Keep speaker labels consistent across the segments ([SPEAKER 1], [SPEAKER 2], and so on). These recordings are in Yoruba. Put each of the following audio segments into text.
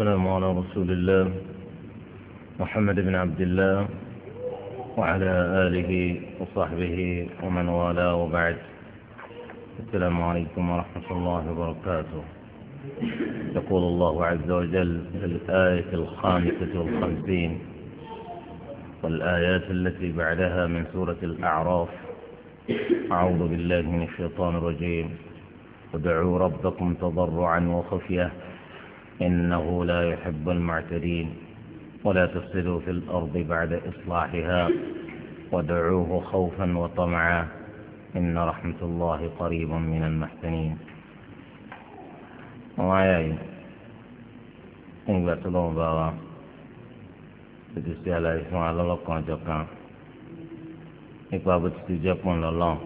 [SPEAKER 1] السلام على رسول الله محمد بن عبد الله وعلى آله وصحبه ومن والاه وبعد السلام عليكم ورحمة الله وبركاته يقول الله عز وجل في الآية الخامسة والخمسين والآيات التي بعدها من سورة الأعراف أعوذ بالله من الشيطان الرجيم ودعوا ربكم تضرعا وخفيه إنه لا يحب المعتدين ولا تفسدوا في الأرض بعد إصلاحها ودعوه خوفا وطمعا إن رحمة الله قريب من المحسنين إن إنك تلوم بابا بتسي على إسماء الله كون جوكا إكوا بتسي جوكم لله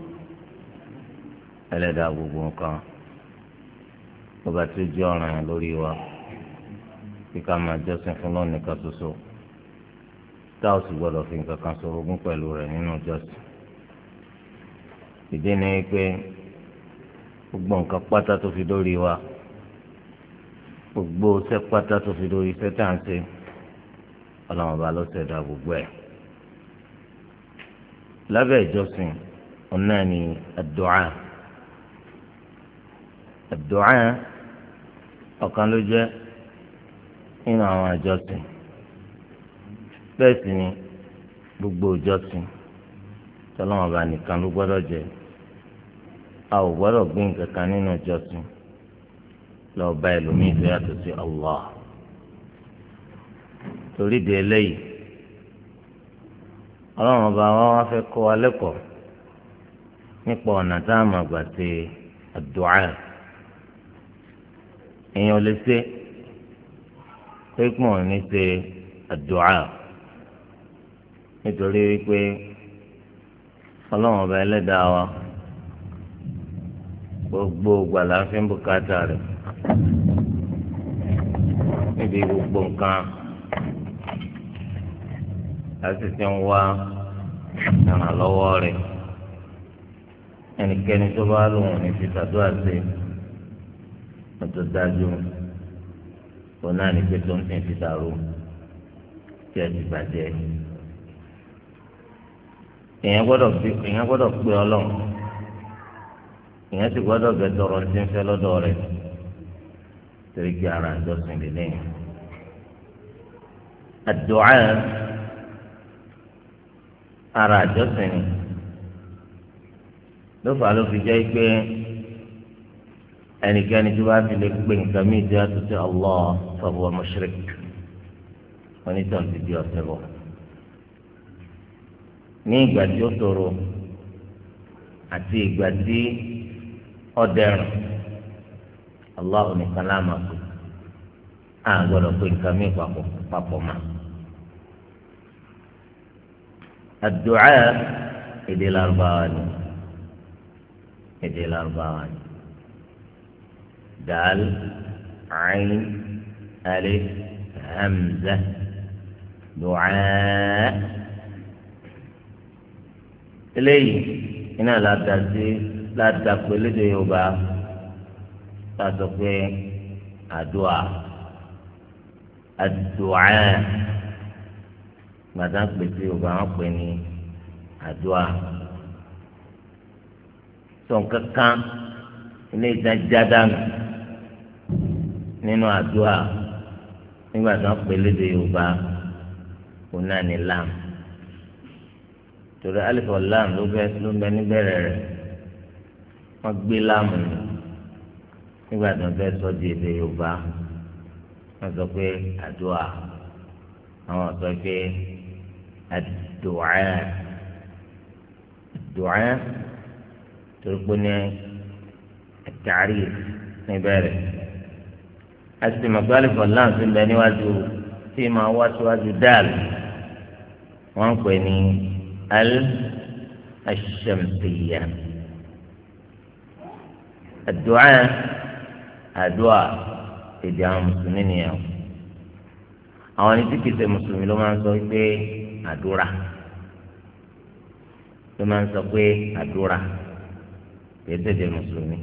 [SPEAKER 1] ألا دابو بوكا وبتسي جوانا لوري وقت kí ká máa jọ́sìn fún lọ́ọ̀ nìkan ṣoṣo tá ò sì gbọ́dọ̀ fi nǹkan kan ṣorogún pẹ̀lú rẹ̀ nínú jọ́sìn. ìdí ni pé gbogbo nǹkan pátá tó fi dórí wa gbogbo iṣẹ́ pátá tó fi dórí iṣẹ́ tá à ń ṣe ọlọ́run ọba ló ṣẹ̀dá gbogbo ẹ̀. lábẹ́ ìjọsìn ọ̀nà ni àdúà àdúà ọ̀kan ló jẹ́ nínú àwọn àjọsìn bẹ́ẹ̀ sì gbogbo ìjọsìn tọ́lọ́wọ́n bá nìkan ló gbọ́dọ̀ jẹ a ò gbọ́dọ̀ gbé nǹkan nínú lọ bá ẹlòmíì tó yàtọ̀ sí Allah torí de eléyìí ọlọ́run ọba wọn wá fẹ́ kọ́ wa lẹ́kọ̀ọ́ nípa ọ̀nà pé kí wọn ní ṣe àdúà nítorí wípé ọlọ́run ọba ẹlẹ́dàá wa gbogbo gbàlà fi ń bùkátà rẹ̀ níbi gbogbo nǹkan láti ti ń wá ìrànlọ́wọ́ rẹ̀ ẹnikẹ́ni tó bá lóun ní fi tàdúrà sí ọ̀tọ̀ dájú òun náà ní pé tó ń tẹ̀ ti dàrú tí ẹ ti bàjẹ́ èèyàn gbọ́dọ̀ pé èèyàn gbọ́dọ̀ pé ọlọ́run èèyàn sì gbọ́dọ̀ bẹ tọrọ ní fẹ́ lọ́dọ̀ rẹ̀ torí kí ara àjọsìn lè lẹ́yìn. àdùá ara àjọsìn ló fà ló fi jẹ́ pé ẹnikẹ́ni tí wàá fi lè pè nǹkan mí ìdí àtúntò Allah fahuwa mushrik onítàn ti di ọ̀sẹ̀ bọ̀. ní ìgbà tí ó tòrò àti ìgbà tí ó dẹrùn Allah nìkan láàmà pé à gbọ́dọ̀ pé nǹkan mí papọ̀ mọ́. àdúà èdè lárúbáwá ni èdè dàl ayn alif hamza du'a eléyìí iná ládàá sí ládàá pé lédè yorùbá lásọ pé àdúà àdúà gbàdá pè sí yorùbá wọn pè ní àdúà sọ nǹkan kan ilé ìtajà dànù nínú àdúrà nígbà tí wọ́n pè lédè yorùbá òun náà ní lam torí alifọ lam ló bẹ ló bẹ níbẹ̀rẹ̀ rẹ̀ wọ́n gbé lam nù nígbà tí wọ́n fẹ́ sọ di èdè yorùbá wọ́n sọ pé àdúrà àwọn sọ pé àdúrà àdúrà torí pé ní àtàrí níbẹ̀rẹ̀ àti mọ̀gbálì fọ̀lán ti bẹ níwájú tí màá wá síwájú dáàlì wọ́n ń pè ní al ashamsiya àdúrà àdúrà èdè àwọn mùsùlùmí nìyẹn àwọn ẹni tí kìí ṣe mùsùlùmí ló máa ń sọ pé àdúrà ló máa ń sọ pé àdúrà kìí ṣe èdè mùsùlùmí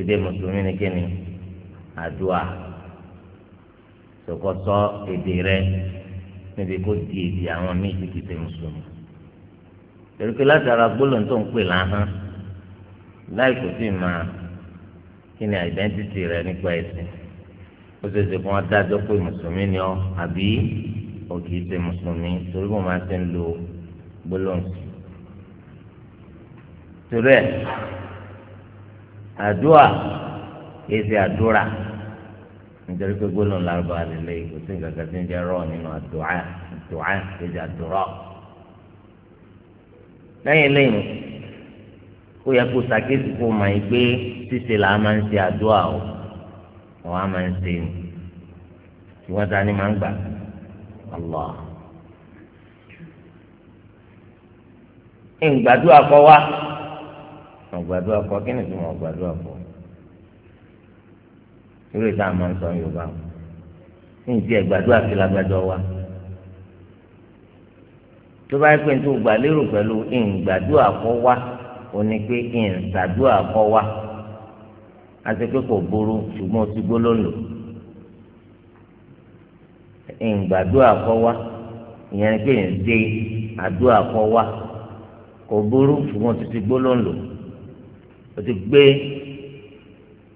[SPEAKER 1] èdè mùsùlùmí ni kí ni. Adua, sokoso èdè rẹ níbi kó di èdè àwọn míì ti kìtẹ mùsùlùmí torí pé látara gbólóhùn tó ń pè láhán láì kò sí máa kí ni àìdẹ́ntìtì rẹ nípa ẹ̀sìn ó ṣe ṣe fún adájọ́ pé mùsùlùmí ni ọ́ àbí ò kìí ṣe mùsùlùmí torí mo máa ṣe ń lo gbólóhùn sí torí ẹ̀ àdúà kìí ṣe àdúrà nítorí pé gbólóhùn lárúbá lélẹ̀ kò sí nǹkan kan tí ń jẹ́ rọ nínú àdúrà àdúrà kìí ṣe àdúrà. lẹ́yìn lẹ́yìn ó yẹ kó sàkíyèsí kó mọ̀ ẹ́ pé ṣíṣe làá máa ń ṣe àdúrà o wọ́n á máa ń ṣe ni tí wọ́n dání máa ń gbà Allah. ìgbàdúrà kọ wá ìgbàdúrà kọ kí ni tí kọ irú ìta àmọ́ ń sọ yorùbá o ní ìdí ẹ̀gbàdo àti làgbàdo wa tó bá yẹ pé nítorí gbà lérò pẹ̀lú ìǹgbàdo àkọ́ wa ó ní pé ìǹsàdo àkọ́ wa àti pé kò burú ṣùgbọ́n o ti gbó lónìí ìǹgbàdo àkọ́ wa ìyẹn ni pé ìǹde àdó àkọ́ wa kò burú ṣùgbọ́n o ti gbó lónìí o ti gbé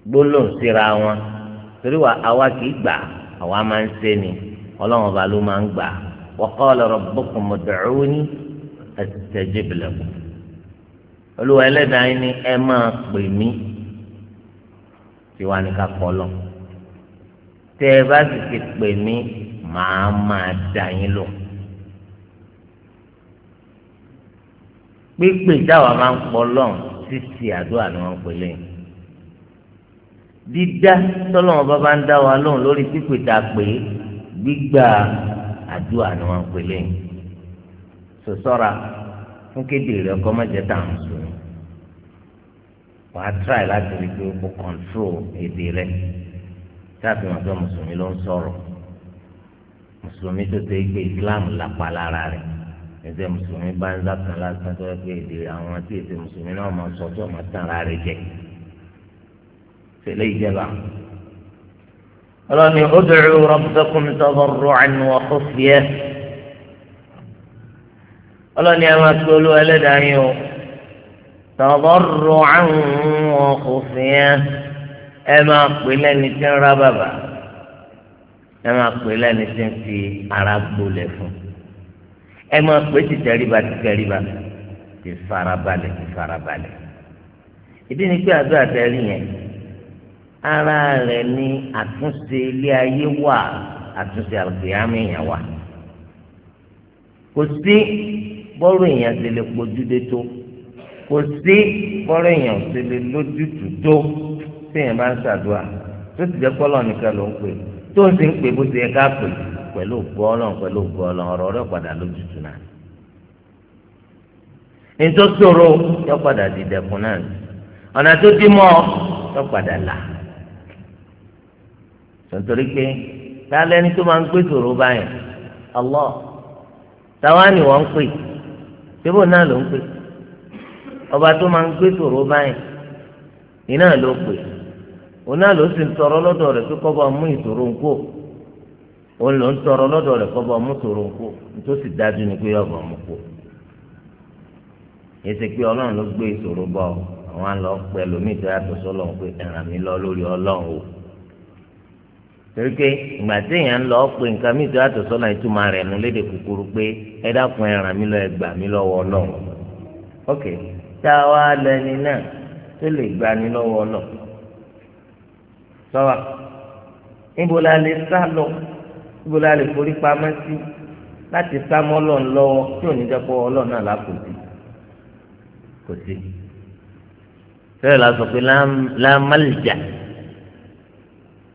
[SPEAKER 1] gbólóhùn síra wọn torí wa àwa kì í gbà àwa máa ń ṣe ni ọlọ́run ọba ló máa ń gbà wa qala rabbukum ud'uni astajib lakum olúwa ẹlẹ́dàá yín ni ẹ máa pè mí tiwa ni ká kọ́ lọ tẹ ẹ bá sì ti pè mí màá máa dá yín lò pípè táwa máa ń pọ̀ lọ́n títí àdúrà ni wọ́n ń pè lẹ́yìn dídá tọ́lọ́wọ́n bá bá ń dá wa lóhùn lórí pípè tá a pè é gbígbà àdúrà ni wọ́n ń pè lẹ́yìn sọ̀sọ́ra fún kéde rẹ̀ ọkọ mọ̀jẹ̀ tá à ń sùn wàá tíráì láti rí pé o kọ̀ǹtró èdè rẹ̀ táàbí wọn fẹ́ mùsùlùmí ló ń sọ̀rọ̀ mùsùlùmí tó tẹ́ gbé Islam lápá lára rẹ̀ ẹsẹ̀ mùsùlùmí bá ń zàkàn lásán tó yẹ pé èdè àwọn tí èsè mùsùlùmí náà máa sọ máa tàn ara rẹ̀ jẹ́ tẹ̀lé ìjẹba. ọlọ́ni ud'u rabbakum tadarru'an wa khufyah. ọlọ́ni ẹ máa pe olú ẹlẹ́dàá yín o tadarru'an wa khufyah ẹ máa pè lẹ́ni tí ń ra bàbà ẹ máa pè lẹ́ni tí ń fi ara gbolẹ̀ fún ẹ máa pè ti tẹríba ti tẹríba ti farabalẹ̀ ti farabalẹ̀ ìdí ni pé àdúrà tẹrí yẹn ara rẹ̀ ni àtúnṣe ilé ayé wà àtúnṣe àlùkìyàmì yẹn wà kò sí bọ́ọ̀rù èèyàn ti lè pojú dé tó kò sí bọ́ọ̀rù èèyàn ti lè lójútùú tó tí èèyàn bá ń ṣàdúrà tó ti jẹ́ pọ́lọ́ nìkan ló ń pè tó ń sì ń pè bó ti yẹ ká pè pẹ̀lú gbọ́ọ̀lọ́ pẹ̀lú gbọ́ọ̀lọ́ ọ̀rọ̀ rẹ̀ padà lójútùú náà nítorí sọ̀rọ̀ yọ padà dìdẹ̀kùn náà ọ̀nà tó dí mọ́ yọ padà là. tontori pé tálẹ́ lẹni tó máa ń pè sòrò báyìí Allah táwa ni wọ́n ń pè síbò náà ló ń pè ọba tó máa ń pè sòrò báyìí iná ló pè náà ló sì ń tọrọ lọ́dọ̀ rẹ̀ pé bá mú ìṣòro ń kó òun ló ń tọrọ lọ́dọ̀ rẹ̀ kọ́ bá mú ìṣòro ń kó dájú ni pé ọba kó pé ló gbé ìṣòro àwọn mi tó torí pé ìgbà tí èèyàn ń lọ pé nǹkan mi tó yàtọ̀ sọ́nà ìtumọ̀ rẹ̀ nù léde kúkúrú pé ẹ dákun ẹ ràn mí lọ ẹ gbà mí lọ́wọ́ Ọlọ́run ok tá a wá lẹni náà tó lè gbà ní lọ́wọ́ Ọlọ́run sọ́wà níbo la lè sá lọ níbo la lè forí pamọ́ sí láti sá mọ́ Ọlọ́run lọ́wọ́ tí ò ní jẹ́ Ọlọ́run náà lákòókò kò sí. sẹ́yìn la sọ pé lámàlìjà. La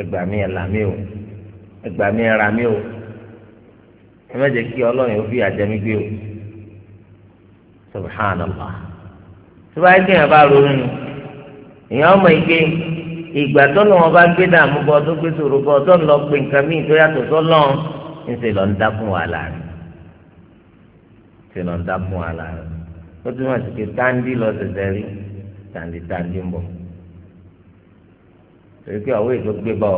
[SPEAKER 1] ẹgbà mi ẹ̀là mi o ẹgbà mi ẹ̀ra mi o ẹ má jẹ́ kí ọlọ́run ó fi àjẹmí gbé o subhanallah tí wàá kí èèyàn bá ronú ni èèyàn ọmọ ìgbé ìgbà tó lọ́wọ́ bá gbé dààmú bọ́ tó gbé sòrò bọ́ tó lọ pé nǹkan míì tó yàtọ̀ sọ́lọ́run ń ṣe lọ ń dá fún wàhálà rẹ̀ ṣe lọ ń dá fún wàhálà rẹ̀ ó túmọ̀ sí pé táǹdì lọ ṣẹ̀ṣẹ̀ rí táǹdì táǹdì ń bọ̀ èké ọwọ́ ètò gbé bọ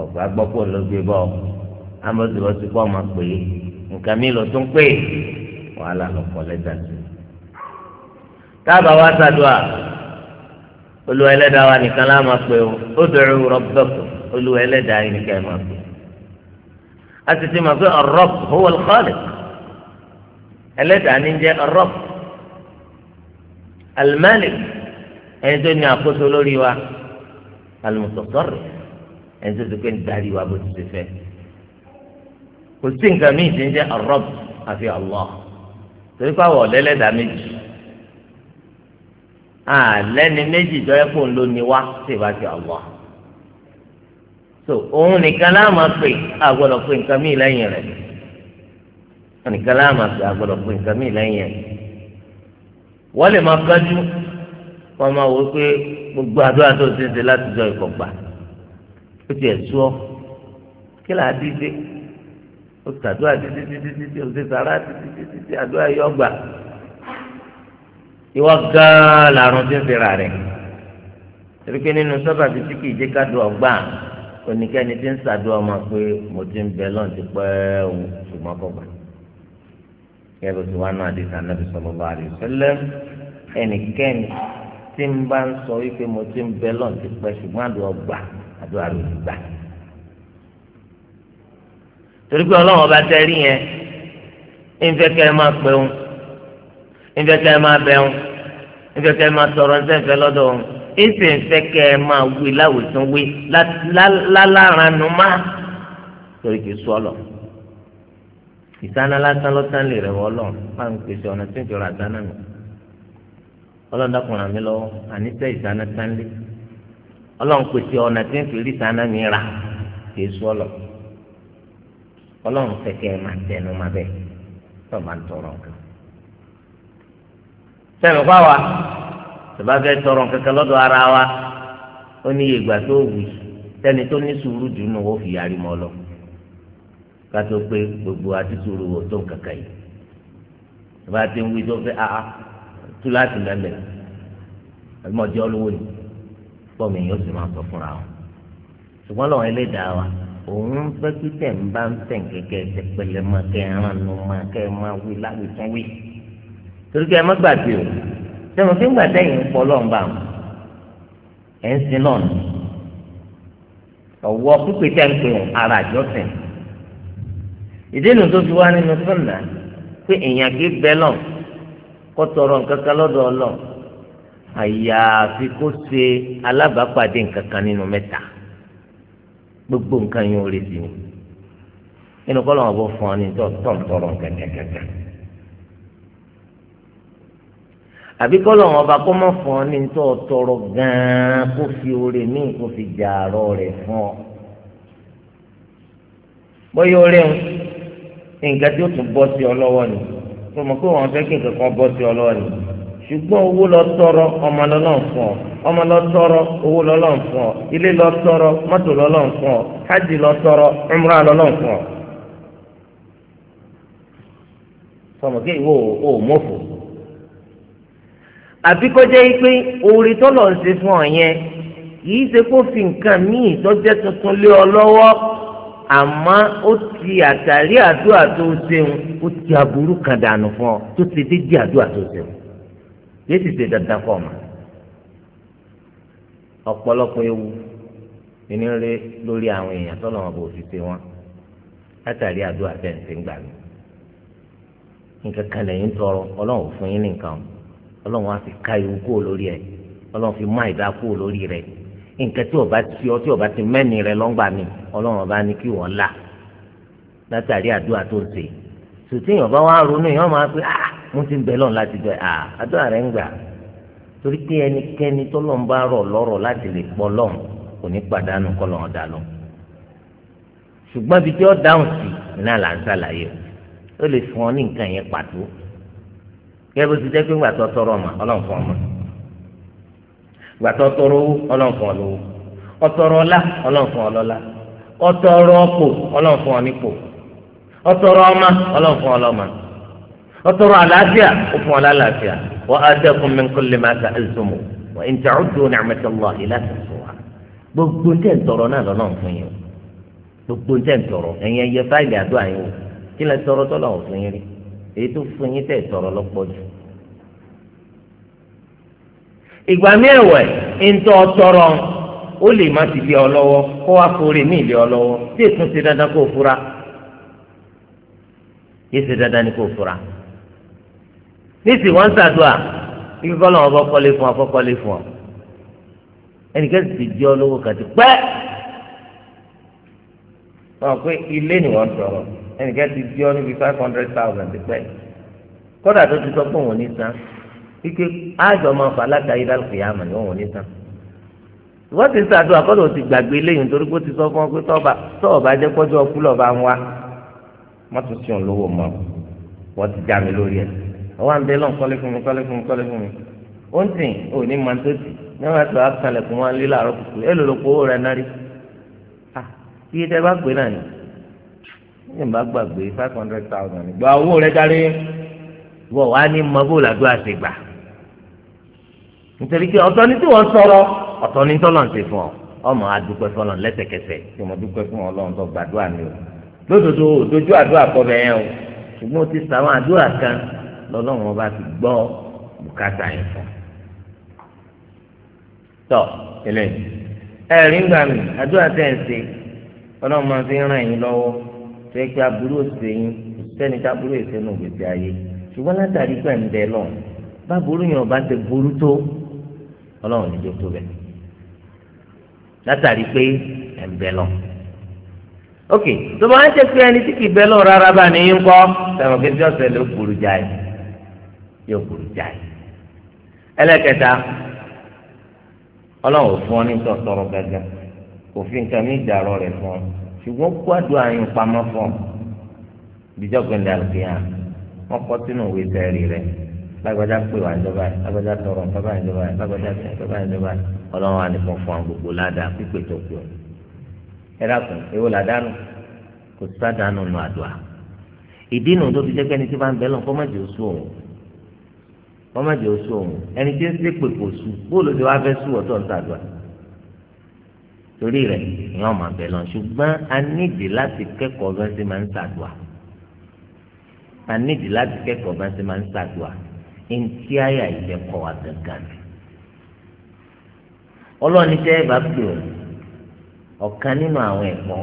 [SPEAKER 1] ọgbà gbọpọ ló gbé bọ amọsibọsi pọ ọmọ pé nǹkan mi lọ tún pé wàhálà lọ kọ lẹ́tà sí i. tábà wá sàdúà olú ẹlẹ́dàá wa nìkan lá máa pè ó ud'u rabbakum olú ẹlẹ́dàá yìí nìkan máa pè. a ti ti máa pé ar-Rabb huwa al-Khaliq ẹlẹ́dàá ní jẹ́ ẹni tó ní àkóso lórí wa alimusọsọrọ ẹni tó ti pé ń darí wa bó ti ti fẹ́ kò sí nǹkan míì tí ń jẹ arọb àfi Allah torí pé àwọn ọlẹlẹdà méjì àlẹni méjì jọyọ pé òun ló ní wá sí ìbá ti Allah so òun nìkan láàmà pé àgbọ́dọ̀ pé nǹkan míì lẹ́yìn rẹ̀ nìkan láàmà pé àgbọ́dọ̀ pé nǹkan míì lẹ́yìn rẹ̀ wọ́n lè kájú wọ́n máa wọ pé gbogbo àdúrà tó ti ń ṣe láti jọ ìkọ̀gbà ó ti ẹ̀ sú ọ kí là á dí dé ó tàdúrà títí títí títí ó ti sàrà títí títí títí àdúrà yọ gbà ìwọ gáà làrùn ti ń fira rẹ̀ torí pé nínú sábà bíi tí kìí jẹ́ kádùn ọgbà oníkẹ́ni ti ń sàdúrà ọmọ pé mo ti ń bẹ lọ́n ti pẹ́ òun ṣùgbọ́n kọ́ gbà kẹ́rù tí wọ́n náà di sànà bí sallallahu alaihi wasallam ẹnikẹ́ni tí ń bá ń sọ wípé mo ti ń bẹ lọ́n ti pẹ́ ṣùgbọ́n àdúrà gbà àdúrà rẹ̀ ti gbà. torí pé ọlọ́run ọba tẹ rí yẹn ìfẹ́ kẹ́ ẹ máa pẹ́ òun ìfẹ́ kẹ́ ẹ máa bẹ òun ìfẹ́ kẹ́ ẹ máa sọ̀rọ̀ ní sẹ́ǹfẹ́ lọ́dọ̀ òun ìfẹ́ ìfẹ́ kẹ́ ẹ máa wí láwùjọ wí láláranu má torí kì í sọ ọlọ ìsáná lásán lọ́sàn lè rẹ̀ wọ́ ọlọ́run máa ń pèsè ọ̀nà tí ń àdánà nù. ọlọ́run dákùnrin mi lọ́wọ́ àníṣẹ́ ìsáná sánlé ọlọ́run pèsè ọ̀nà tí ń fi rí sáná mi ra kì í sú ọlọ ọlọ́run fẹ́kẹ́ máa tẹnu máa bẹ́ẹ̀ tó máa ń tọrọ nǹkan. sẹ́mi wa tọ́ba fẹ́ tọrọ nǹkan lọ́dọ̀ ara wa ó ní ìgbà tó wù sẹ́ni tó ní sùúrù jù nù ó fi yàrí mọ́ lọ kátó pé gbogbo àti sùúrù wò tó nǹkan yìí tọ́ba ti ń wí tó fẹ́ ah, ah, tú láti lẹ́lẹ̀ àbí mọ̀ jẹ́ olówó ni pọ́ọ̀mù èèyàn sì máa sọ fúnra wọn ṣùgbọ́n lọ́wọ́ ẹlẹ́dàá wa òun fẹ́ kí tẹ̀ ń bá ń tẹ̀ kẹ́kẹ́ tẹ pẹ̀lẹ́ máa kẹ́ ẹran nu máa kẹ́ ẹ máa wí láwùí tún wí torí kí ẹ má gbàgbé o sẹ́wọ̀n kí ń gbà tẹ̀yìn ń pọ̀ lọ́nba o ẹ̀ ń sin náà nù ọ̀wọ́ pípé tẹ̀ ń pè wọn ara àjọsìn ìdí nu tó fi wá nínú sọ́nà pé èèyàn kì í bẹ́ lọ́nà kó tọrọ nǹkan kan lọ́dọ̀ Ọlọ́run àyàfi kó ṣe alábàápàdé nǹkan kan nínú mẹ́ta gbogbo nǹkan yẹn ò lè sí ni nínú kọ́ lọ́wọ́ bó fún ọ ní tọ́ tọ́ tọrọ nǹkan kẹ̀kẹ́kẹ́ àbí kọ́ lọ́wọ́ ọba kó mọ̀ fún ọ ní tọ́ tọrọ gan-an kó fi oore míì kó fi jà àárọ̀ rẹ̀ fún ọ bóyá oore nǹkan tí ó tún bọ́ sí ọ lọ́wọ́ ni tó mọ̀ pé wọ́n fẹ́ kí nǹkan kan bọ́ sí ọlọ́ọ̀ni ṣùgbọ́n owó lọ tọrọ ọmọ lọ́lọ́n fún ọ ọmọ lọ tọrọ owó lọ́lọ́n fún ọ ilé lọ tọrọ mọ́tò lọ́lọ́n fún ọ hajj lọ tọrọ umra lọ́lọ́n fún ọ. sọmọ kí ìwọ ò mọ̀fọ́ àbí kọjá yìí pé orí tọ́lọ̀ ń ṣe fún ọ yẹn kì í ṣe kó fi nǹkan míì tọ́jẹ́ tuntun lé ọ lọ́wọ́ àmọ́ ó ti àtàrí àdúrà tó ṣeun ó ti aburú kan dànù fún ọ tó ti dédé àdúrà tó ṣeun yé sì ṣe dandan kọ ọmọ ọ̀pọ̀lọpọ̀ ewu ìní rẹ lórí àwọn èèyàn tó lọ́wọ́ bò fi ṣe wọn látàrí àdúrà tẹ̀ ń ṣe ń gbà mí nǹkan kan lẹ́yìn tọrọ ọlọ́run fún yín nìkan ọlọ́run á fi ká ewu kúrò lórí ẹ̀ ọlọ́run fi má ìdá kúrò lórí rẹ̀ nǹkan tí ọba ti ọ tí ọba ti mẹ́ni rẹ lọ́ngbà ni ọlọ́run ọba ní kí wọ́n là látàrí àdúrà tó ń ṣe sòtìyàn ọba wa ronú yìí máa pé ah mo ti ń bẹ̀ lọ́n láti bẹ̀ ah àdúrà rẹ̀ ń gbà torí pé ẹnikẹ́ni tó lọ́n bá rọ̀ lọ́rọ̀ láti lè pọ̀ lọ́n kò ní padànù kọ́ lọ́n dà lọ. ṣùgbọ́n ibi tí ó dáhùn sí náà là ń ṣàlàyé ó lè fún ọ ní nǹkan yẹn pàtó kẹ́ bó ti jẹ́ pé ńgbà tó tọrọ ọmọ ọlọ́run fún ọmọ gbàtọ́ tọrọ owó ọlọ́nfọ̀n lówó ọtọrọ ọlá ọlọ́nfọ̀n ọlọ́lá ọtọrọ ọpò ọlọ́nfọ̀n onípò ọtọrọ ọmọ ọlọ́nfọ̀n ọlọ́mọ ọtọrọ àlàáfíà òfin ọlá àlàáfíà wa atakum min kulli ma sa'altumu wa in ta'uddu ni'matallahi la tuhsuha gbogbo tẹ̀ ń tọrọ náà lọ́nà yín gbogbo tẹ̀ ń tọrọ ẹ̀yin ẹyẹ fáìlì àdó àyẹ̀wò kí lẹ tọrọ tọ́lọ̀ fún yín rí èyí tó fún yín tẹ̀ tọrọ lọ́pọ̀ jù ìgbà mẹ́wẹ̀ ńtọ́ tọrọ ó lè má ti lé ọ lọ́wọ́ kó wá forí mi lé ọ lọ́wọ́ tí ètò ṣe dandan kó fura yìí ṣe dandan ni kó fura níìsì wọ́n ṣàdúrà ibi kọ́ lọ́wọ́ fọ́kọ́lé fún ọ fọ́kọ́lé fún ọ ẹnìkan sì jẹ́ olówó kàti pẹ́ wọ́n pé ilé ni wọ́n tọrọ ẹnìkan ti jẹ́ ọ níbi five hundred thousand pẹ́ kódà tó ti sọ pé òun ní san ike àjọ máa fà látàrí dálùkì yá àmà ni wọn ò ní tán wọ́n ti sàdúrà kọ́dọ̀ ti gbàgbé lẹ́yìn torí pé ó ti sọ fún ọ pé tọ́ọ̀bà tọ́ọ̀bà jẹ́ kọ́jọ́ ọkú lọ́ọ̀bà ń wá mọ́tò tí ò ń lówó mọ́ wọ́n ti já mi lórí ẹ̀ ọwọ́ àǹdẹ́ lọ́n kọ́lé fún mi kọ́lé fún mi o fún mi ó ń tì ó ní máa tó tì níwọ̀n tó àkànlẹ̀ fún wọn lílà àrọ́ kùkù ẹ lò lóko owó rẹ̀ náà rí iye tẹ́ bá gbé náà ni yóò bá gbàgbé five hundred thousand gbà owó rẹ̀ darí wọ́n wá ní mọ́ bó làdúrà ṣe gbà nítorí pé ọ̀tọ̀ ni tí wọ́n sọ̀rọ̀ ọ̀tọ̀ ni tọ́lọ̀ ń ṣe fún ọ ọmọ adúpẹ́ fọlọ́ lẹ́sẹ̀kẹsẹ̀ tí mo dúpẹ́ fún ọlọ́run tó gbàdúrà mi o lódodo dojú àdúrà kọ bẹ́ẹ̀ yẹn o ṣùgbọ́n o ti sàwọn àdúrà kan lọ́lọ́run ọba ti gbọ́ bùkátà yẹn fún tọ́ eléyìí ẹ̀rí ń gbà mí àdúrà tẹ̀ ń ṣe ọlọ́run máa fi ràn yín lọ́wọ́ tó yẹ kí aburú òṣè yín sẹ́ni tí aburú èsè nù gbèsè ayé ṣùgbọ́n látàrí pẹ̀ ń bẹ lọ ọlọ́run ní jókòó bẹ̀ látàrí pé ẹ̀ ń bẹ lọ. ok tó bá ń ṣe pé ẹni tí kì í bẹ lọ rárá bá ní í ń kọ́ sẹ́wọ̀n kí ẹjọ́ sẹ́lẹ̀ ó burú jáì yóò burú jáì. ẹlẹ́kẹta ọlọ́run ò fún ọ ní tọ́tọ́rọ́ gángan kò fi nǹkan mí ìdàrọ́ rẹ̀ fún ọ ṣùgbọ́n kó àdúrà yín pamọ́ fún ọ bíjọ́ gbẹ̀ndàlùkì hàn kọ́ sínú ìwé sẹ́ẹ̀rì rẹ̀ lágbàdá pè wá ìjọba yìí lágbàdá tọrọ nǹkan báyìí yìí lágbàdá tẹ nǹkan báyìí ìjọba yìí ọlọ́run wa nìkan fún àwọn gbogbo ládàá pípé tó pè ọ́ ẹ dákun èwo làdánù kò sí sádánù nù àdùá ìdí nù tó fi jẹ́ kẹ́ni tí bá ń bẹ́ lọ́n kọ́ má jẹ́ oṣù òun kọ́ má jẹ́ oṣù òun ẹni tí ń sèpè kò sù bóòlù tí wàá fẹ́ sù ọ̀tọ̀ ń sàdùá torí rẹ̀ ìyàn máa ntí àyà ilẹ̀ kọ́ wa gángan ni ọlọ́ọ̀ni tẹ́ ẹ bá pè ọ́ ọ̀kan nínú àwọn ẹ̀kọ́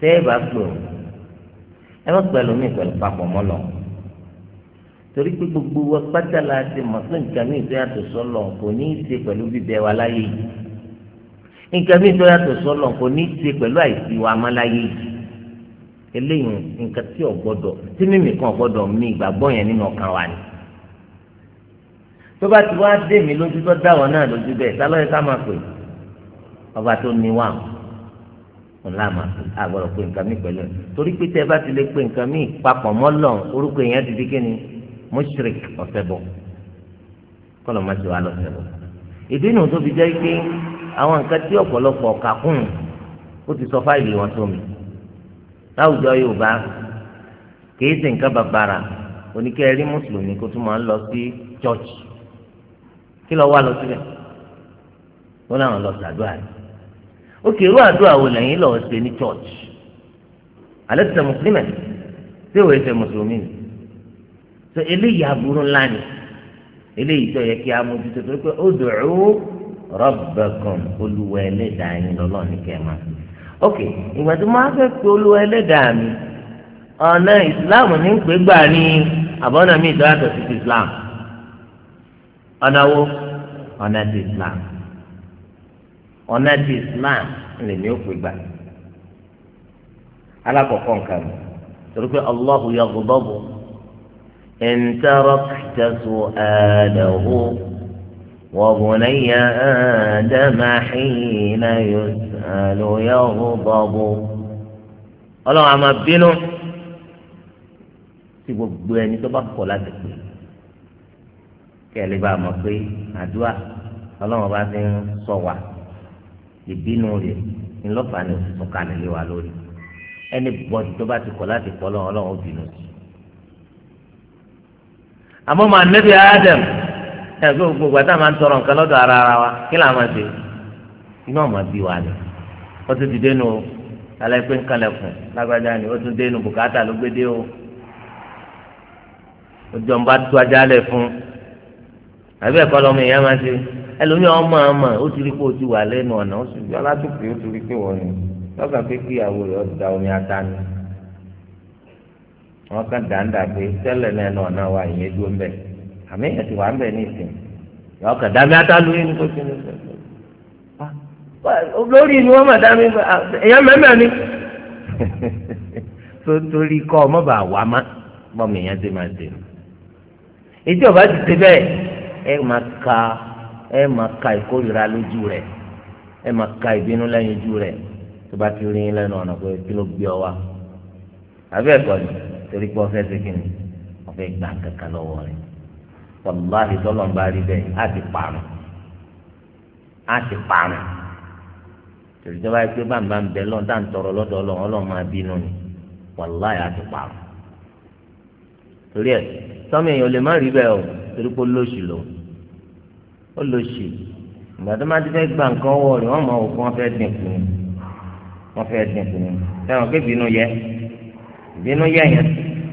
[SPEAKER 1] tẹ́ ẹ bá pè ọ́ ẹ má pẹ̀lú mi pẹ̀lú papọ̀ mọ́ lọ torí pé gbogbo wa pátá la ti mọ̀ pé nǹkan mi tó yàtọ̀ sọ́lọ̀ kò ní í ṣe pẹ̀lú bíbẹ wa láyé yìí nǹkan mi tó yàtọ̀ sọ́lọ̀ kò ní í ṣe pẹ̀lú àìsí wa má láyé yìí eléyìí nǹkan tí tí mímì kan ò gbọ́dọ̀ mi yẹn nínú ọkàn wa ni tó bá ti wá dé mi lójú tó dá wọn náà lójú bẹ́ẹ̀ sálọ́yẹ ká máa pè ọba tó ní wà ńlá máa pè àgbọ̀dọ̀ pé nǹkan mi pẹ̀lú ẹ̀ torí pé tẹ́ bá ti lè pé nǹkan mi papọ̀ mọ́ lọ́n orúkọ èèyàn ti di kíni mushrik ọ̀sẹ̀ bọ̀ kọ́lọ̀ má ti wá lọ́sẹ̀ bọ̀ ìdí nù tó fi jẹ́ pé àwọn nǹkan tí ọ̀pọ̀lọpọ̀ kà kún ó ti sọ fáìlì wọn tó mi láwùjọ Yorùbá kì í ṣe nǹkan bàbàrà oníkẹ́rí mùsùlùmí kó tún máa ń lọ sí chọ́ọ̀chì kí lọ wá lọ síbẹ̀ wọn làwọn lọ sàdúrà ni ó kì í rú àdúrà wo lẹ́yìn lọ́wọ́ ṣe ní church alẹ́ ti sẹ́ mùsùlùmí ṣé ìwé ṣe mùsùlùmí ni sọ eléyìí aburú ńlá ni eléyìí tó yẹ kí a mójútó tó pé ó dùrú rabbakum olúwa ẹlẹ́dàá yín lọ́lọ́ọ̀ ní kẹ́ẹ̀má ok ìgbà tí mo á fẹ́ pe olúwa ẹlẹ́dàá mi ọ̀nà ìsìláàmù ní ń gbà ní àbọ̀nà mi ìdọ́yàtọ̀ sí ti ìsìláàmù ọ̀nà wo ọ̀nà ti islam ọ̀nà ti islam lèmi ò pè gbà alákọ̀ọ́kọ́ nǹkan mi torí pé allahu yaghdabu in tarakta su'alahu wa bunayya adama hina yus'alu yaghdabu ọlọ́run àmà bínú tí gbogbo ẹni tó bá kọ̀ láti pè é kí ẹ lè bá a mọ̀ pé àdúrà ọlọ́run bá fi ń sọ wa ìbínú rẹ̀ ńlọ́fà ni òṣìṣẹ́ kalẹ̀ lé wa lórí ẹni bọ́dì tó bá ti kọ̀ láti kọ́ lọ́wọ́ ọlọ́run bínú sí. àmọ́ màá nẹ́bí Adam ẹ̀ pé gbogbo àti àwọn tọrọ nǹkan lọ́dọ̀ ara ara wa kí làwọn máa ṣe inú ọmọ bí wa ni ó ti dìde nu alẹ́ pé ń kalẹ̀ fún lágbájá ni ó tún dé nu bùkátà ló gbé dé o ojú ọmọ bá tú ajá lẹ̀ fún un. àbí ẹ̀kọ́ lọ́mọ ìyá máa ṣe ẹlòmíì ọmọ àmà ó ti rí pé o ti wà lẹ́nu ọ̀nà ó sì jọ látòkè ó ti rí pé wọ́n ni pé kí ìyàwó rẹ̀ omi ata ni wọ́n kàn dáńdà pé tẹ́lẹ̀ lẹ́nu ọ̀nà wa ìyẹn dúró ń bẹ̀ àmì ìyẹn ti wà ń bẹ̀ ní ìsìn kàn dámi ata lórí ní tó ti ní lórí ni ẹ máa ka ẹ máa ka e lójú ẹ máa ka ìbínú lẹ́yìn ojú rẹ̀ tó bá ti rí yín lẹ́nu ọ̀nà pé kí ló gbé ọ wá àbí ẹ̀kọ́ ni torí pé ọ̀fẹ́ ṣe kíni ọ̀fẹ́ gbà kankan lọ́wọ́ ń bá rí bẹ́ẹ̀ á ti pààrọ̀ á ti pààrọ̀ torí tó bá yẹ pé bàbá ń bẹ lọ́n dá ń tọrọ lọ́dọ̀ ọlọ́run ọlọ́run máa bínú ni wàlúwàhí a ti torí èèyàn lè má rí bẹ́ẹ̀ o torí pé lóṣù ó lọ sí ìgbà tó má ti fẹ́ gba nǹkan ọwọ́ rẹ̀ wọ́n mọ̀ òkú wọn fẹ́ dínkù ni wọ́n fẹ́ dínkù ni sẹ́wọ̀n pé bínú yẹ bínú yẹ yẹn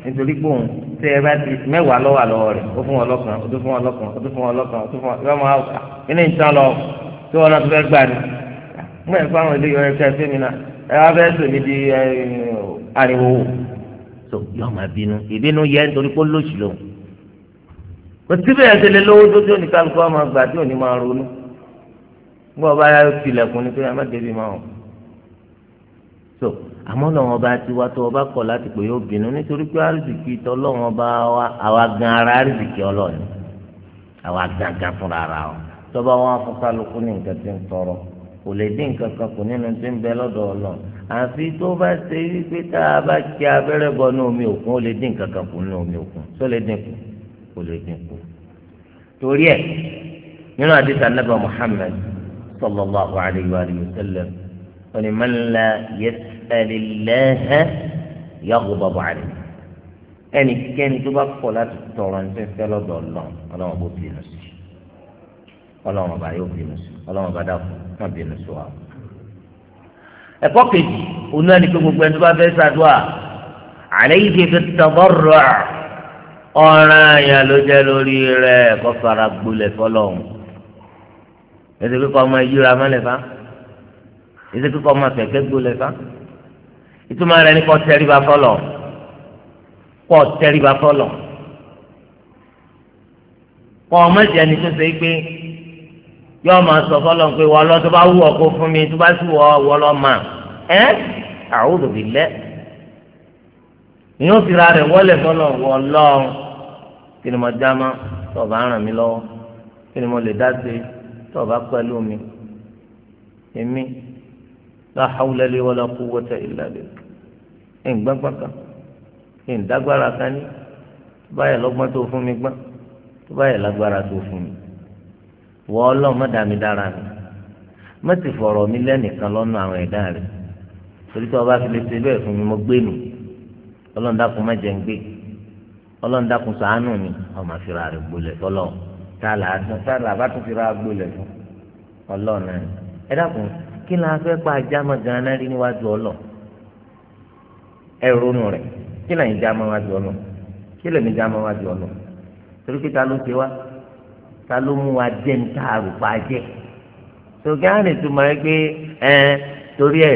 [SPEAKER 1] nítorí pé òun tẹ ẹ bá ti mẹ́wàá lọ́wọ́ lọ́wọ́ rẹ̀ ó fún wọn lọ́kàn ó tún fún wọn lọ́kàn ó tún fún wọn lọ́kàn ó tún fún wọn lọ́mọ àwọn ilé ìtàn lọ tí wọn náà tún fẹ́ gbà ní. mú ẹ̀ fáwọn ilé yọrọ ẹ̀ka ẹ̀fẹ́ mi náà ẹ wá fẹ́ sèmi di ariwo wò. so yọọ máa bínú ìbínú yẹ nítorí pé ó lòṣì lòun kò síbẹ̀ ẹ̀ ṣẹlẹ̀ lówó dójú ní kálukú ọmọ àgbà tí òní máa ronú gbọ́ ọba yà ó tilẹ̀kùn ní pé ẹ má débi máa hàn so àmọ́ lọ́wọ́n ọba ti wá tó ọba kọ̀ láti pè é obìnrin nítorí pé àrídìkì tọ́ lọ́wọ́n ọba àwa gan ara àrídìkì ọlọ́ọ̀ni àwa gangan fúnra ara ọ tọ́ba wọn fún kálukú ní nǹkan tí ń tọrọ kò lè dín nǹkan kan kù nínú tí ń bẹ lọ́dọ̀ ọlọ́ọ̀ àfi tó bá ṣe wípé tá a bá kí abẹ́rẹ́ bọ ní omi òkun ó lè dín nǹkan kan kù nínú omi òkun tó lè dín kù kò lè dín kù torí ẹ̀ nínú àdìsá nàbà Muhammad sallallahu alayhi wa sallam wọn ni man la yas'alillaha yaghdab alayhi ẹnikẹ́ni tó bá kọ̀ láti tọrọ ní fẹ́lẹ́ ọ̀dọ̀ ọlọ́run ọlọ́run bó bínú sí ọlọ́run ọba yóò bínú sí ọlọ́run ọba dàpọ̀ má bínú sí wa. ẹ̀kọ́ kejì òun náà pé gbogbo ẹni tó bá fẹ́ ṣàdúrà àlẹ́ yìí ti fi tọ́gbọ́rọ̀ ọ̀ràn àyàn ló jẹ́ lórí rẹ̀ kó fara gbolẹ̀ fọlọ́hún ètò kíkọ́ ọmọ yíra mọ́lẹ̀ fa ètò kíkọ́ ọmọ kẹ̀kẹ́ gbolẹ̀ fa ìtumọ̀ rẹ̀ ni kó tẹríba fọlọ́ kó tẹríba fọlọ́ kó ọmọ jẹni tó ṣe é pé yọ ọmọ sọ fọlọ́ pé wọ́n tó bá wù ọ́ fún mi tó bá sì wọ́ ọ wọ́ lọ́ mà ẹ́ a'udhu ìyẹn fi ra rẹ̀ wọlé fọlọ́ wọ lọ́ọ́ kí ni mo já má tó o bá ràn mí lọ́wọ́ kí ni mo lè dá sí tó o bá pẹ̀lú mi èmi la hawla li wala quwwata illa billah ẹ̀ ń gbọ́ngbọ́n kan ẹ̀ ń dágbára kan ní báyẹ̀ lọ́gbọ́n tó fún mi gbọ́n báyẹ̀ lágbára tó fún mi wọ́ ọlọ́run dá mi dára mi má sì fọ̀rọ̀ mi lẹ́nìkan lọ́nà àwọn ẹ̀dá rẹ̀ torí tí wọ́n bá fi lè ṣe bẹ́ẹ̀ fún mi mo gbé nù ọlọ́run dákun má jẹ́ ń gbé ọlọ́run dákun ṣàánú mi ọmọ àfihàn rẹ̀ gbolẹ̀ tọ́lọ̀ tààlà àtún tààlà bá tún fira gbolẹ̀ fún ọlọ́run náà ẹ dákun kí la fẹ́ pa ajá mọ́ gan-an rí níwájú ọlọ́ ẹ ronú rẹ̀ kí lẹ́yìn já mọ́ wájú ọlọ́ kí lẹ́yìn já mọ́ wájú ọlọ́ torí pé ta ló ṣe wá ta ló mú wa jẹ́ ń ta àrùpá jẹ́ tòkí á lè túmọ̀ ẹ pé ẹ torí ẹ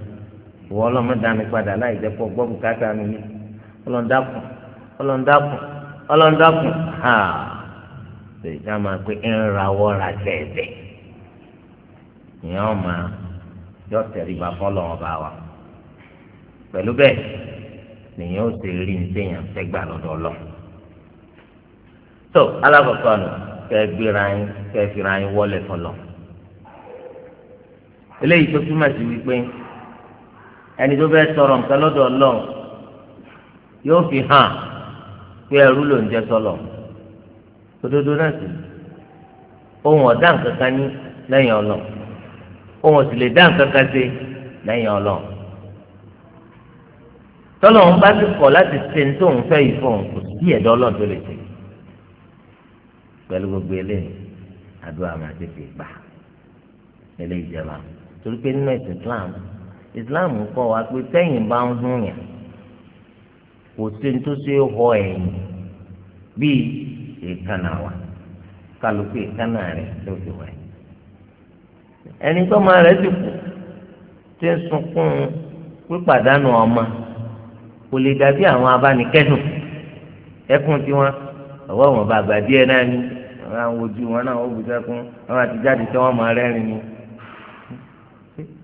[SPEAKER 1] ìwọ ọlọ́mọdé àmì padà láì jẹ́ pọ̀ gbọ́ bùkátà mi ní ọlọ́ndàkùn ọlọ́ndàkùn ọlọ́ndàkùn ha ṣèyí ká máa pé ń ra wọ́ra tẹ̀ẹ̀tẹ̀ ìyẹn ọ̀ma yọ tẹ̀ríba fọ́lọ́ ọba wa pẹ̀lú bẹ́ẹ̀ nìyẹn ó ṣe rí ní sẹ́yìn fẹ́ gbà lọ́dọ̀ lọ. tó alákọ̀ọ́kọ́ nù kẹ́ gbéra yín kẹ́ fira yín wọlé fọlọ́ eléyìí tó túmọ̀ sí wípé ẹni tó fẹ́ tọrọ nǹkan lọ́dọ̀ ọlọ́run yóò fi hàn pé ẹrú ló ń jẹ sọlọ òdodo náà sì ohun ọ̀dá nǹkan kan ní lẹ́yìn ọlọ́run ohun ọ̀sìn lè dá nǹkan kan ṣe lẹ́yìn ọlọ́run tọ́lọ̀ ń bá ti kọ̀ láti ṣe ní tóun fẹ́ yìí fún òun kò sí ẹ̀dọ́ ọlọ́run tó lè ṣe pẹ̀lú gbogbo eléyìí àdúrà máa tètè gbà eléyìí jẹba torí pé nínú ìsìn Islam. islam kọ́ wa pé tẹ́yìn bá ń hún yàn kò sí ní tó ṣe họ ẹ̀yìn bíi èékánná wa kálukú èékánná rẹ̀ ló fi wẹ̀ ẹni tó máa rẹ̀ ti kú tí ń sunkún pípàdánù ọmọ kò lè dàbí àwọn abánikẹ́dùn ẹkún tiwọn ọwọ́ wọn díẹ̀ náà ni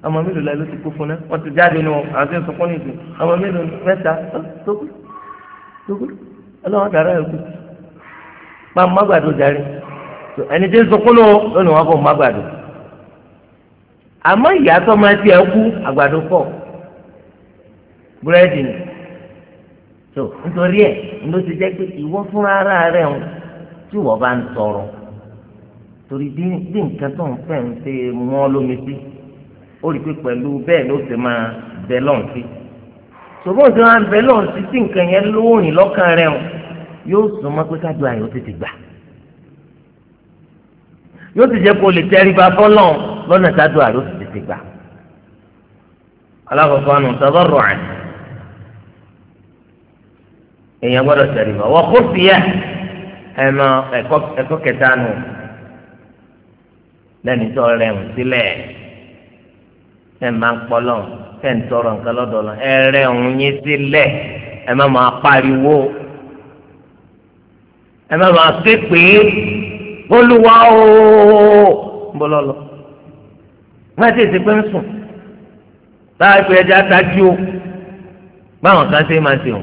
[SPEAKER 1] ọmọ mélòó la ló ti kú fún náà wọ́n ti jáde nù àti ìsọkún nìkan ọmọ mélòó mẹ́ta tókù tókù ọlọ́wọ́n dàrá ẹ̀ kú pa magbado darí ẹni tí ń sọkún náà ó ní wọ́n fọ magbado àmọ́ ìyá tó máa ti ẹ̀ kú àgbàdo pọ̀ búrẹ́dì ni tó nítorí ẹ̀ ló ti jẹ́ pé ìwọ fúnra ara rẹ̀ ń tí wọ́n bá ń tọrọ torí bí nǹkan tó ń fẹ́ ń ṣe mọ́ lómi sí ó rí i pé pẹ̀lú bẹ́ẹ̀ ló ti máa bẹ lọ́n sí ṣùgbọ́n tí wọ́n á bẹ lọ́n sí tí nǹkan yẹn lóòrìn lọ́kàn rẹ̀ o yóò sún mọ́ pé kájọ àyẹ̀wò tètè gbà yóò ti jẹ́ kó lè tẹríba fọ́lọ́n lọ́nà tájọ àyẹ̀wò tètè gbà alákọ̀ọ́kọ́ àná tọ́bọ̀rọ̀ ẹ̀ èèyàn gbọ́dọ̀ tẹríba wọ́n kó sí ẹ̀ ẹ̀ mọ ẹ̀kọ́ kẹta nù lẹ́ni tó rẹ̀ ń sílẹ̀ ẹ máa ń pọlọ ẹ ń tọrọ nǹkan lọ́dọ̀ lọ ẹ rẹ òun yín sílẹ̀ ẹ má máa pariwo ẹ má máa ké pé olúwa ooo ń bọ lọlọ má tètè pé ń sùn táà
[SPEAKER 2] pé ẹjẹ atájú o
[SPEAKER 1] báwọn kan ṣe máa ṣe o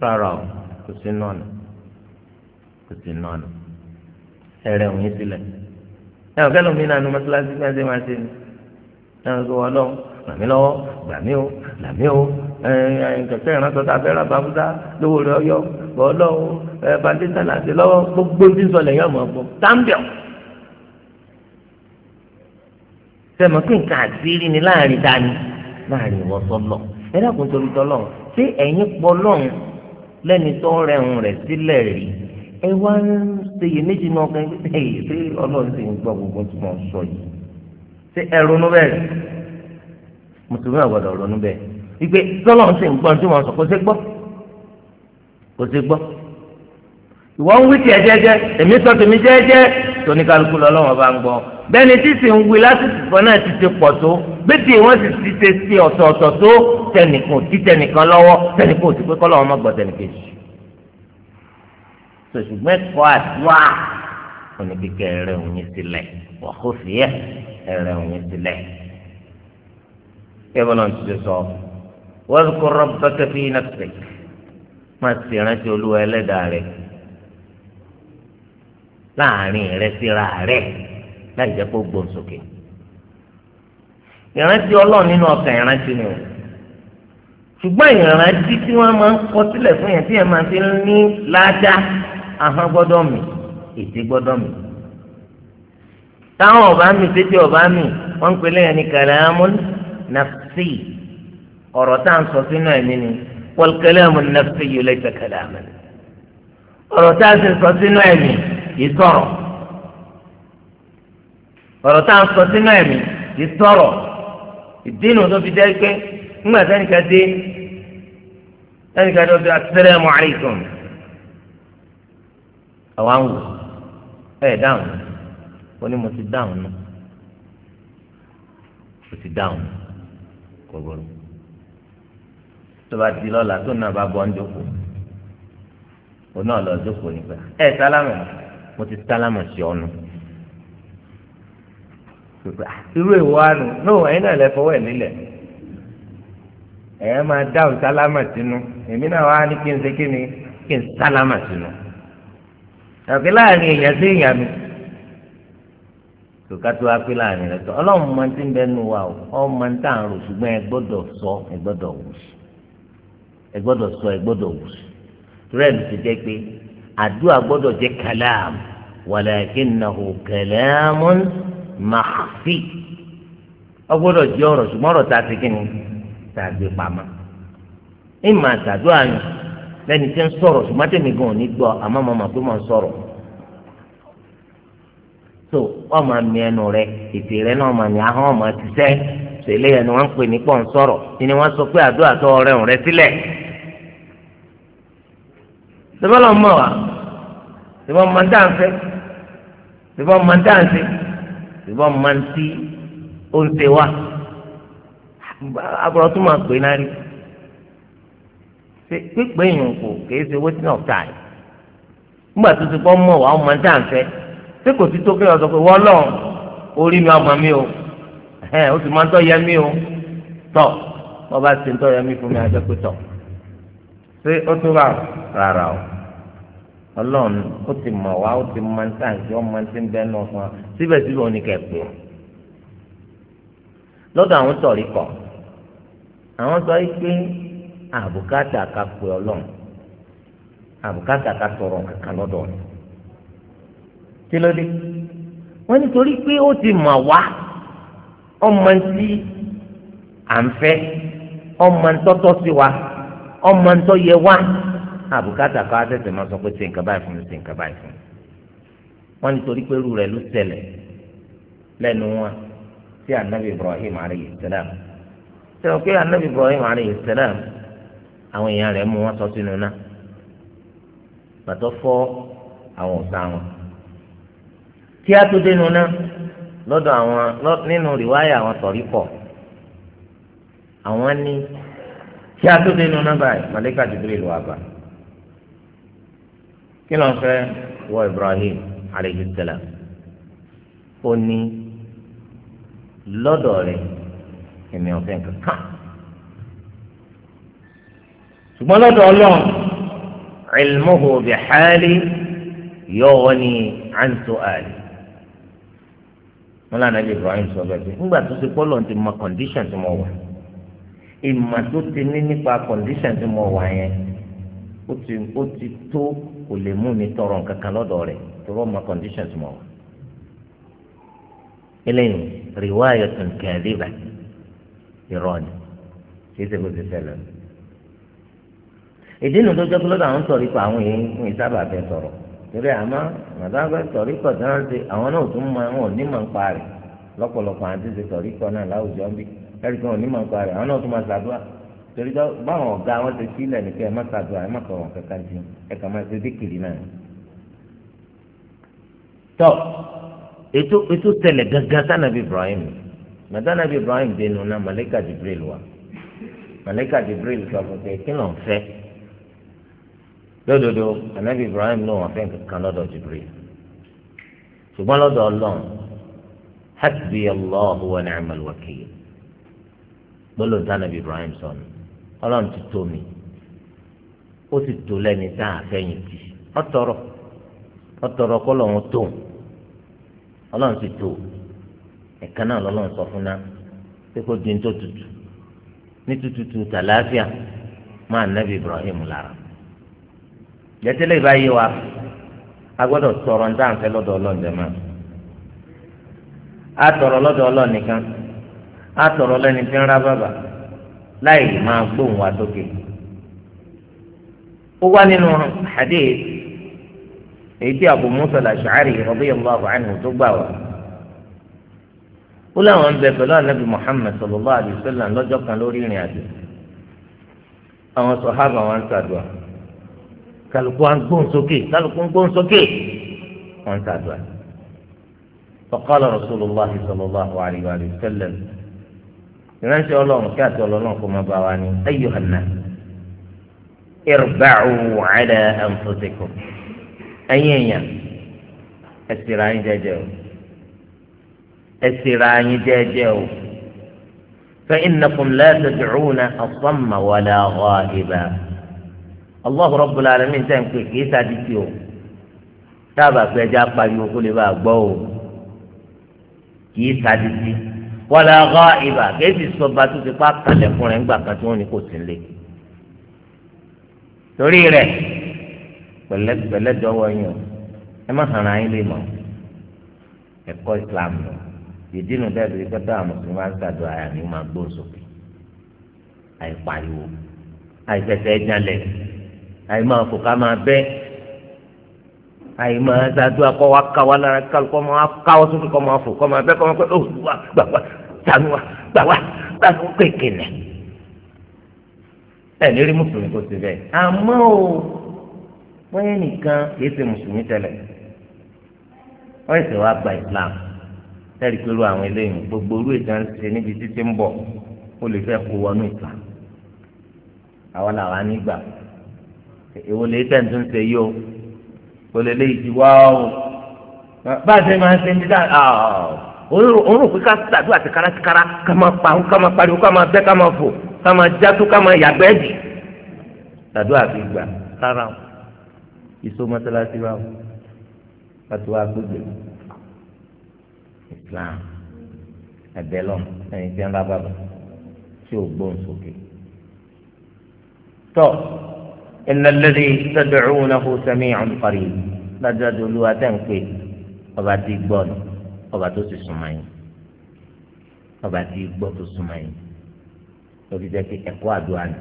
[SPEAKER 1] rárá o kò sí nọ́ọ̀nù kò sí nọ́ọ̀nù ẹ rẹ òun yín sílẹ̀ ẹ ò kẹ́lòmínà nu mọ́tíláṣí bí wọ́n ṣe máa ṣe ni náà ń sọ wọn lọ́wọ́ gbàmí lọ́wọ́ gbàmí o gbàmí o kẹ̀kẹ́ ìrántọ́ tá a fẹ́ ra bàbúdá lówó rẹ̀ ọyọ́ bọ́ lọ́wọ́ bàdéńtà láti lọ́wọ́ gbogbo tí ń sọ lẹ́yìn ọmọ ọgbọ́n tàǹbíọ̀. sẹ́mi kí nǹkan àṣírí ni láàrin dání láàrin ìwọ sọ́lọ̀ ẹ dákun torí tọ́lọ̀ ṣé ẹ̀yin pọ̀ lọ́hùn lẹ́ni tó ń rẹ̀hùn rẹ̀ sílẹ̀ rí ẹ wá ń ṣe iyèméjì náà kẹ́ ẹ ṣé ọlọ́run sì ń gbọ́ gbogbo tí wọ́n sọ yìí ṣé ẹ ronú bẹ́ẹ̀ mùsùlùmí àgbàdo ronú bẹ́ẹ̀ ìgbé lọ́lọ́ ń sè ń gbọ́ tí wọ́n sọ kó ṣe gbọ́ kó ṣe gbọ́ ìwọ ń wí tiẹ̀ jẹ́jẹ́ èmi sọ tèmi jẹ́jẹ́ tóníkàlùkù lọ́lọ́wọ́n bá ń gbọ́ bẹ́ẹ̀ni tí sì ń wí lásìkò náà ti ṣe pọ̀ tó gbèsè wọn sì ti ṣe ṣe ọ̀tọ̀ọ̀tọ̀ tó tẹnìkan tí tẹnìkan lọ́wọ́ tẹnìkan ò sì pé kọ́lọ́wọ́n má gbọ́ tẹnìkejì ṣùgbọ́n ẹ̀kọ́ àdúrà oníkíkẹ́ rẹ̀ òun yín sílẹ̀ wà kó fi ẹ̀rẹ̀ òun sílẹ̀. kẹ́bọ̀n náà ti ti sọ wọ́n kọ́ rọ́bà kẹfì nàfẹ̀ máa ti rántí olúwa ẹlẹ́dàá rẹ̀ láàrin rẹ̀ síra rẹ̀ láì jẹ́ kó gbóhùn sókè. ìrántí ọlọ́run nínú ọkàn ìrántí ni o ṣùgbọ́n ìrántí tí wọ́n máa ń kọ sílẹ̀ fún yẹn tí yẹn máa fi ń ní ládàá ahọ́n gbọ́dọ̀ mi ètè gbọ́dọ̀ mi táwọn ọba mi tètè ọba mi wọn ń pèlè yẹn ní kàlámù nàfsì ọ̀rọ̀ tá à ń sọ sínú ẹ̀mí ni wal kàlámù nàfsì yìí laysa kàlámù ọ̀rọ̀ tá a sì sọ sínú ẹ̀mí yìí tọ̀rọ̀ ọ̀rọ̀ tá a sọ sínú ẹ̀mí yìí tọ̀rọ̀ ìdínú tó fi jẹ́ pé ńgbà sẹ́nìkan dé sẹ́nìkan tó fi assalamu alaykum àwọn àwọn ẹ̀ dáhùn. ó ní mo ti dáhùn nù ó ti dáhùn kò gbọ́dọ̀ tó bá di lọ́la tó náà bá bọ́ ń ó náà lọ jókòó nígbà ẹ sálámà mo ti sálámà sí ọnu irú èwo àánú náà ẹ̀yin náà lẹ fọwọ́ ẹ̀ nílẹ̀ ẹ̀yin máa dáhùn sálámà sínú èmi náà wá ní kí n ṣe kí ni kí n sálámà sínú. àfi láàrin èèyàn sí èèyàn mi. tòkátó wá pé láàrin rẹ tó ọlọ́run máa ti ń bẹnu wa o ọ̀hún máa ń tà ń rò ṣùgbọ́n ẹ gbọ́dọ̀ sọ ẹ gbọ́dọ̀ wù sí ẹ gbọ́dọ̀ sọ ẹ gbọ́dọ̀ wù sí rẹ ló ti jẹ́ pé àdúrà gbọ́dọ̀ jẹ́ kàlám walakinnahu kalamun makhfi ọ gbọ́dọ̀ jẹ́ ọ̀rọ̀ ṣùgbọ́n ọ̀rọ̀ tá ti kíni tá gbé pamọ́ ìmọ̀ àtàdúrà yẹn lẹ́ni tí ń sọ̀rọ̀ ṣùgbọ́n so wọn máa mi ẹnu rẹ ètè rẹ náà máa ní ahọ́n máa ti sẹ́ tẹ̀lé ẹni wọn ń pè ní pọ̀ sọ̀rọ̀ ni wọ́n sọ pé àdúrà tó ọrẹ òun rẹ sílẹ̀. sọ́bọ́lọ́ mọ̀ wá ìbọn máa ń dá ǹfẹ́ máa ń dá ǹfẹ́ máa tí ń ti mọ̀ wá ṣé kò sí tó kí ọ sọ pé wọ́n lọ orí mi ọmọ mi o ẹ̀hẹ́n o sì máa ń tọ́ yẹ mí o tọ̀ wọ́n bá ti ń tọ́ yẹ mí fún mi àjọ pé tọ̀ ṣé ó tó bá rárá o ọlọ́run ó ti mọ̀ wá ó ti máa ń tàǹtí ó máa ń ti ń bẹ́ náà fún wa síbẹ̀síbẹ̀ ó ní kẹ̀kẹ́ lọ́dọ̀ àwọn tọ̀rí kọ̀ àwọn sọ pé àbùkátà ká pe ọlọ́run àbùkátà ká tọrọ kankan lọ́dọ̀ rẹ̀ kí ló dé wọ́n nítorí pé ó ti mọ̀ wá ọmọ ntí à ń fẹ́ ọmọ ntọ́tọ́ sí wa ọmọ ntọ́ yẹ wá àbùkátà ká tẹ̀sẹ̀ máa sọ pé ṣe nǹkan báyìí fún mi ṣe nǹkan báyìí fún mi wọ́n nítorí pé irú rẹ̀ ló ṣẹlẹ̀ lẹ́nu wọn sí anabi ibrahim aleyhi salam sọ pé anabi ibrahim aleyhi salam àwọn èèyàn rẹ̀ mú wọn sọ sínú náà gbàtọ́ fọ́ àwọn ọ̀sán wọn kí á tó dénú náà lọ́dọ̀ àwọn nínú rìwáyà àwọn sọ̀rí pọ̀ àwọn ní kí á tó dénú náà báyìí màlẹ́kà Jibril lù wá bá kí ló ń fẹ́ wọ Ibrahim alayhi ó ní lọ́dọ̀ rẹ̀ èmi ọ̀fẹ́ kankan ṣùgbọ́n lọ́dọ̀ ọlọ́run ilmuhu bi hali yawani an su'ali wọn lànà ibi Ibrahim sọ bẹ́ẹ̀ pé ńgbà tó ti pọ́lọ̀ ti mọ condition tí mo wà ìmọ̀ tó ti ní nípa condition tí mo wà yẹn ó ti ó ti tó kò lè mú mi tọrọ nǹkan kan lọ́dọ̀ rẹ̀ tó rọ́ mọ condition tí mo wà. eléyìí rìwáyọ̀ tó ń kẹ́rì rà irọ́ ni kì í ṣe bó ti ṣẹlẹ̀. ìdí nu tó jẹ́ pé lọ́dọ̀ àwọn sọ̀rọ̀ ipò àwọn èèyàn ń sábà fẹ́ sọ̀rọ̀ torí àmọ́ màdàgbà tọ̀ríkọ̀ tí wọ́n ṣe àwọn náà tún mọ àwọn onímọ̀ ń parí lọ́pọ̀lọpọ̀ àti ṣe tọ̀ríkọ̀ náà láwùjọ bí ẹ̀rí kan onímọ̀ ń parí àwọn náà tún máa ṣàdúrà torí báwọn ọ̀gá wọn ṣe sílẹ̀ ní pé ẹ má ṣàdúrà ẹ má sọ̀rọ̀ kankan jù ẹ kàn máa ṣe dékìrì náà. tọ́ ètò ètò tẹ̀lẹ̀ gangan sànàbí Ibrahim màdànàbí Ibrahim dénú náà màlẹ́kà Jibril wà màlẹ́kà Jibril sọ fún pé kí ló ń fẹ́ lódodo anabi ibrahim náà wọ́n fẹ́ kankan lọ́dọ̀ jibril ṣùgbọ́n lọ́dọ̀ ọlọ́run hasbi allah wa ni'mal wakil gbọ́dọ̀ tá anabi ibrahim sọnù ọlọ́run ti tó mi ó sì tó lẹ́ni tá a fẹ́yìn tì ọ̀tọ̀rọ̀ ọ̀tọ̀rọ̀ kọ́ lọ́run tó ọlọ́run ti tó ẹ̀ka náà lọ́lọ́run sọ fún náà pé kó di ní tó tutù ní tututu tàlàáfíà máa nabi ibrahim lára. leta ìbáyé wa a gbọ́dọ̀ tọrọ ní tàǹfẹ́ lọ́dọ̀ a tọrọ a tọrọ tí ń rá bàbà láì máa gbóhùn wa sókè ó wá nínú Abu Musa al-Ash'ari radiyallahu tó gbà wá ó láwọn ń bẹ pẹ̀lú anabi kan lórí ìrìn àjò àwọn wọn ń kálukú à ń gbóhùn sókè kálukú ń gbóhùn sókè wọn ń tàdúrà. faqala rasulullah sallallahu alayhi wa sallam ìránṣẹ́ ọlọ́run kí àti ọlọ́run kò má bá wa ní ayyuhan nas irba'u ala anfusikum ẹ̀yin èèyàn ẹ̀sìnra yín o ẹ̀sìnra yín jẹ́jẹ́ o fa innakum la tad'una asamma wala ghaiba. Allahu Rabbul Alamin tẹ̀ ń pè kì í sadìtì o dábàá pé ẹja pariwo kó lè bá a gbọ́ o kì í sadìtì wàlá ọ̀gá ìbà kì í sì sọ bá tó ti pa kalẹ̀ fún rẹ̀ ńgbà kan tí wọ́n ní kò sí lé torí rẹ̀ pẹ̀lẹ́pẹ̀lẹ́ dọ́wọ́ yín o ẹ má hàn án lè mọ̀ ẹ̀kọ́ Islam lọ ìdínú dẹ́bi rí pẹ́tẹ́ àwọn mùsùlùmí máa ń ṣàdúrà àyà ni wọ́n máa gbóhùn sókè àìpariwo àìfẹsẹ̀ ẹ̀jálẹ̀ àyìnbá kò ká máa bẹ́ àyìnbá sàdúrà kọ́ wa ká wa lára ká kọ́ máa ká wa sókè kọ́ máa fò kọ́ máa bẹ́ kọ́ máa pẹ́ ó wà gbà wá sànú wa gbà wá sànú kékeré ẹ̀ ní rí mùsùlùmí kò sí bẹ́ẹ̀ àmọ́ o wọ́n yẹn nìkan kìí ṣe mùsùlùmí tẹ́lẹ̀ wọ́n yẹn sì wá gba Islam tẹ́lẹ̀ pẹ̀lú àwọn eléyìí gbogbo orú ìtàn ṣe níbi títí ń bọ̀ ó lè fẹ́ kó wọnú Islam àwọn làwọn á nígbà èwo lè tẹ̀ tó ń ṣe yìí o kò lè lè yìí wá o bá a ṣe máa ń ṣe ní dáa òun rò pé ká ṣàdúrà ti kárakára ká máa pa òun ká máa pariwo ká máa bẹ́ ká máa fò ká máa játó ká máa yàgbẹ́ jì ṣàdúrà fi gbà rárá o ìṣó mọ́tálásí wa o pàtó wa gbogbo Islam ẹ̀bẹ̀ lọ ẹ̀yin tí wọ́n bá bàbà tí ò gbóhùn sókè tọ́. إن الذي تدعونه سميع قريب لا تدعوا تنكي ọba tí gbọ́ ni ọba tó sì súnmọ́ yín ọba tí gbọ́ tó súnmọ́ yín lórí jẹ́ pé ẹ̀kọ́ àdúrà ni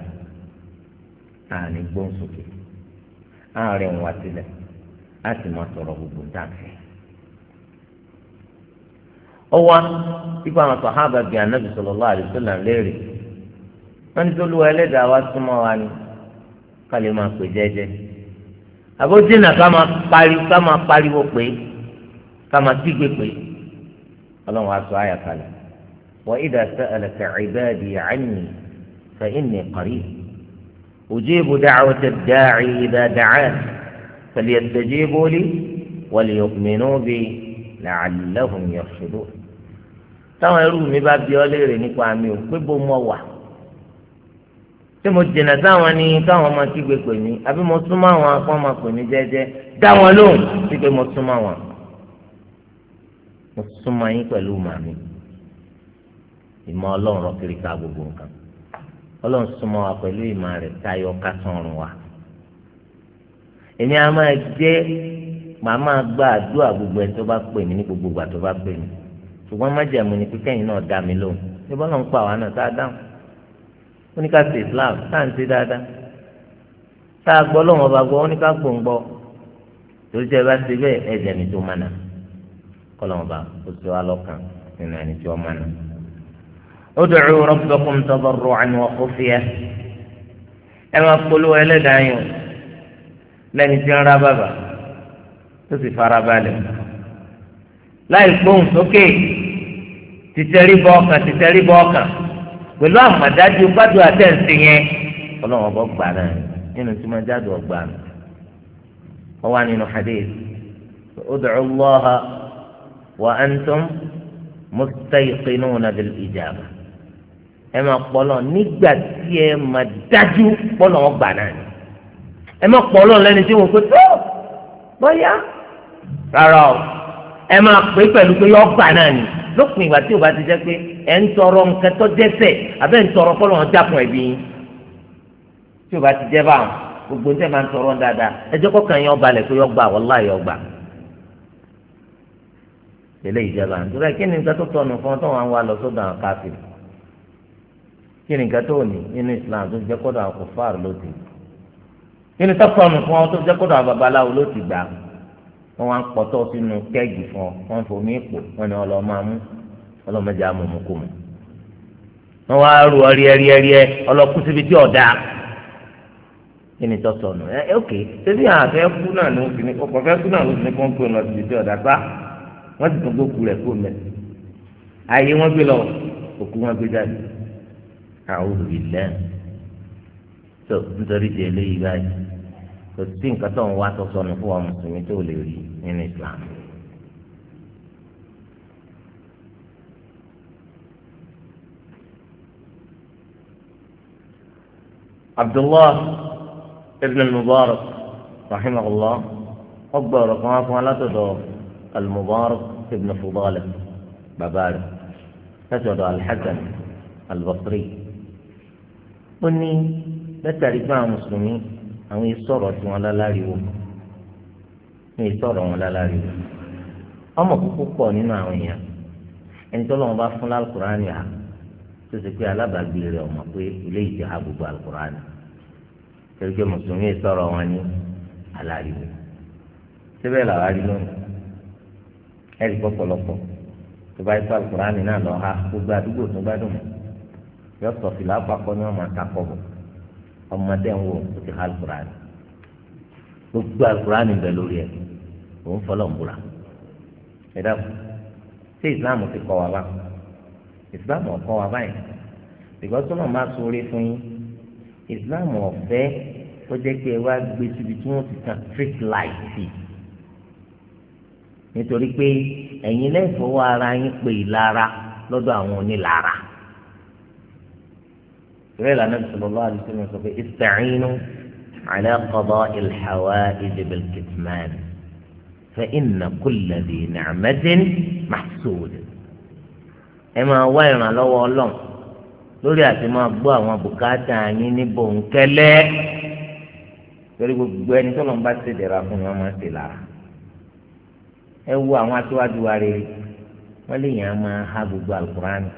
[SPEAKER 1] àní gbóǹsókè àárẹ̀ ń wá sílẹ̀ á sì máa sọ̀rọ̀ gbogbo dáàbò. ó wá ipò àwọn sọ̀hábà bíi ànábì sallallahu alaihi wasallam léèrè wọ́n ní tó lu ẹlẹ́dàá wá súnmọ́ wa ni. kálí lè máa pè jẹ́jẹ́ àbó dínà ká máa pariwo ká máa pariwo pé ká máa kígbe pé ọlọ́run aṣọ àyà kalẹ̀ wa idha sa'alaka ibadi anni fa inni qareeb ujibu da'wata ad-da'i idha da'an falyastajibu li waliyu'minu bi la'allahum fúdú táwọn ẹrú mi bá bi ọ́ léèrè nípa mi ò pé bó mọ wà. tí mo jìnnà sáwọn ni káwọn máa kígbe pè mí àbí mo súnmọ́ àwọn akọ́ máa pè mí jẹ́jẹ́ dá wọn lóhùn sí pé mo súnmọ́ wọn mo súnmọ́ yín pẹ̀lú màmí ìmọ̀ ọlọ́run rọ́kiri ká gbogbo nǹkan ọlọ́run súnmọ́ wa pẹ̀lú ìmọ̀ rẹ̀ táyọ ká sọ̀rùn wa èmi a máa jẹ́ màá máa gba àdúrà gbogbo ẹ̀ tó bá pè mí ní gbogbo ìgbà tó bá pè mí ṣùgbọ́n májẹ̀mú ni pé náà dá mi lóhùn oníkà sí islam táà ń ṣe dáadáa táà gbọ́ lọ́wọ́ bá gbọ́ oníkà gbòǹgbọ́ torí tẹ́ bá ṣe bẹ́ẹ̀ ẹ̀ jẹ́ni tó mánà kọ́lọ́wọ́ bá kó sí wa lọ́kàn nínú ẹni tí wọ́n mánà. ud'u rabbakum tadarru'an wa khufyah ẹ máa polówó ẹlẹ́dàá yìí lẹ́ni tí ń ra bàbà tó sì fara balẹ̀ láì gbóhùn sókè títẹ́rí bọ́ títẹ́rí bọ́ ọkàn pẹ̀lú àmọ̀dájú gbádùn àtẹ̀sí yẹn ọlọ́run ọba gbà náà nínú tí máa jáde ọgbà nù wọ́n wá nínú hadith ud'u Allaha wa antum mustayqinuna bil ijaba ẹ máa pọlọ nígbà tí ẹ máa dájú pọlọ ọgbà náà ni ẹ máa pọlọ lẹ́ni tí wọ́n pé tó bọ́yá rárá ẹ máa pè pẹ̀lú pé ọgbà náà ni lópin ìgbà tí o bá ti jẹ́ pé ẹ̀ ń tọrọ nǹkan tó dẹ́ṣẹ̀ àbẹ́ ń tọrọ kọ́ lọ́wọ́ dákun ẹ̀bí tí o bá ti jẹ́ báwọn gbogbo ń tẹ́ máa ń tọrọ dáadáa ẹ jẹ́ kọ́kàn yẹn ọba lẹ̀ pé yọgbà wọ́lá yọgbà tẹ̀lé ìjọba nítorí kí ni nǹkan tó tọ̀nù fún ọ tó wọn wá lọ sọ́dọ̀ àwọn káfíìn kí ni nǹkan tó ní nínú Islam tó jẹ́ kọ́dọ̀ àwọn kòfáàrù ló kí ni tó tọ̀nù fún ọ tó jẹ́ kọ́dọ̀ àwọn babaláwo ló gbà á wọ́n wá ń pọ̀tọ́ sínú kẹ́ẹ̀gì fún ọ wọ́n fòmí ipò wọ́n ní ọlọ́ọ̀ máa mú ọlọ́mọdé amọ̀mọ́ kò mọ̀ wọ́n wá rú ọ rí ẹ rí ẹ rí ẹ ọlọ́kú síbi tí ọ̀dà kí ni tọ́tọ̀ nù ẹ ok ṣébí àfẹ́ kú náà ló fi ní ọkọ̀ fẹ́ kú náà ló fi ní kó ń pè lọ síbi tí ọ̀dà bá wọ́n ti tún gbókù rẹ̀ kó mẹ́ ayé wọ́n gbé lọ òkú wọ́n gbé jáde àwọn olùdílé tó nítorí ti eléyìí báyìí. kò sí nǹkan tó ń wá sọsọ nù fún wa mùsùlùmí tó lè rí nínú islam. عبد الله ابن المبارك رحمه الله أكبر رقم ولا تدور المبارك ابن فضالة ببارك تجد الحسن البصري ó ní lẹ́tàrí fún àwọn mùsùlùmí àwọn ìsọ̀rọ̀ tí wọ́n láláriwo ní ìsọ̀rọ̀ wọn láláriwo ọmọ kúkú pọ̀ nínú àwọn èèyàn ẹni tó lọ́wọ́ bá fún lálùkùránì à tó ṣe pé alábàágbé rẹ̀ ọmọ pé ilé ha gbogbo àlùkùránì torí pé mùsùlùmí ìsọ̀rọ̀ wọn ní síbẹ̀ làwọn ẹ̀rí pọ̀pọ̀lọpọ̀ tó bá ìsọ̀ àlùkùránì náà lọ́ gbogbo àdúgbò tó gbádùn yọ ọmọdé ń wò ó ti ha alukur'an gbogbo alukur'an ń bẹ lórí ẹ òun fọlọ́ ń bura ẹ dàpọ̀ ṣé islam ti kọ́ wa bá islam ò kọ́ wa báyìí ìgbà tó náà máa sóore fún yín islam ọ̀fẹ́ ó jẹ́ pé ẹ wá gbé síbi tí wọ́n ti tan street light sí nítorí pé ẹ̀yin lẹ́fọ̀ọ́ ara yín pé ìlara lọ́dọ̀ àwọn onílara ìrẹ́ ìlànà bisalòlá àdìsínú sọ pé ìsàcínú àlẹ́ kọ́bọ́ ìlhàwá ìdìbò kìtìmán fẹ́ ìnà kúlẹ̀dì nàmẹ́dín màsúùdì. ẹ máa wá ìrànlọ́wọ́ ọlọ́run lórí àti máa gbọ́ àwọn bùkátà yín ní bòńkẹ́lẹ́ torí gbogbo ẹni tó lọ́n bá ti dẹ̀ra fún mi wọ́n máa ti lára ẹ wo àwọn aṣíwájú wa rere wọ́n lè yàn án máa há gbogbo àlùkùránì.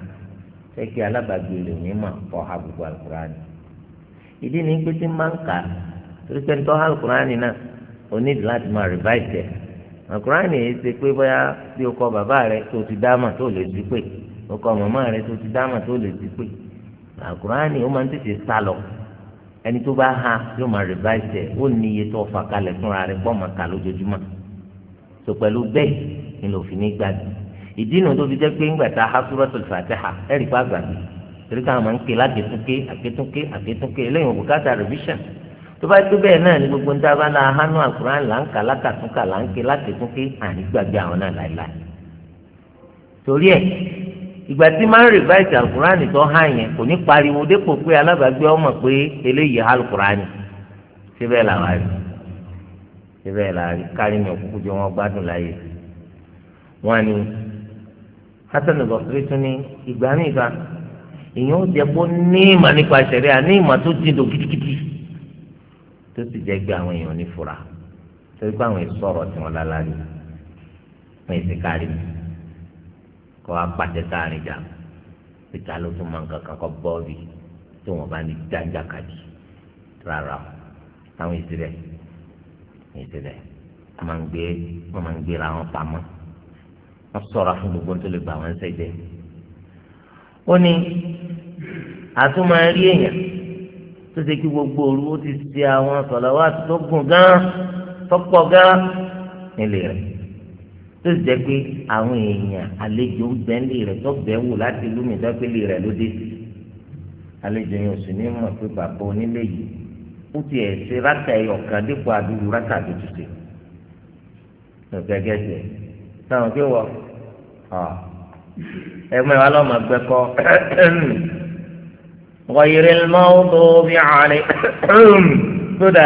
[SPEAKER 1] sẹ́kì alábàgbé lè ní ma kọ́ ha gbogbo alukurani ìdí ni pé tí máa ń kà torí pé nítorí alukurani náà o ní láti máa rìváìsì ẹ̀ alukurani yìí ṣe pé bóyá bí o kọ bàbá rẹ tó ti dáàmà tó lè di pé o kọ màmá rẹ tó ti dáàmà tó lè ha yóò máa ó ní iye tó fà kalẹ̀ fúnra rẹ máa kà lójoojúmọ́ so pẹ̀lú bẹ́ẹ̀ ni lòfin ní gbàgbé ìdí nu tó fi jẹ́ pé ńgbà tá a há súrọ́tò fàtẹ́hà ẹ̀rí pa àgbàgbé torí káwọn máa ń pè lákètúnké àkètúnké àkètúnké eléyìí òkú káta revision tó bá tó bẹ́ẹ̀ náà ní gbogbo ń dábàá náà hánú àkùrán là ń kà lákàtúnkà là ń ké lákètúnké àní gbàgbé àwọn náà láìláì torí ẹ̀ ìgbà tí máa ń rìváìtì àkùrán tó há yẹn kò ní pariwo dépò pé alábàágbé ọmọ pé eléyìí àlùkùrán síbẹ̀ làwọn àrí síbẹ̀ làwọn àrí kárí mi òkúkú jẹ́ wọ́n gbádùn láyé wọ́n á hasan al-basri tún ní ìgbà ní ìgbà èèyàn ó jẹ kó ní ìmọ̀ nípa ìṣẹ̀ríà ní ìmọ̀ tó ti dùn kìtìkìtì tó sì jẹ́ gbé àwọn èèyàn ní fura torí pé àwọn ìsọ̀rọ̀ tí wọ́n lálá rí wọ́n èsì kárí mi kọ́ apàtẹ káàrin jà pété ló tún máa ń kankan kọ́ bọ́ọ̀lì tí wọ́n bá ní jájà kàdí rárá àwọn èsì rẹ̀ èsì rẹ̀ wọ́n máa ń gbéra wọn pamọ́ wọn ṣọ́ra fún gbogbo tó lè gbà wọn ṣẹjẹ ó ní
[SPEAKER 2] àtúmọ̀ rí èèyàn
[SPEAKER 1] tó ṣe kí gbogbo òru ó ti ṣe àwọn sọ̀làwátì tó gùn gan tọ́pọ̀ gan nílé rẹ̀ tó sì jẹ́ pé àwọn èèyàn àlejò ń bẹ́ nílé rẹ̀ tó bẹ́ wò láti ìlú mi dápélé rẹ̀ lóde àlejò yẹn ò sì ní mọ̀ pé bàbá onílé yìí ó ti ẹ̀ ṣe rákà ẹyọ kan dípò àdúrú rákà tó ti ṣe. ọ̀gẹ́gẹ́ sẹ̀ táwọn kí wọ́n ẹgbẹ́ wa lọ́mọ gbẹ kọ́ wọ́yẹrẹ mọ́tò bí àárẹ̀ tó dà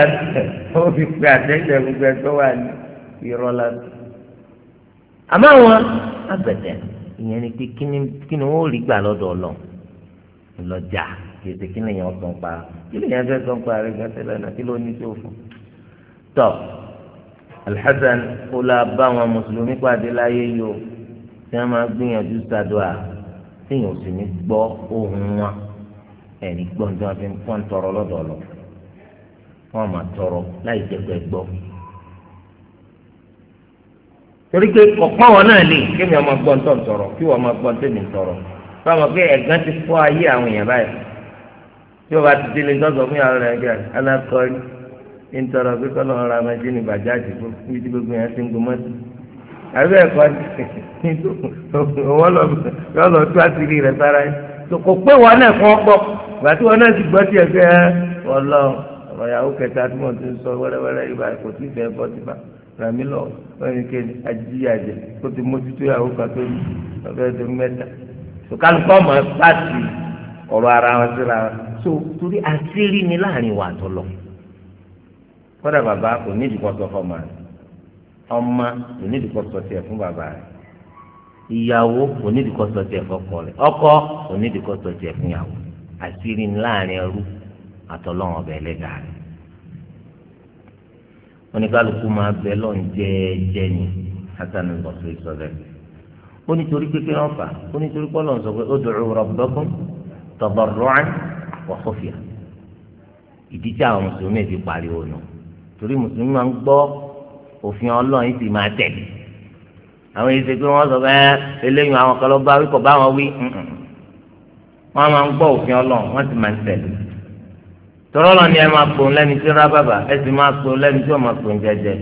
[SPEAKER 1] ó fi pè àtẹ́jẹ́ gbogbo ẹgbẹ́ wa ní ìrọ̀lá. àmọ́ àwọn agbẹ̀dẹ̀ ìyẹn ni pé kí ni wọ́n rí gbà lọ́dọ̀ ọlọ́run lọ́jà kìí kí ni yẹn sọ̀n pa kí ni yẹn fẹ́ sọ̀n pa rẹ̀ gẹ́sẹ̀ lẹ́nà kí ló ní tó fún. tọ́ alḥasan kó la bá àwọn mùsùlùmí pàdé láyé yìí o tí wọ́n máa gbìyànjú sàdúrà téèyàn sì ní gbọ́ ohùn wọn ẹni gbọ́ ní tí wọ́n fi ń pọ́n tọrọ lọ́dọ̀ lọ wọ́n máa tọrọ láì jẹ́ pé gbọ́. torí pé ọ̀pọ̀ wọn náà lè kémi ọmọ gbọ́n tó ń tọrọ kí wọ́n máa gbọ́n tèmi tọrọ fáwọn pé ẹ̀gán ti fọ́ ayé àwọn èèyàn báyìí tí o bá ti délé lọ́sọ̀ fún yàrá rẹ̀ gẹ̀ alákọ̀ọ́rí ń tọrọ pé kọ́lọ́ ra máa ṣe ní bàjáde fún ibi tí gbogbo yẹn ti ń àbí ẹ̀kọ́ wọ́n lọ tú àtìrí rẹ̀ sára yìí kò pé wọn náà kọ́ gbọ́ ìgbà tí wọn náà ti gbọ́ tiẹ̀ fẹ́ wọn lọ ọ̀yàwó kẹta tí mo ti ń sọ wẹ́rẹ́wẹ́rẹ́ ibà kò tí ì fẹ́ bọ́ ti bá rami lọ wẹ́rẹ́ kẹ́ni ajíyàjẹ kó ti mójútó ìyàwó kan tó ní ọ̀fẹ́ tó mẹ́ta sọkálùkọ́ mọ̀ pàtì ọ̀rọ̀ ara wọn síra wọn so torí àṣírí ni láàrin wa tó lọ kọ́dà bàbá kò ní ìdíkọ́ sọ fọ́ màá ọmọ onídìkọ sọtì ẹ fún bàbá rẹ ìyàwó onídìkọ sọtì ẹ fọkọ rẹ ọkọ onídìkọ sọtì ẹ fún ìyàwó àṣírí láàrin ẹrú àtọlọ́run ọbẹ ẹlẹ́dàá rẹ oníkálukú máa bẹ lọ́n jẹ́ẹ́jẹ́ ni hasanu bọ̀sùn ìsọ̀rẹ́ ó nítorí pépé náà fà ó nítorí pọ́lọ́ sọ pé ud'u rabbakum tadarru'an wa khufya ìdí tí àwọn mùsùlùmí ti pariwo nù torí mùsùlùmí máa ń gbọ́ òfin ọlọ́run yìí sì máa tẹ̀lé àwọn èsì pé wọ́n sọ pé eléyìí àwọn kan ló bá wí kọ̀ bá wọn wí wọ́n máa ń gbọ́ òfin ọlọ́run wọ́n sì máa ń tẹ̀lé tọ́rọ́ lọ ni ẹ máa pòun lẹ́ni tí ń rá bàbà ẹ sì máa pòun lẹ́ni tí ò máa pòun jẹjẹ.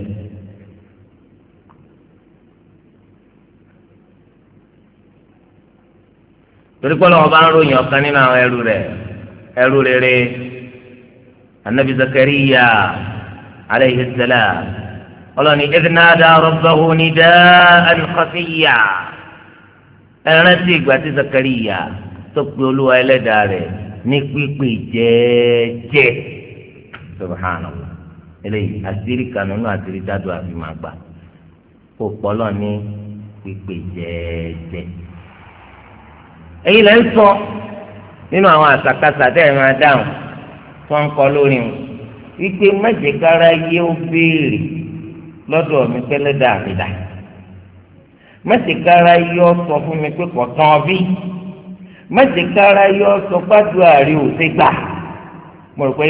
[SPEAKER 1] torí pé lọ́wọ́ bá ń ròyìn ọ̀kan nínú àwọn ẹrú rẹ̀ ẹrú rere anabi Zakariya aleyhi salaam ọlọ́ni ẹ̀dínàdà rọ̀bàhù ní dá ànìkọ́síyà ẹ̀rántí ìgbà tí Zakariya tó pe olúwa ẹlẹ́dàá rẹ̀ ní pípé jẹ́ẹ́jẹ́ subhanallah eléyìí àṣírí kanu náà àṣírí dádùn àfi máa gbà kó pọ́lọ́ ní pípé jẹ́ẹ́jẹ́ èyí lẹ́ ń sọ nínú àwọn àṣàkáṣà tẹ́ ẹ̀ máa dáhùn tó lórí wọn wípé mẹ́jẹ̀kára yé ó béèrè. lọ́dọ̀ mi pẹ́lẹ́ dà mí mẹ́tẹ̀kára yọ sọ fún mi pé kò tán bí mẹ́tẹ̀kára yọ sọ pàdù àrí òsè gbà mo rò pé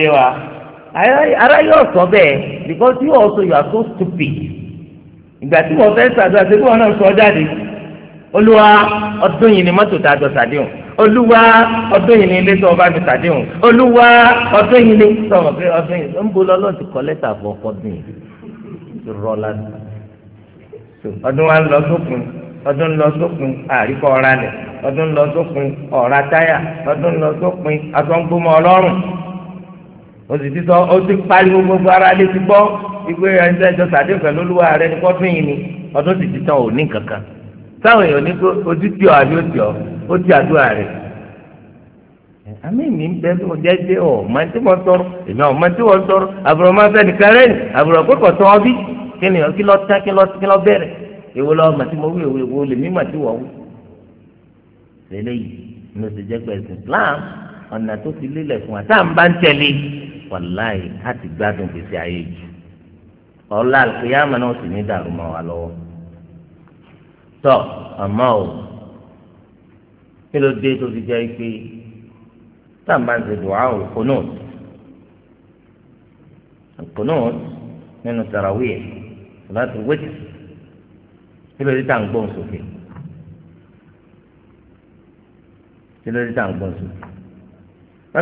[SPEAKER 1] ara sọ bẹ́ẹ̀ because you also you are so stupid ìgbà tí wọ́n fẹ́ sàdúrà sí wọn náà sọ jáde olúwa ọdún yìí ni mọ́tò tá a jọ oluwa olúwa ọdún yìí ni ilé tó olúwa ọdún yìí ni sọ̀rọ̀ pé ọdún irọ́ lásán ọdún wa ń lọ sópin ọdún lọ sópin àríkọ́ ọ̀ra lẹ̀ ọdún lọ sópin ọ̀ra táyà ọdún lọ ọlọ́run o sì ti sọ o ti gbogbo ara lè ti gbọ́ ìgbé ẹ̀ńtẹ́ ìjọ sàdé pẹ̀lú olúwa rẹ yìí ni ọdún sì ti tán òní kankan táwọn èèyàn ní ojú ọ àbí ọ àmì mi ń bẹ lọ jẹjẹ ọ màá tí mo tọrọ èmi ọ màá tí mo tọrọ àbúrò máa fẹ nìkan rẹ àbúrò kókò tán ọbí kí ni kí lọ tán kí lọ kí lọ bẹ̀rẹ̀ èwo lọ màá tí mo wí èwo èwo lèmi màá tí wọ wí. lélẹyìí ní o ti jẹ pé ẹsìn Islam ọ̀nà tó fi lélẹ̀ fún wa tá à ń bá ń tẹ̀lé wàláì á ti gbádùn gbèsè ayé jù ọ̀la àlùkìyàmà náà sì ní dàrú mọ́ wa lọ́wọ́ tọ́ àmọ́ o kí ló dé tó fi jẹ́ pé táwọn bá ń ṣe dùn áwò kónóòt kónóòt nínú tarawih láti wéjì kílódé tá à ń gbóhùn sókè kílódé tá à ń gbóhùn sókè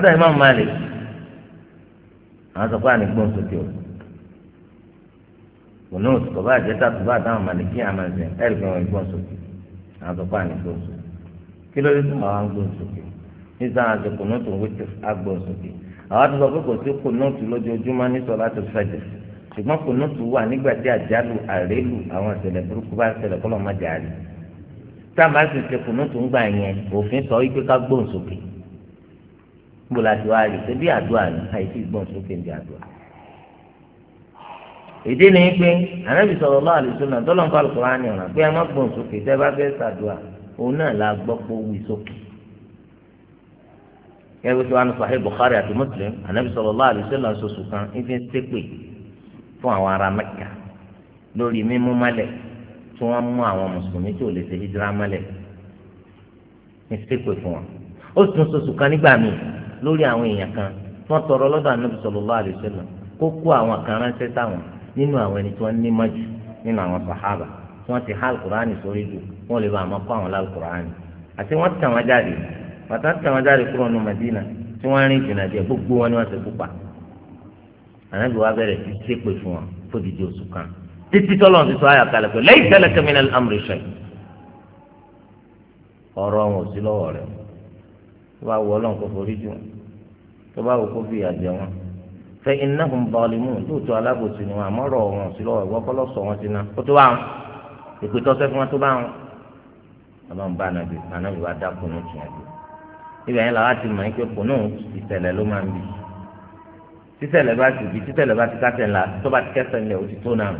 [SPEAKER 1] lọ́dọ̀ Imam Malik àwọn sọ pé à ní gbóhùn sókè o kùnú tọba àjẹta tọba àtàwọn màlìkí àmàzẹ ẹrù kan wọn gbọ́n sókè àwọn tọpa àní gbọ́n sókè kí ló dé tó máa ń gbọ́n sókè nígbà àti kùnúùtù wíjọ agbóhùnsókè àwọn tó sọ pé kò sí kùnúùtù lójoojúmọ́ ní sọ̀látù fajr ṣùgbọ́n kùnúùtù wà nígbà tí àjálù àrélù àwọn ìṣẹ̀lẹ̀ burúkú bá ṣẹlẹ̀ kọ́lọ́ má jà rí táàmù àti ṣe kùnúùtù ń yẹn òfin sọ wípé ká gbóhùnsókè níbo la wá rí ṣe bí àdúrà ni àìsí gbóhùnsókè ń di àdúrà ìdí ni pé ànábì sallallahu alaihi wasallam tọ́lọ́nkọ́ àlùkò ránì ọ̀ràn pé ẹ má gbóhùnsókè tẹ́ bá fẹ́ ṣàdúrà òun náà la gbọ́ pé ó wí sókè yẹ́n bí sọ́wọ́n Sahih Bukhari àti Muslim anabi sallallahu alaihi wasallam ṣoṣù kan ife ń ṣépè fún àwọn ará Mẹ́kà lórí mímú mọ́lẹ̀ tí wọ́n mú àwọn mùsùlùmí tí ò lè ṣe hijira mọ́lẹ̀ ń ṣépè fún wọn ó sì tún ṣoṣù kan nígbà míì lórí àwọn èèyàn kan tí wọ́n tọrọ lọ́dọ̀ anabi sallallahu alaihi wasallam kó kó àwọn kan ránṣẹ́ sáwọn nínú àwọn ẹni tí wọ́n ní mọ́jú nínú àwọn sàhábà tí wọ́n ti há bàtà tí àwọn jáde kúrò ní Madina tí wọ́n rìn jìnnà díẹ̀ gbogbo wọn ni wọ́n ti kópa ànábì wa bẹ̀rẹ̀ sí ṣépè fún wọn fódìdí oṣù kan títí tọ́lọ́ ti sọ àyàkálẹ̀ pé lẹ́yìn tẹ́lẹ̀ kẹ́mínà amúre ṣe ọ̀rọ̀ wọn ò sí lọ́wọ́ rẹ̀ tó bá wọ ọlọ́run kó forí jù tó bá wọ kó fi àjẹ wọn fẹ́ iná hùn bọ́ọ̀lì mú lóòótọ́ alábòsí ni wọn àmọ́ ọ̀rọ̀ wọn ò sí lọ́wọ́ ìwọ́ kọ́lọ́ sọ wọn ti ná tó bá wọn ìpè tọ́sẹ́ fún wọn tó bá wọn àbá bá ànábì ànábì wa dákun ní tìǹbù ibẹ̀ yẹn làwọn ti mọ̀ ẹ́ pé kò náà ìṣẹ̀lẹ̀ ló máa ń bì títẹ̀lẹ̀ bá ti bì títẹ̀lẹ̀ bá ti kásẹ̀ ńlá tó bá ti kẹsẹ̀ ńlẹ̀ ó ti tó náà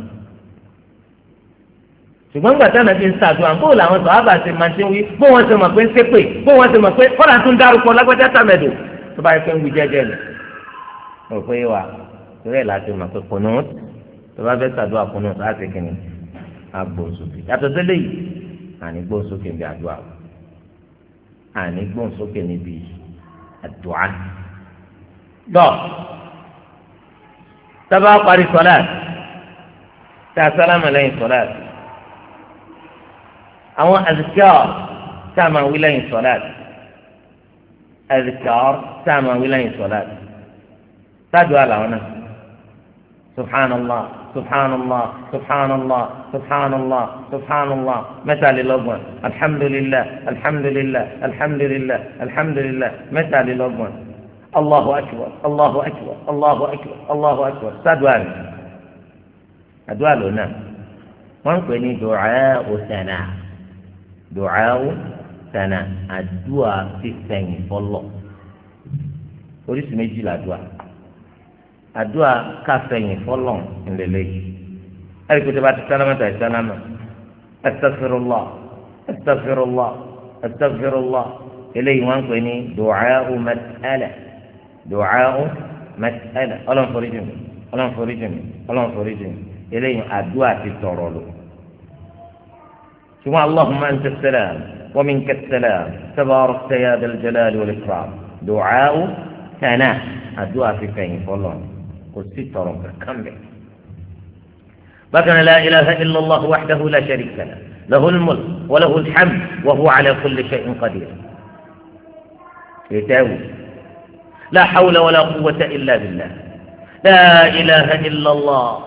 [SPEAKER 1] ṣùgbọ́n nígbà táwọn ti ń ṣàdúrà bó làwọn sọ ábà ṣe máa ṣe wí bó wọn ṣe mọ̀ pé ń ṣépè bó wọn ṣe mọ̀ pé kọ́lá tún dárúkọ lágbájá tàmẹ̀dò tó bá yẹ pé ń wí jẹ́jẹ́ lẹ̀ rò pé wà torí láti mọ̀ pé kùnú tó bá fẹ́ ṣàdúrà kùnú láti kìnnì àgbò sókè yàtọ̀ sílẹ̀ yìí àní gbò sókè bí àdúrà o àní gbóǹsókè níbi àdùá. tọ́ sábà parí sọ́lá tá a sálámà lẹ́yìn sọ́lá àwọn àzìkíọ́ tá a máa wí lẹ́yìn sọ́lá àzìkíọ́ tá a máa wí lẹ́yìn sọ́lá tá a náà. سبحان الله سبحان الله سبحان الله سبحان الله سبحان الله متى للأضمن الحمد لله الحمد لله الحمد لله الحمد لله متى للأضمن الله أكبر الله أكبر الله أكبر الله أكبر سادوال أدوال هنا ممكن دعاء ثناء دعاء ثناء الدعاء في الثاني والله وليس مجي الأدعاء àdúrà káfẹ̀yìn fọlọ́ ńlẹ̀lẹ̀ yìí ẹ̀rí ẹ̀ríkùtì bá ti sálámà tàbí sálámà astaghfirullah astaghfirullah astaghfirullah eléyìí wọ́n ń pè ní du'a'u mas'ala du'a'u mas'ala ọlọ́run forí jù mí ọlọ́run forí jù mí ọlọ́run forí eléyìí àdúrà ti tọ̀rọ̀ lò ṣùgbọ́n allahumma anta salam wa minka salam tabarakta ya dal jalali wal ikram du'a'u àdúrà ti fẹ̀yìn fọlọ́n. وستترك كم بقنا لا إله إلا الله وحده لا شريك له له الملك وله الحمد وهو على كل شيء قدير يتاوي لا حول ولا قوة إلا بالله لا إله إلا الله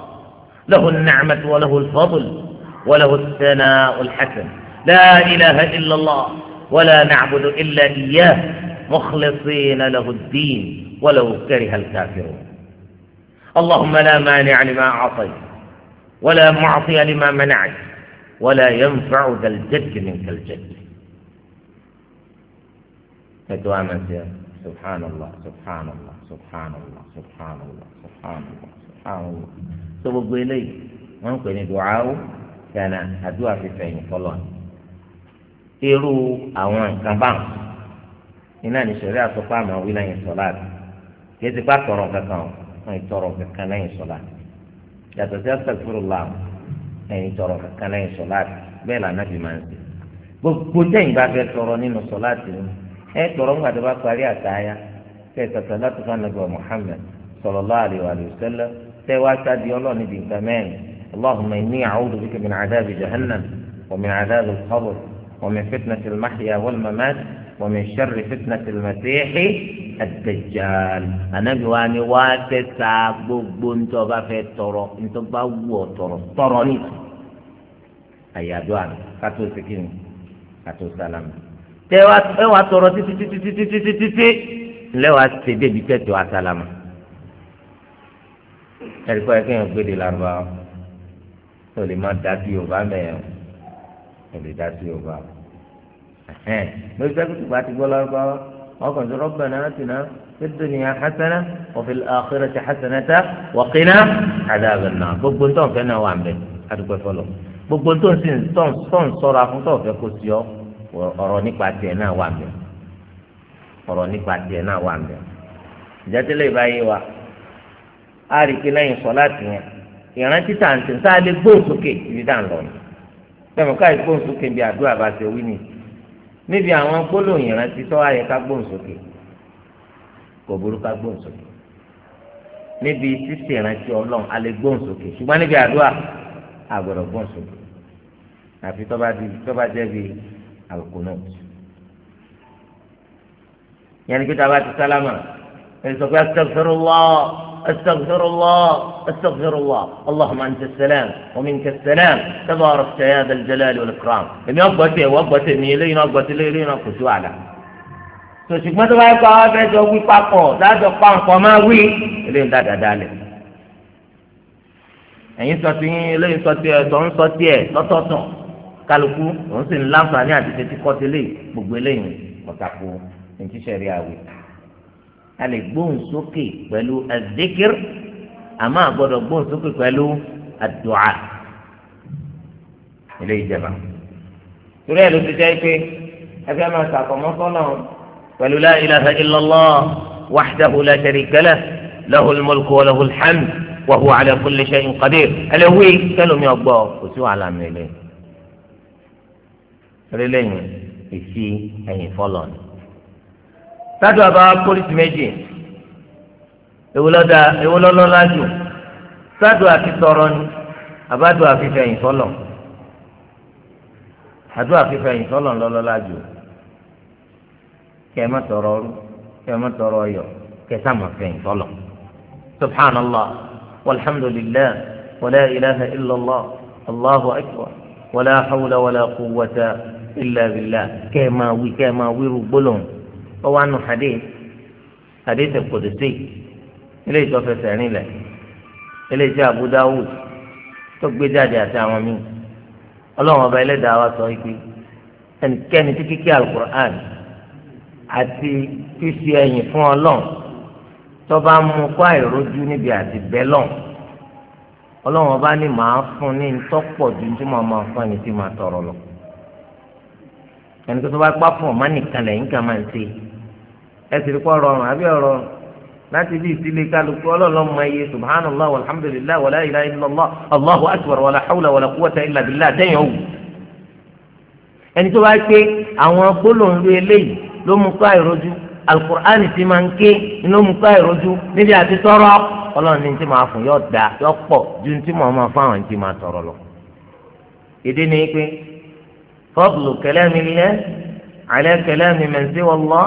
[SPEAKER 1] له النعمة وله الفضل وله الثناء الحسن لا إله إلا الله ولا نعبد إلا إياه مخلصين له الدين ولو كره الكافرون اللهم لا مانع لما أعطيت ولا معطي لما منعت ولا ينفع ذا الجد منك الجد فتوى سبحان الله سبحان الله سبحان الله سبحان الله سبحان الله سبحان الله سبب إليه ممكن دعاء كان أدعى في فهم فلان irú àwọn nǹkan bá iná ní sọ̀rọ̀ àtọ́pá àmọ́ wíláyìn sọ̀láàdì kí ẹ ti pa tọ̀rọ̀ kankan o wọn ìtọrọ kankan lẹ́yìn sọlá yàtọ̀ sí astagfirullah ẹ̀yìn tọrọ kankan lẹ́yìn sọlá bẹ́ẹ̀ lànà bí máa ń ṣe gbogbo tẹ̀yìn bá fẹ́ tọrọ nínú sọlá tì ní ẹ tọrọ ńgbà tó bá parí àtàyà kẹ tọ̀tọ̀ láti fún anagbọ̀ Muhammad sallallahu alaihi wa sallam tẹ wá sáàdì ọlọ́ọ̀ni bí nǹkan mẹ́rin اللهم إني أعوذ بك من عذاب جهنم ومن عذاب القبر ومن فتنة المحيا والممات ومن شر فتنة المسيح الدجال أنا جواني واتسا gbogbo ntọ́ bá fẹ́ tọrọ ntọ́ bá wù ọ́ tọrọ tọrọ ní àyàdó àná kátó sikin kátó sálámù tẹ ẹ wàá tọrọ títí títí títí títí títí lẹ́wàá ṣe débi tẹ̀tọ̀ àsálámù ẹ̀rí kọ́ ẹ kéèyàn gbéde lárúbáwá ó lè má dá sí yorùbá mẹ́ẹ̀ẹ́ ó lè dá sí yorùbá o. ẹ̀hẹ́n lórí sẹ́kùtù bá ti gbọ́ lárúbáwá ọkàn tó rọ́bà náà ti náà fi dunya hasana wa fil akhirati hasanata wa qina adhaban nar gbogbo ń gbogbo tó ń sìn tọ́n sọ́ra fún tọ́fẹ́ kó sí ọ ọ̀rọ̀ nípa tiẹ̀ náà wà mbẹ́ ọ̀rọ̀ nípa tiẹ̀ náà wà mbẹ́ ìjátẹ́lẹ̀ ìbáyé wa á rí i pé lẹ́yìn níbi àwọn gbólóhùn ìrántí tó ayẹ ká gbóhùn sókè kò burú ká gbóhùn sókè níbi sísè ìrántí ọlọ́run a lè gbóhùn sókè ṣùgbọ́n níbi àdúrà a gbọ́dọ̀ gbóhùn sókè àfi tó bá di tó bá jẹ́ yẹn ni pé a bá ti sálámà ẹ sọ pé astaghfirullah. أستغفر الله أستغفر الله اللهم أنت السلام ومنك السلام تبارك يا ذا الجلال والإكرام èmi ọgbọ tẹ ìwọ ọgbọ tẹ mi eléyìí náà ọgbọ tẹ eléyìí náà kò sí wàhálà sòṣùgbọ́n tó bá yẹ kó àwọn afẹ́jọ wí papọ̀ dájọ́ pa nǹkan máa wí eléyìí dáadáa dálẹ̀ ẹ̀yin sọ ti yín eléyìí sọ ti ẹ̀ tọ́ ń sọ ti ẹ̀ lọ́tọ̀ọ̀tọ̀ kálukú òun sì ń láǹfààní àti tètè kọ́ tẹ́lẹ̀ gbogbo eléyìí ọ̀tàkùn ní tíṣẹ̀rí àwẹ̀ a lè gbóhùn sókè pẹ̀lú azikir àmọ́ a gbọ́dọ̀ gbóhùn sókè pẹ̀lú àdùà ilé ìjẹba torí ẹ̀ ló ti jẹ́ pé ẹgbẹ́ máa sàkọ́mọ́ fọ́nà pẹ̀lú la ilaha illallah wahdahu la sharika lah lahul mulku wa lahul hamd wa huwa ala kulli shay'in qadir ẹlẹ́wí kẹlòmí ọgbọ́ kò sí wàhálà mẹ́lẹ́ rí lẹ́yìn èsì ẹ̀yìn fọ́lọ́ni tádùn àbáwá pólísì méjì ewolọ́dà ewolọ́lọ́lá jù tádùn àti sọ̀rọ̀ ni àbádùn àfihàn sọ́lọ̀ àdùn àfihàn sọ́lọ̀ lọ́lọ́lá jù kẹ́ ẹ má tọrọ ọrú kẹ́ ẹ má tọrọ ọyọ kẹ́ ẹ sàmà fẹ̀yìn sọ́lọ̀ subhanallah الله wàlá ilaha illallah allahu akbar wàlá hawla wàlá quwwata illa billah kẹ́ ẹ máa wí kẹ́ ẹ máa ọwọ́ anu hadith hadith al-Qudsi eléyìí tó fẹsẹ̀ rìn lẹ̀ eléyìí tí Abu Dawud tó gbé jáde àti àwọn míì ọlọ́run ọba ẹlẹ́dàá wa sọ wípé ẹnikẹ́ni tí kíkí alukur'an àti fífi ẹ̀yìn fún ọlọ́run tó bá mú kó àìrójú níbi àti bẹ́lọ̀n ọlọ́run ọba ní màá fún ní ntọ́pọ̀ ju tí màá máa fún ẹni tí màá tọrọ lọ ẹnikẹ́ni tó bá gbá fún ọ̀ma nìkan lẹ́yìn kan máa ń ṣe é ẹsì rí kọ́ rọrùn àbí ọ̀rọ̀rùn láti bí ìsílẹ̀ kálukú ọlọ́ọ̀lọ́ mọ iye subhanallah walhamdulillah wàlá ilaha illallah allahu akbar wàlá hawla wàlá quwwata illa billah dẹ́yìn òwú. ẹni tó bá pé àwọn gbólóńlú eléyìí ló mú kó àìrójú alukur'ani ti máa ń ké ló mú kó àìrójú níbi àti tọrọ ọlọ́run ní ti máa fún yọ da yọ pọ̀ ju ti mọ̀ máa fún àwọn ti máa tọrọ lọ. ìdí ni pé fadlu kalami llah ala kalami man siwa Allah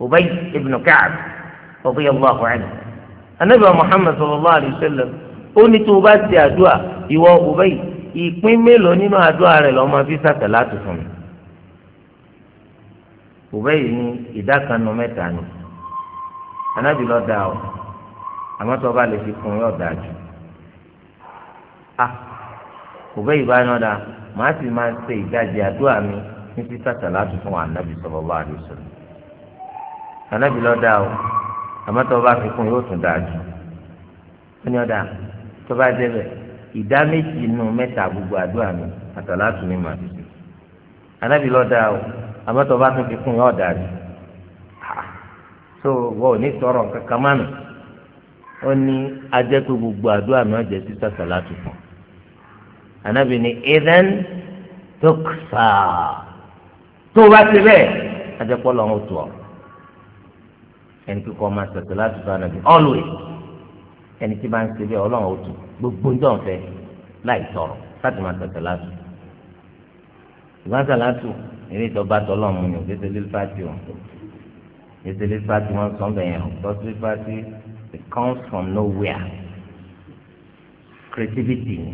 [SPEAKER 1] أبي بن كعب رضي الله عنه النبي محمد صلى الله عليه وسلم أني توبات أدعى يوا أبي ìpín mélòó nínú àdúrà rẹ lọ́mọ fi sàtẹ̀láàtì fún mi òbẹ́ yìí ní ìdákanu mẹ́ta ni anábì lọ da ọ àmọ́ tó bá lè fi kún yóò dáa jù a òbẹ́ yìí bá yàn ọ́ da màá sì máa ṣe ìdajì àdúrà mi ní sísàtẹ̀láàtì fún wa anábì sallallahu alaihi wasallam ànábì lọ dáa o àmọ́ tó o bá fi kún yóò tún dáa jù ó ní ọ̀dà tó bá débẹ̀ ìdá méjì nínú mẹ́ta gbogbo àdúrà mi àtàlátù ni màá fi ànábì lọ dáa o àmọ́ tó o bá tún fi kún yóò dáa jù so wọ́n ò ní sọ̀rọ̀ kankan mọ́nu ó ní ajẹ́pẹ́ gbogbo àdúrà mi ọ̀jẹ̀ sí sàtàlátù fún ànábì ní ìdán tó kùsà tó o bá ti bẹ́ẹ̀ lọ́wọ́ tó ọ̀ ẹni kíkọ́ máa sọ̀tọ̀ láti bá nàbí always ẹni tí bá ń ṣe bẹ́ẹ̀ ọlọ́run òtún gbogbo ń dọ̀fẹ́ láì tọrọ láti máa sọ̀tọ̀ láti. ìgbà sàlátù eré ìtọ́ba tọ́lọ́ mu ni òkèsè lílfàtì o òkèsè lílfàtì wọn sọ bẹ́ẹ̀ yẹn òkèsè lílfàtì it comes from nowhere creativity ni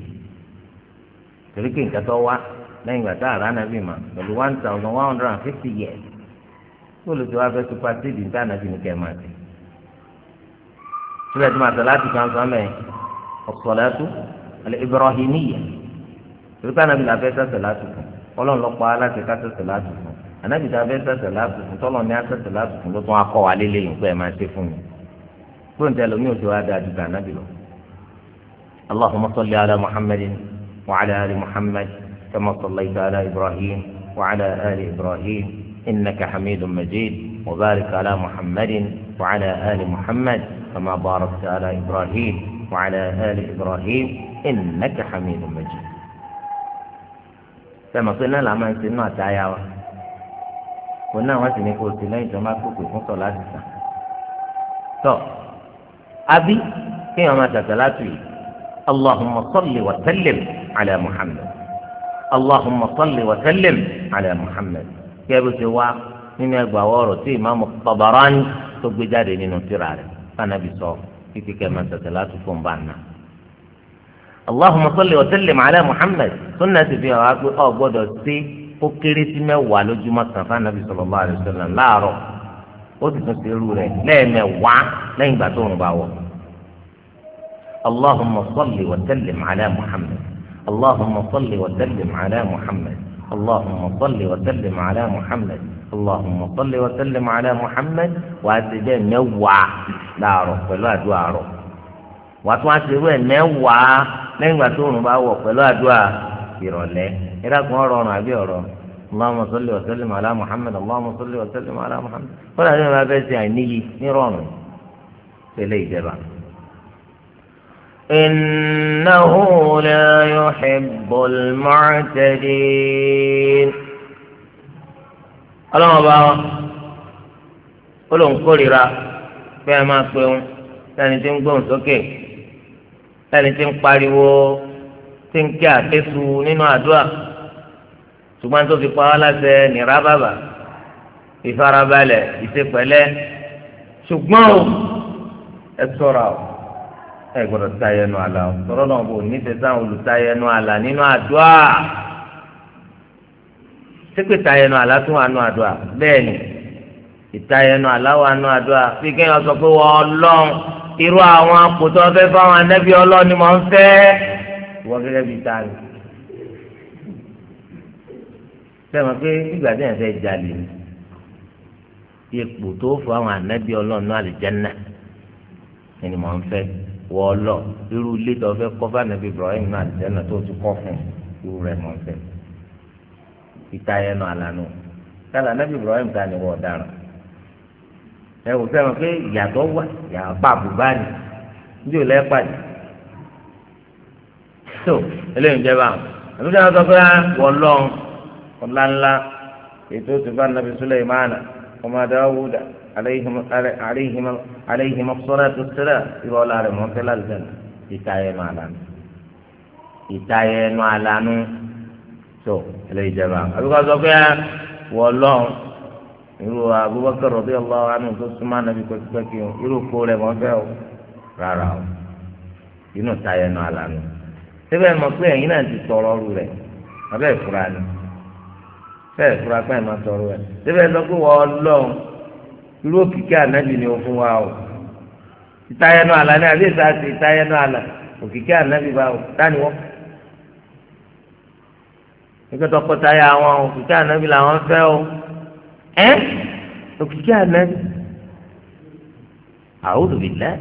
[SPEAKER 1] torí kí nǹkan tó wá lẹ́yìn ìgbà tá àrà nàbì mà pẹ̀lú one thousand one hundred and fifty years olùsọ wa fẹ́ tupa tèdè níta nàbí ní kẹ́ẹ̀ máa tẹ̀. síbẹ̀ tí màá sọ láti kan sọ mẹ́ ọ̀sọ̀lẹ́tù Ibrahimiyya torí káà nàbí làfẹ́ sọ̀sọ̀ láti fún ọlọ́run lọ pa aláṣẹ ká sọ̀sọ̀ láti fún ànábì tá a fẹ́ sọ̀sọ̀ láti fún tọ́lọ̀ ní asọ̀sọ̀ láti fún ló tún akọ wa lélẹ́yìn pé ẹ máa ṣe fún mi gbóǹtẹ̀ lómi ò ti wá dáa dùgbà ànábì lọ. اللهم صل على محمد وعلى آل محمد كما صليت على إبراهيم وعلى آل إبراهيم إنك حميد مجيد وبارك على محمد وعلى آل محمد كما باركت على إبراهيم وعلى آل إبراهيم إنك حميد مجيد كما قلنا لما سنة تعيا قلنا واسني قلت لين جماعة كوكو صلاة السنة تو أبي كيما ما تتلاتي اللهم صل وسلم على محمد اللهم صل وسلم على محمد kí ẹ bí ṣe wá nínú ẹgbàá ọ̀rọ̀ tí ìmáàmù Tabarani tó gbé jáde nínú tírà rẹ̀ fanabi sọ kíkí kẹmẹ tẹtẹ láti fún bá nà. allahumma salli wa sallim ala muhammad sunna ti fi hàn wá pé ọ gbọ́dọ̀ sí ó kéré sí mẹ́wàá lójúmọ́ kan fanabi sallallahu alaihi wasallam láàárọ̀ ó sì tún ṣerú rẹ̀ lẹ́ẹ̀mẹ́wàá lẹ́yìn ìgbà tó ń bá wọ. allahumma salli wa sallim ala اللهم صل وسلم على محمد اللهم صل وسلم على محمد وأتجاه نوع لا أعرف ولا أدوى أعرف وأتوى نوع لين وأتون بأوى ولا أدوى ìrọ̀lẹ́ ìdákun ọ̀rọ̀ ọ̀rọ̀ àbí ọ̀rọ̀ اللهم صل وسلم على محمد اللهم صل وسلم على محمد wọ́n ما بس يعني fẹ́ ṣe في nírọ̀rùn pẹ̀lẹ́ إنه لا يحب المعتدين ọlọ́wọ́n bá wọn ó lóun kórìíra bẹ́ẹ̀ máa pe òun lẹ́ni tí ń gbóhùn sókè lẹ́ni tí ń pariwo tí ń kí àkéṣu nínú àdúrà ṣùgbọ́n tó fi pa wá láṣẹ nìrá bàbà ìfarabalẹ̀ ìṣepẹ̀lẹ́ ṣùgbọ́n ẹ ṣọ́ra o ẹ gbọ́dọ̀ ala, àlà tọrọ náà bò nífẹ̀ẹ́ sáwọn olùtáyẹnu àlà nínú àdúrà sípè táyẹnu ala tún wà nù àdúrà bẹ́ẹ̀ ni ìtáyẹnu àlà wà nù àdúrà fi kéèyàn sọ pé wọ́n ọlọ́run irú àwọn akpòtò ọ̀fẹ́ fáwọn anẹ́bí ọlọ́run ni mò ń fẹ́ wọ́n gẹ́gẹ́ bíi táyẹ sẹ́wọ̀n pé ìgbà tí yẹn fẹ́ jalè ni ipò tó àwọn anẹ́bí ọlọ́run náà àlìjẹ́nà ẹni mò ń fẹ́ wọ́ọ́lọ́ irú ilé tó fẹ́ kọ́ fànàbí Ibrahim náà àlùjẹ́nà tó ti kọ́ fún irú rẹ̀ mọ́ fẹ́ ìta yẹn nà àlànà kálá nàbí Ibrahim ta ni wọ́ọ̀ dára ẹ wò sẹ́wọ̀n pé ìyàtọ̀ wà yàpá àbúbá ni ní ò lẹ́pàdé tó eléyìí jẹ́ bá àbí sọ́wọ́n sọ pé ah, wọ́ọ́lọ́ ọ̀lànlá ètò ìtúfà Sulaimana ọmọ Dawuda àlẹ́ aleyhi mọ́sọ́lá tó sẹ́lẹ̀ ìrọ̀lá rẹ̀ mọ́tẹ́ lálùjẹ́nà ìtayẹ ẹnu àlànà ìtayẹ ẹnu àlànà tó ẹlẹ́yìí jẹba àbíkọ́ sọ pé wọ́n lọ irú Abubakar radiyallahu anhu tó súnmọ́ anabi pẹ́kipẹ́kì irú kó rẹ̀ wọ́n fẹ́ o rárá o inú ìtayẹ ẹnu àlànà síbẹ̀ mọ̀ pé ẹ̀yin náà ti tọrọ ọrù rẹ̀ abẹ́ ìfura ni bẹ́ẹ̀ ìfura pẹ́ẹ́ máa tọrọ rẹ̀ síbẹ̀ sọ pé wọ́n lọ́ọ̀ irú òkìkí ànábì ni ó fún wa o ìtayẹnu àlà ni àbí ìta ṣe ìtayẹnu àlà òkìkí ànábì bá o dání wọ́n. nígbà tọkọtaya àwọn òkìkí ànábì làwọn fẹ́ o ẹ́ òkìkí ànábì a'udhu billahi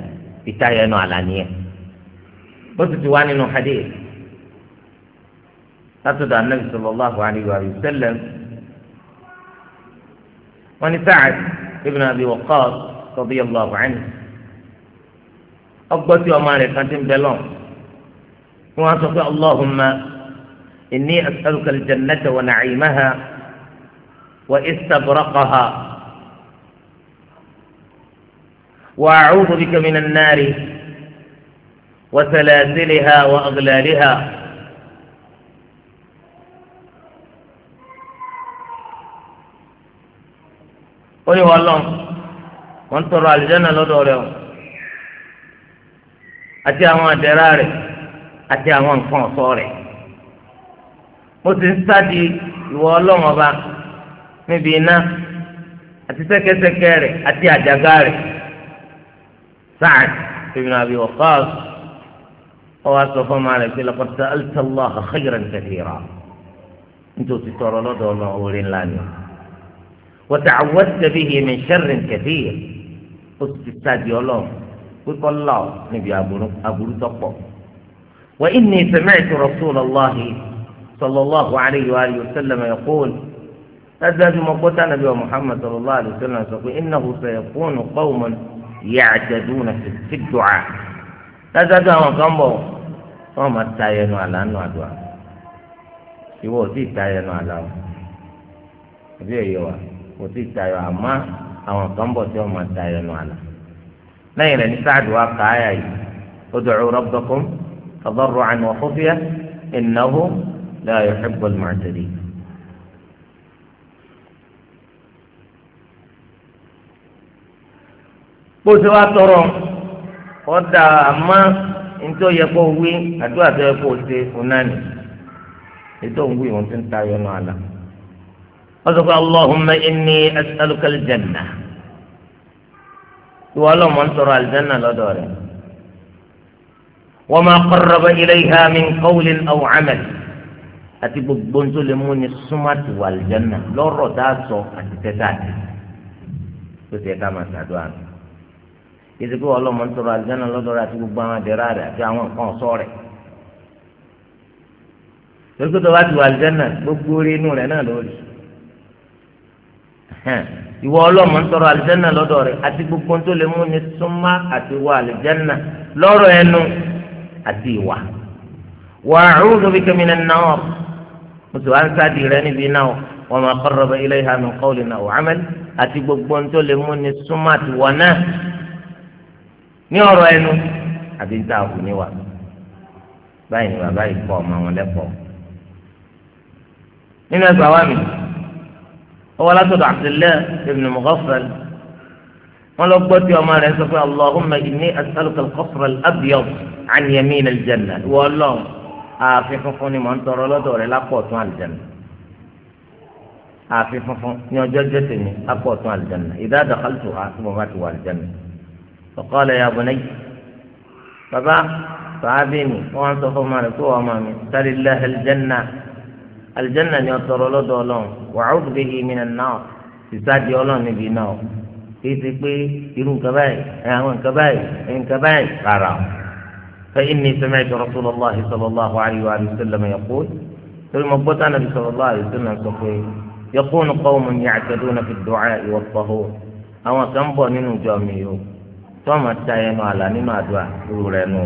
[SPEAKER 1] ìtayẹnu àlà nìyẹn bó ti ti wá nínú hadith látọ̀dọ̀ ànábì sallallahu alaihi wa sallam wọ́n ní sáà. ابن أبي وقاص رضي الله عنه أقبلت يوم عليك أنت مدلون وأنت اللهم إني أسألك الجنة ونعيمها واستبرقها وأعوذ بك من النار وسلاسلها وأغلالها ó ní wọn lọ wọn ń tọrọ àlùjáná lọ́dọ̀ rẹ o àti àwọn àdẹ̀rà rẹ àti àwọn nǹkan ọ̀ṣọ́ rẹ mo ti ń sádi ìwọ ọlọ́run ọba níbi iná àti ṣẹ̀kẹ̀ṣẹ̀kẹ̀ rẹ àti àjàgà rẹ Sa'ad ibn Abi Waqqas ọwọ aṣọ fún ọmọ rẹ pé laqad sa'alta Allaha khayran kathira nítorí tọrọ lọ́dọ̀ Ọlọ́run orí ńlá ni. وتعوذت به من شر كثير استاذ يولو قلت الله نبي أبو تقوى وإني سمعت رسول الله صلى الله عليه وآله وسلم يقول أزاد مقوت نبي محمد صلى الله عليه وسلم يقول إنه سيكون قوم يعتدون في الدعاء أزاد مقام وما استعينوا على أنه أدعى يوزي تي على أبي أيوه kò sí tayọ àmọ́ àwọn kan bọ̀ tí wọ́n máa tayọ nù àlà lẹ́yìn rẹ̀ ní sáàdù wa kà á yà yìí ud'u rabbakum tadarru'an wa khufyah innahu la yuhibbul mu'tadin. bó ti wá tọrọ ọ̀dà àmọ́ nítorí yẹ kó wí àdúrà tó yẹ kó ṣe fún náà ni ètò òun wí wọn ti ń tayọ nù àlà. وذكر اللهم إني أسألك الجنة ولو منصر الجنة لدور وما قرب إليها من قول أو عمل àti gbogbo ń tó lè mú ni súnmọ́tì wà lẹ́nà lọ́rọ̀ tá a sọ àti tẹ́tà àti tó tẹ́ ká máa ṣàdúrà nù. yíṣẹ́ pé ọlọ́mọ ń tọrọ àlùjáná lọ́dọ̀ rẹ̀ àti gbogbo àwọn àdẹ́rà rẹ̀ àti àwọn nǹkan ọ̀ṣọ́ rẹ̀. torí pé tó bá ti wà lẹ́nà gbogbo orí inú rẹ̀ náà lórí ìwọ ọlọ́mọ ń tọrọ àlìjẹ́nà lọ́dọ̀ rẹ̀ àti gbogbo tó lè mú ni súnmọ́ àti wọ àlìjẹ́nà lọ́rọ̀ ẹnu àti ìwà. wà á rúdò bí kẹ́mínà náà mùsùlùmí wà ń sáàdì rẹ níbi náà wọn máa kọ́rọ̀ bá ilé ìhànú kọ́ọ̀lì náà wàá mẹ́lẹ̀ àti gbogbo tó lè mú ni súnmọ́ àti wọ náà ní ọ̀rọ̀ ẹnu àti ń tààkù níwà. báyìí ni bàbá yìí kọ́ ọmọ wọn lẹ́kọ̀ọ́ nínú ẹgbàá wa mi ọwọ́ látọ̀dọ̀ Abdullah ibn Mughaffal wọn lọ gbọ́ tí ọmọ rẹ̀ sọ pé Allahumma inni as'aluka al-qasra al-abyad 'an yamin al-janna wọ́n lọ ààfin funfun ni mò ń tọrọ lọ́dọ̀ rẹ̀ lápò ọ̀tún àlùjánnà ààfin funfun ní ọjọ́ jẹ́ tèmi lápò ọ̀tún àlùjánnà idha dakhaltuha tí mo bá ti wà àlùjánnà faqala ya bunayya bàbá sàábìnì wọn sọ fún ọmọ rẹ̀ pé ọmọ mi sálí lẹ́hẹ̀l alijanna ni ọtọrọ lọ́dọ̀ Ọlọ́run wàá ọdún bẹ yìí mìíràn náà sísáàdì Ọlọ́run níbi náà kìí ṣe pé irú nǹkan báyìí àwọn nǹkan báyìí nǹkan báyìí rárá o. فإني سمعت رسول الله صلى الله عليه وآله وسلم يقول ثم قلت النبي صلى الله عليه وسلم يقول قوم يعتدون في الدعاء والطهور أو كم بنين جاميو ثم تاينوا على نما دعاء ورنو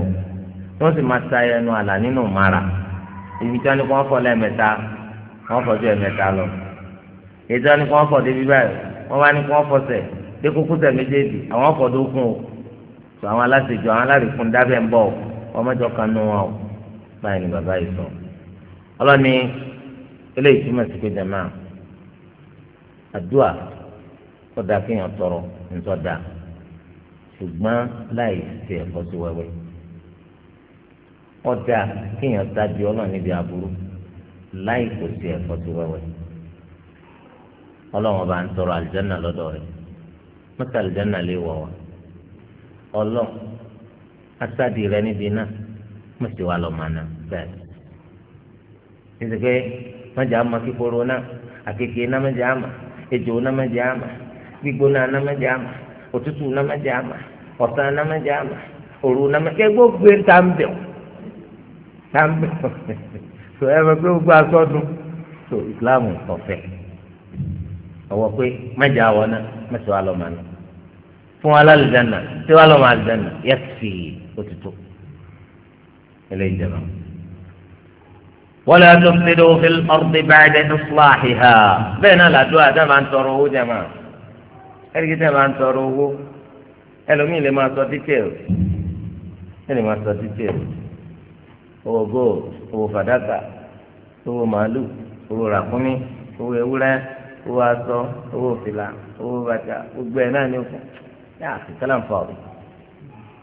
[SPEAKER 1] ثم تاينوا على نما مرأ ibi tí wọn ní kí wọn fọ lẹ́ẹ̀mẹ́ta wọn fọ ju ẹ̀mẹ́ta lọ èyí tí wọn ní kí wọn fọ débi báyìí wọn bá ní kí wọn fọsẹ̀ dé kókósẹ̀ méjèèjì àwọn fọ tó kún o tó àwọn aláṣejù àwọn alárìkún dábẹ́ ń bọ̀ wọn mẹ́jọ kan nú wọn o báyìí ni bàbá yìí sọ ọlọ́ni eléyìí túmọ̀ sí pé jẹ̀má àdúà kọ́dà kéèyàn tọrọ ńtọ́ da ṣùgbọ́n láì ṣe ẹ̀fọ́ sí wẹ́wẹ́ ọ̀dà kéèyàn sáájú ọlọ́run níbi aburú láì kò sí ẹ̀fọ́ tó wẹ́wẹ́ ọlọ́run ọba ń tọrọ àlùjánà lọ́dọ̀ rẹ̀ mọ́tà àlùjánà lè wọ̀ wá ọlọ́run asáàdì rẹ̀ níbi náà mọ̀ sí wa lọ́ màá náà bẹ́ẹ̀ nítorí pé mọ̀jà ama kíkorò náà àkèké náà mọ̀jà ama ejò náà mọ̀jà ama gbígbóná náà mọ̀jà ama òtútù náà mọ̀jà ama ọ̀sán náà mọ̀jà ama òru náà mọ̀jà gbogbo ẹ̀ ń ta ń bẹ̀rù sáńbẹ so ẹ fẹ́ pé gbogbo asọdún so islam ọ̀fẹ́ ọwọ pé mẹjọ àwọn náà mẹsàn án lọ máa nà fún alálùdáná tí wàá lọ máa lùdáná yẹtì òtítọ́ eléyìí jẹba. ولا تفسدوا في الأرض بعد إصلاحها بين الأدواء تبعا تروه جماعة ẹ̀rí kíkẹ́ máa ń tọrọ owó ẹlòmíì lè máa sọ details ẹ lè máa sọ details owó gold owó fàdákà owó màálù owó ràkúnmí owó ewúrẹ́ owó aṣọ owó fìlà owó bàtà gbogbo ẹ̀ náà ní òkú yá àfikẹ́lá ń fa ọ̀rọ̀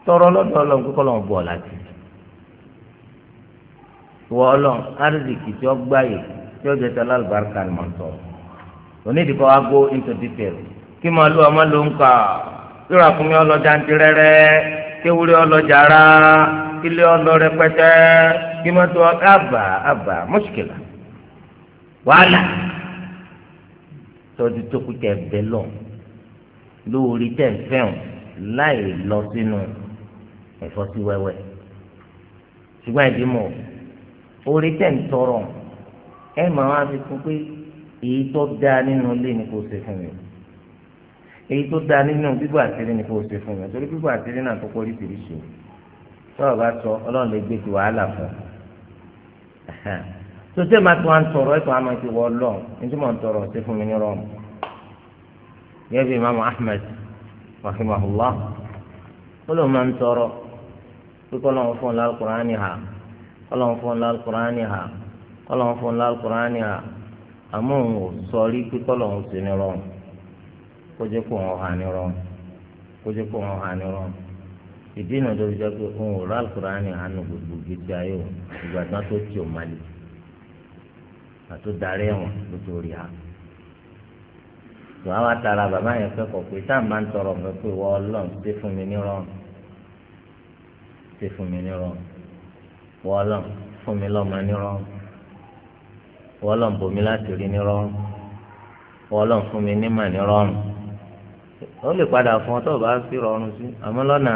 [SPEAKER 1] tọrọ lọ́dọ̀ ọlọ́run kókó lọ́n bọ̀ láti wọ ọlọ́run arzikì tí ó gbáyé tí ó jẹ tí alálùbáríkà ni mò ń tọ onídìbò wa go into detail kí màá lu ọmọ ló ń kà yóò rà fún ń tirẹ́rẹ́ kéwúrẹ́ ọlọ́jà rárá kílé ọlọ rẹpẹtẹ kí mọtò àbà àbà mọṣíkìlà wàhálà tọdú tó kú tẹ bẹ lọ lórí tẹ fẹhùn láì lọ sínú ẹ̀fọ́ sí wẹ́wẹ́ ṣùgbọ́n ẹbí mọ orí tẹ ń tọrọ ẹ máa wá fi kún pé èyí tó dáa nínú ilé ni kò ṣe fún mi èyí tó dáa nínú bíbọ àtìrí ni kò ṣe fún mi torí bíbọ àtìrí náà tó kọ oríṣiríṣi tọ́wọ́ bá sọ ọlọ́run lè gbé ti wàhálà fún un sọtẹ́ máa tún wá ń tọrọ ẹ̀kọ́ àmọ́ ti wọ ọlọ́run nítorí mọ̀ ń tọrọ ọ̀sẹ̀ fún mi ní rọ́ọ̀mù gẹ́gẹ́ imaamu ahmed rahimahullah ó lóun máa ń tọrọ pé kọ́lọ́run fún un lálùkùránì ha kọ́lọ́run fún un lálùkùránì ha kọ́lọ́run fún un lálùkùránì ha àmọ́ òun ò sọ rí pé kọ́lọ́run sí ní rọ́ọ̀mù kó jẹ́ kó òun hà ní rọ́ọ̀mù kó jẹ́ kó òun hà ní rọ́ọ̀mù ìdí náà lórí jẹ́ pé òun ò rà alukurani àánú gbogbo gbèsè ayé o ìgbà tán tó tì ó malè àtó darí ẹ̀wọ̀n lótórí ha tó àwọn atara bàbá yẹn kẹ́kọ̀ọ́ pé tá à ń bá ń tọrọ nǹkan pé wọ́n ọlọ́run ṣe fún mi ní rọrùn ṣe fún mi ní rọrùn wọ́n ọlọ́run fún mi lọ́mọ ní rọrùn wọ́n ọlọ́run bò mí láti rí ní rọrùn wọ́n ọlọ́run fún mi ní mà ní rọrùn ó lè padà fún ọ tó o bá fi rọrùn sí àmọ́ lọ́nà.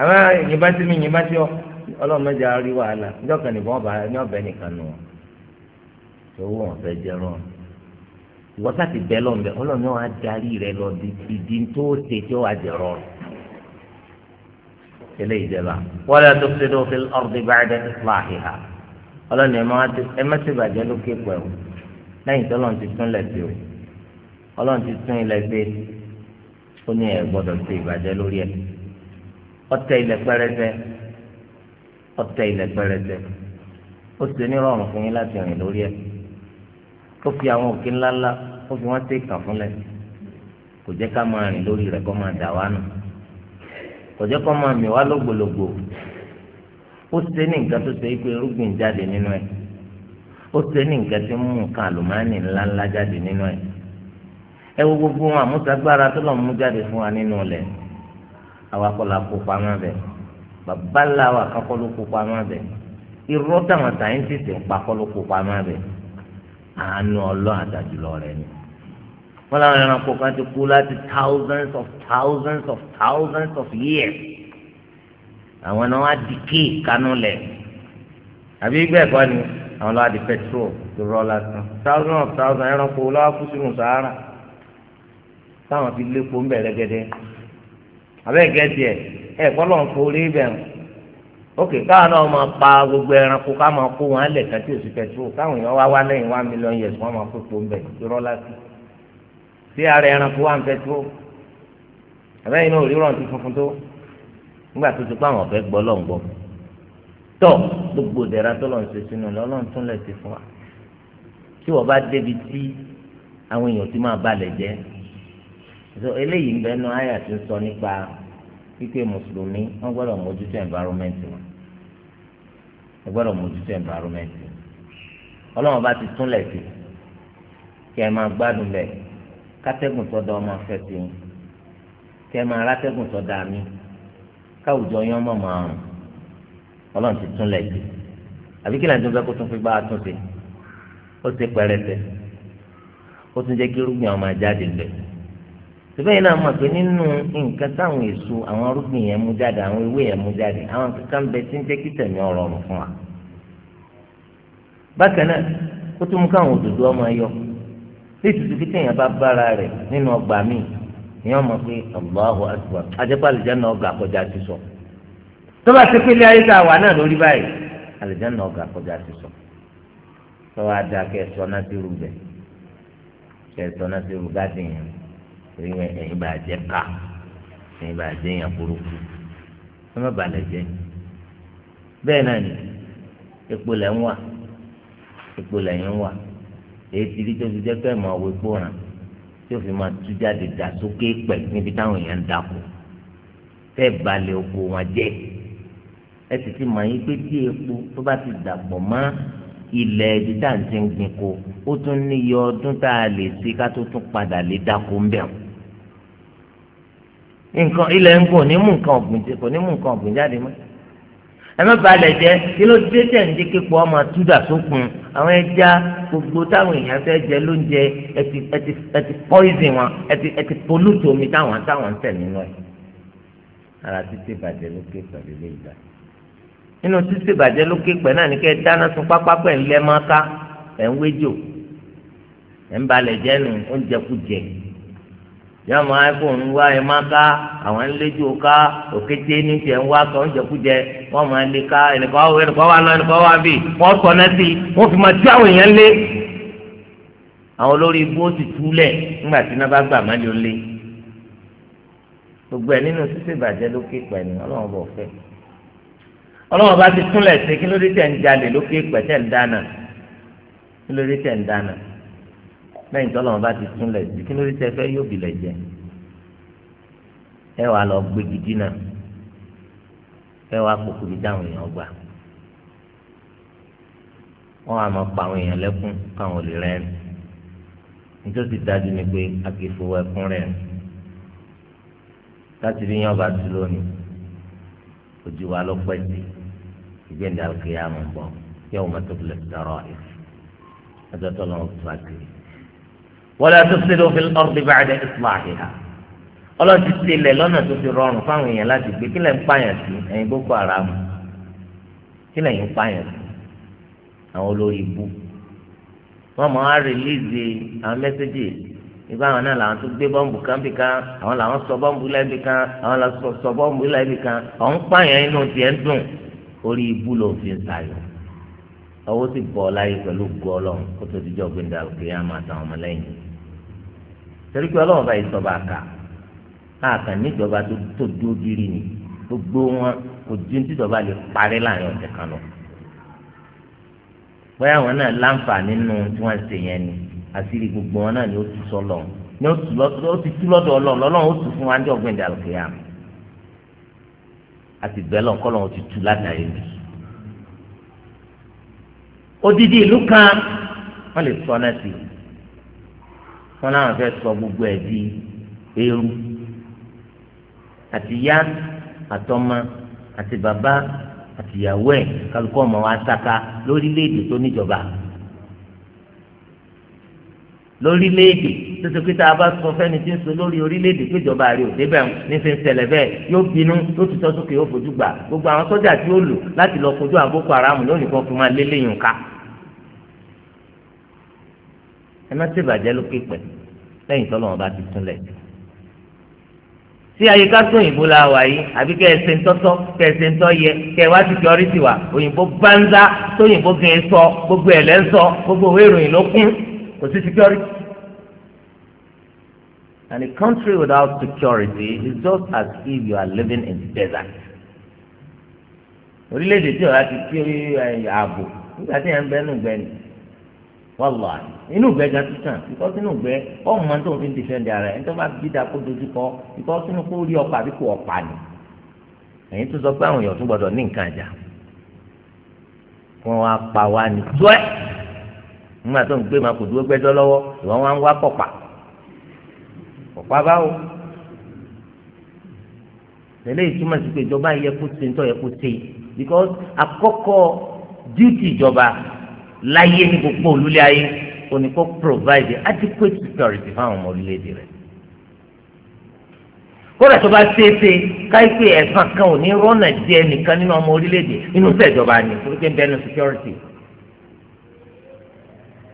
[SPEAKER 1] àmọ́ yìnbá sí mi yìnbá sí ọ ọlọ́run mẹ́jọ á rí wàhálà níjọ́ kan nìbọn bá ní ọ̀bẹ nìkan nù wọn tó wọ́n fẹ́ jẹ́ rán ìwọ sáti bẹ́ lọ́nbẹ́ ọlọ́run náà á darí rẹ lọ ìdí tó ṣe tí ó wà jẹ́ rán ilé ìjẹba wala tufsidu fil ardi ba'da islahiha ọlọ́run ẹ má ti bàjẹ́ lókè pẹ̀ lẹ́yìn tó lọ́run ti tún lẹ̀ sí ọlọ́run ti tún ilẹ̀ gbé ó ní ẹ̀ gbọ́dọ̀ ṣe ìbàjẹ́ lórí ẹ̀ ọtẹ ilẹ̀ pẹrẹsẹ ọtẹ ilẹ̀ pẹrẹsẹ ó ṣe ní rọrùn fún yín láti rìn lórí ẹ ó fi àwọn òkè ńláńlá ó fi wọn tẹ ìkàn fúnlẹ̀ kò jẹ́ ká máa rìn lórí rẹ̀ kó máa dà wá nù kò jẹ́ kó máa mì wá lógbòlògbò ó ṣe ní nǹkan tó ṣe é pé irúgbìn jáde nínú ẹ ó ṣe ní nǹkan tí mú nǹkan àlùmáàní ńláńlá jáde nínú ẹ ẹ wo gbogbo àmúṣagbára tó lọ mú jáde fún wa nínú ọlẹ àwa kọ́ la kó pamọ́ bẹ̀ bàbá ńlá wa kan kó pamọ́ bẹ̀ irọ́ táwọn sáyẹ́ntìsì ń pa kó pamọ́ bẹ̀ àánú ọlọ́ àdàjùlọ rẹ̀ ni wọ́n láwọn ẹranko kan ti kú láti thousands of thousands of thousands of years àwọn náà wá di kéè kanú lẹ̀ àbí bẹ́ẹ̀ kọ́ ni àwọn lọ́wọ́ di petrol tó rọ́ lásán thousand of thousand ẹranko lọ́wọ́ kú sínú sahara táwọn fi lépo ń bẹ̀rẹ̀ gẹ́gẹ́ abẹ́ gẹ̀ẹ́sì ẹ̀ ẹ̀ kọ́lọ̀ ń forí bẹ̀ ń ókè káwọn náà máa pa gbogbo ẹranko ká máa kó wọn lẹ̀ kàtí òsì pẹ̀tró káwọn èèyàn wá wá lẹ́yìn one million years wọ́n máa pépò ń bẹ̀ irọ́ láti sí ara ẹranko wà ń pẹ̀tró àbẹ́yìn náà òríràn ti funfun tó nígbà tó ti pa àwọn ọ̀fẹ́ gbọ́ lọ́n gbọ́ tọ́ gbogbo ìdẹ̀ra tó lọ́n ṣe sínú lọ́n tún lẹ̀ ti fún wa tí wọ́n bá débi tí àwọn èèyàn ti máa balẹ̀ jẹ́ so eléyìí ń bẹ nu àyà tó sọ nípa pípé mùsùlùmí wọ́n gbọ́dọ̀ mójútó environment wọn wọ́n gbọ́dọ̀ mójútó environment wọn ọlọ́run bá ti túnlẹ̀ sí kí ẹ máa gbádùn bẹ̀ kátẹ́gùn sọ́dọ̀ ọmọ afẹ́ sí i kí ẹ máa rátẹ́gùn sọ́dọ̀ àmì káwùjọ yẹn ọmọ mọ àrùn ọlọ́run ti túnlẹ̀ sí àbí kí lẹ́yìn tó ń bẹ́ kó tún fi bá tún sí ó ti pẹrẹsẹ ó tún jẹ́ kí irúgbìn ọmọ jáde bẹ́ẹ̀ síbẹ̀ yìí náà mọ̀ pé nínú nǹkan táwọn èso àwọn arúgbìn yẹn mú jáde àwọn ewé yẹn mú jáde àwọn kankan ń bẹ tí ń jẹ́ kí tẹ̀mí ọ̀rọ̀ ọ̀rùn fún wa. bákan náà ó tún mú káwọn òdòdó ọmọ yọ ní ìtùtù kí tẹ̀yìn bá bára rẹ̀ nínú ọgbà míì ni wọ́n mọ̀ pé Allahu Akbar ajẹ́pọ̀ àlùjáná ọgbà kọjá ti sọ. tó bá ti pélé ayé tá wà náà lórí báyìí torí ẹ̀yin bá jẹ́ ká ẹ̀yin bá jẹ́ yàn burúkú ẹ má balẹ̀ jẹ́ bẹ́ẹ̀ náà ni epo lẹ̀ ń wà epo lẹ̀ ń wà èyí ti di tó fi jẹ́ pé màá wo epo hàn tí ó fi máa tú jáde dà sókè pẹ̀ níbi táwọn èèyàn ń dako fẹ́ balẹ̀ oko wọn jẹ́ ẹ sì ti mọ̀ yín pé tí epo tó bá ti dàpọ̀ mọ́ ilẹ̀ ibi tá à ń ti gbin ko ó tún níye ọdún tá a lè ṣe ká tó tún padà lè dako ń bẹ̀rù nǹkan ilẹ̀ ń gùn ní mú nǹkan ọ̀gbìn kò ní mú nǹkan ọ̀gbìn jáde mọ́ ẹ má balẹ̀ jẹ́ kí ló dé tẹ̀ ń dé képo ọmọ àtúndà sókun àwọn ẹja gbogbo táwọn èèyàn fẹ́ jẹ lóúnjẹ ẹ ti poison wọn ẹ ti pollute omi táwọn táwọn ń tẹ̀ nínú ẹ̀ ara títí bàjẹ́ lókè pẹ̀lú ilé ìgbà nínú títí bàjẹ́ lókè pẹ̀ náà ní kẹ́ ẹ dáná sun pápá ẹ̀ ń wéjò yóò máa kó ń wá ẹ má ká àwọn ńlẹ́jọ́ ká òkété ní tiẹ̀ ń wá ká oúnjẹkújẹ wọ́n máa lè ká ẹnìkan wọ ẹnìkan wà lọ ẹnìkan wà bì wọ́n sọ náà sí wọ́n fi máa tí àwọn èèyàn lé àwọn olórí igbó ti túlẹ̀ nígbà tí iná bá gbà má lè lé gbogbo ẹ̀ nínú sísè bàjẹ́ lókè pẹ̀ ní ọlọ́run bọ̀ fẹ́
[SPEAKER 2] ọlọ́run bá ti túlẹ̀ sí
[SPEAKER 1] kí ló tẹ̀ ń jalè lókè pẹ̀ tẹ̀ ń dáná kí ló tẹ̀ ń dáná lẹ́yìn tọ́lọ́mọ bá ti túnlẹ̀ sí kí ló dé tẹ́ fẹ́ yóò bìlẹ̀ jẹ ẹ wàá lọ gbégi dínà ẹ wàá kókó bí táwọn èèyàn gbà wọn àmọ pa àwọn èèyàn lẹ́kún káwọn ò lè rẹ́rìn nítorí dájú ni pé a kì ẹkún rẹ̀ láti rí yán bá lónìí ojú wa ló pẹ́ sí ìgbéǹda òkè àmọ̀ bọ̀ yẹ́wò mọ́tò bìlẹ̀ dọ̀rọ̀ ẹ̀ ẹjọ́ tó lọ́wọ́ tó bá kiri wala tufsidu fil ardi ba'da islahiha ọlọ́run ti tilẹ̀ lọ́nà tó fi rọrùn fáwọn èèyàn láti gbé kílẹ̀ ń pààyàn sí ẹ̀yin boko haram kílẹ̀ ń pààyàn sí àwọn olórí ibú wọ́n mọ̀ á rìlíìsì àwọn mẹ́sẹ́gì ìgbà àwọn náà làwọn tó gbé bọ́ǹbù kan bí kan àwọn làwọn sọ bọ́ǹbù lẹ́bi kan àwọn làwọn sọ bọ́ǹbù lẹ́bi kan àwọn pààyàn inú tiẹ̀ ń dùn orí ibú ló fi ń tayọ̀ owó sì bọ̀ láyé pẹ̀lú gọ́ọ̀lọ́ kó tó dijọ́ gbẹ̀ndà kíyámà àtàwọn ọmọlẹ́yìn torí pé ọlọ́run bá yìí sọba àkà àkà níjọba tó tó dúró gírí ni gbogbo wọn kò dín tíjọba lè parí láàrin ọ̀sẹ̀ kan lọ bóyá àwọn náà láǹfààní nínú tí wọ́n ṣe yẹn ni àṣírí gbogbo wọn náà ni ó ti sọ lọ́run ni ó ti tú lọ́dọ̀ ọlọ́run lọ́lọ́run ó tù fún wa ní ọ̀gbìn ìdàlùkìyà àti bẹ́ẹ̀ odidi ìlú kan wọ́n lè sọ náà sí i wọ́n láwọn fẹ́ẹ́ sọ gbogbo ẹ̀ di eérú àti yá àtọmọ àti bàbá àti ìyàwó ẹ̀ kálukọ ọmọ wa sáka lórílẹ̀èdè tó níjọba lórílẹ̀èdè tó ti pé tá a bá sọ fẹ́ni tí ń sọ lórí orílẹ̀èdè péjọba rẹ̀ ò débẹ̀ nífẹ̀ ń ṣẹlẹ̀ bẹ́ẹ̀ yóò bínú yóò tutọ́ sókè yóò fojú gbà gbogbo àwọn sọ́jà tí ó lò láti lọ kojú àwọn boko haram lónìí kan fún máa lélẹ́yìn ká. ẹ má ṣèbàjẹ́ lókè pẹ̀ lẹ́yìn tọ́lọ́wọ́n bá ti túnlẹ̀ tí ayé ká tó òyìnbó la wà yìí àbí kẹ ẹsẹ ńtọ́tọ́ kẹ ẹsẹ ńtọ́ yẹ kẹ wá ti kíọ́rìtì ẹ sọ gbogbo ẹ̀ lẹ́ kò sí security and a country without security is just as if you are living in the desert orílẹ̀-èdè tí ọ̀rá ti kí ààbò nígbà tí yẹn ń bẹ nínú ìgbẹ́ ni wàlúwà inú ìgbẹ́ ga sísan because inú ìgbẹ́ ọmọ tó ń fi defend ara ẹ̀ nítorí wọn bí da kó dojú kọ because inú kó rí ọ̀pá àbí kò ọ̀pá ni ẹ̀yin tó sọ pé àwọn èèyàn tún gbọdọ̀ ní nǹkan àjà wọn wá pa wá ní tíwẹ́ nígbà tó ń gbé máa kò dúró gbẹ́jọ́ lọ́wọ́ ìwọ wọn wá pọ̀pà pọ̀pà báwo tẹ̀lé ìtumọ̀ sí pé ìjọba yẹ kó ṣe ń yẹ kó ṣe because àkọ́kọ́ duty ìjọba láyé ní gbogbo olúlé ayé òní provide adequate security fáwọn ọmọ orílẹ̀-èdè rẹ̀ kódà tó bá ṣeéṣe káyipé ẹ̀fọn kan ò ní rọ́nà díẹ̀ nìkan nínú ọmọ orílẹ̀-èdè nínú sẹ́jọba ni kó tó ń bẹnu security.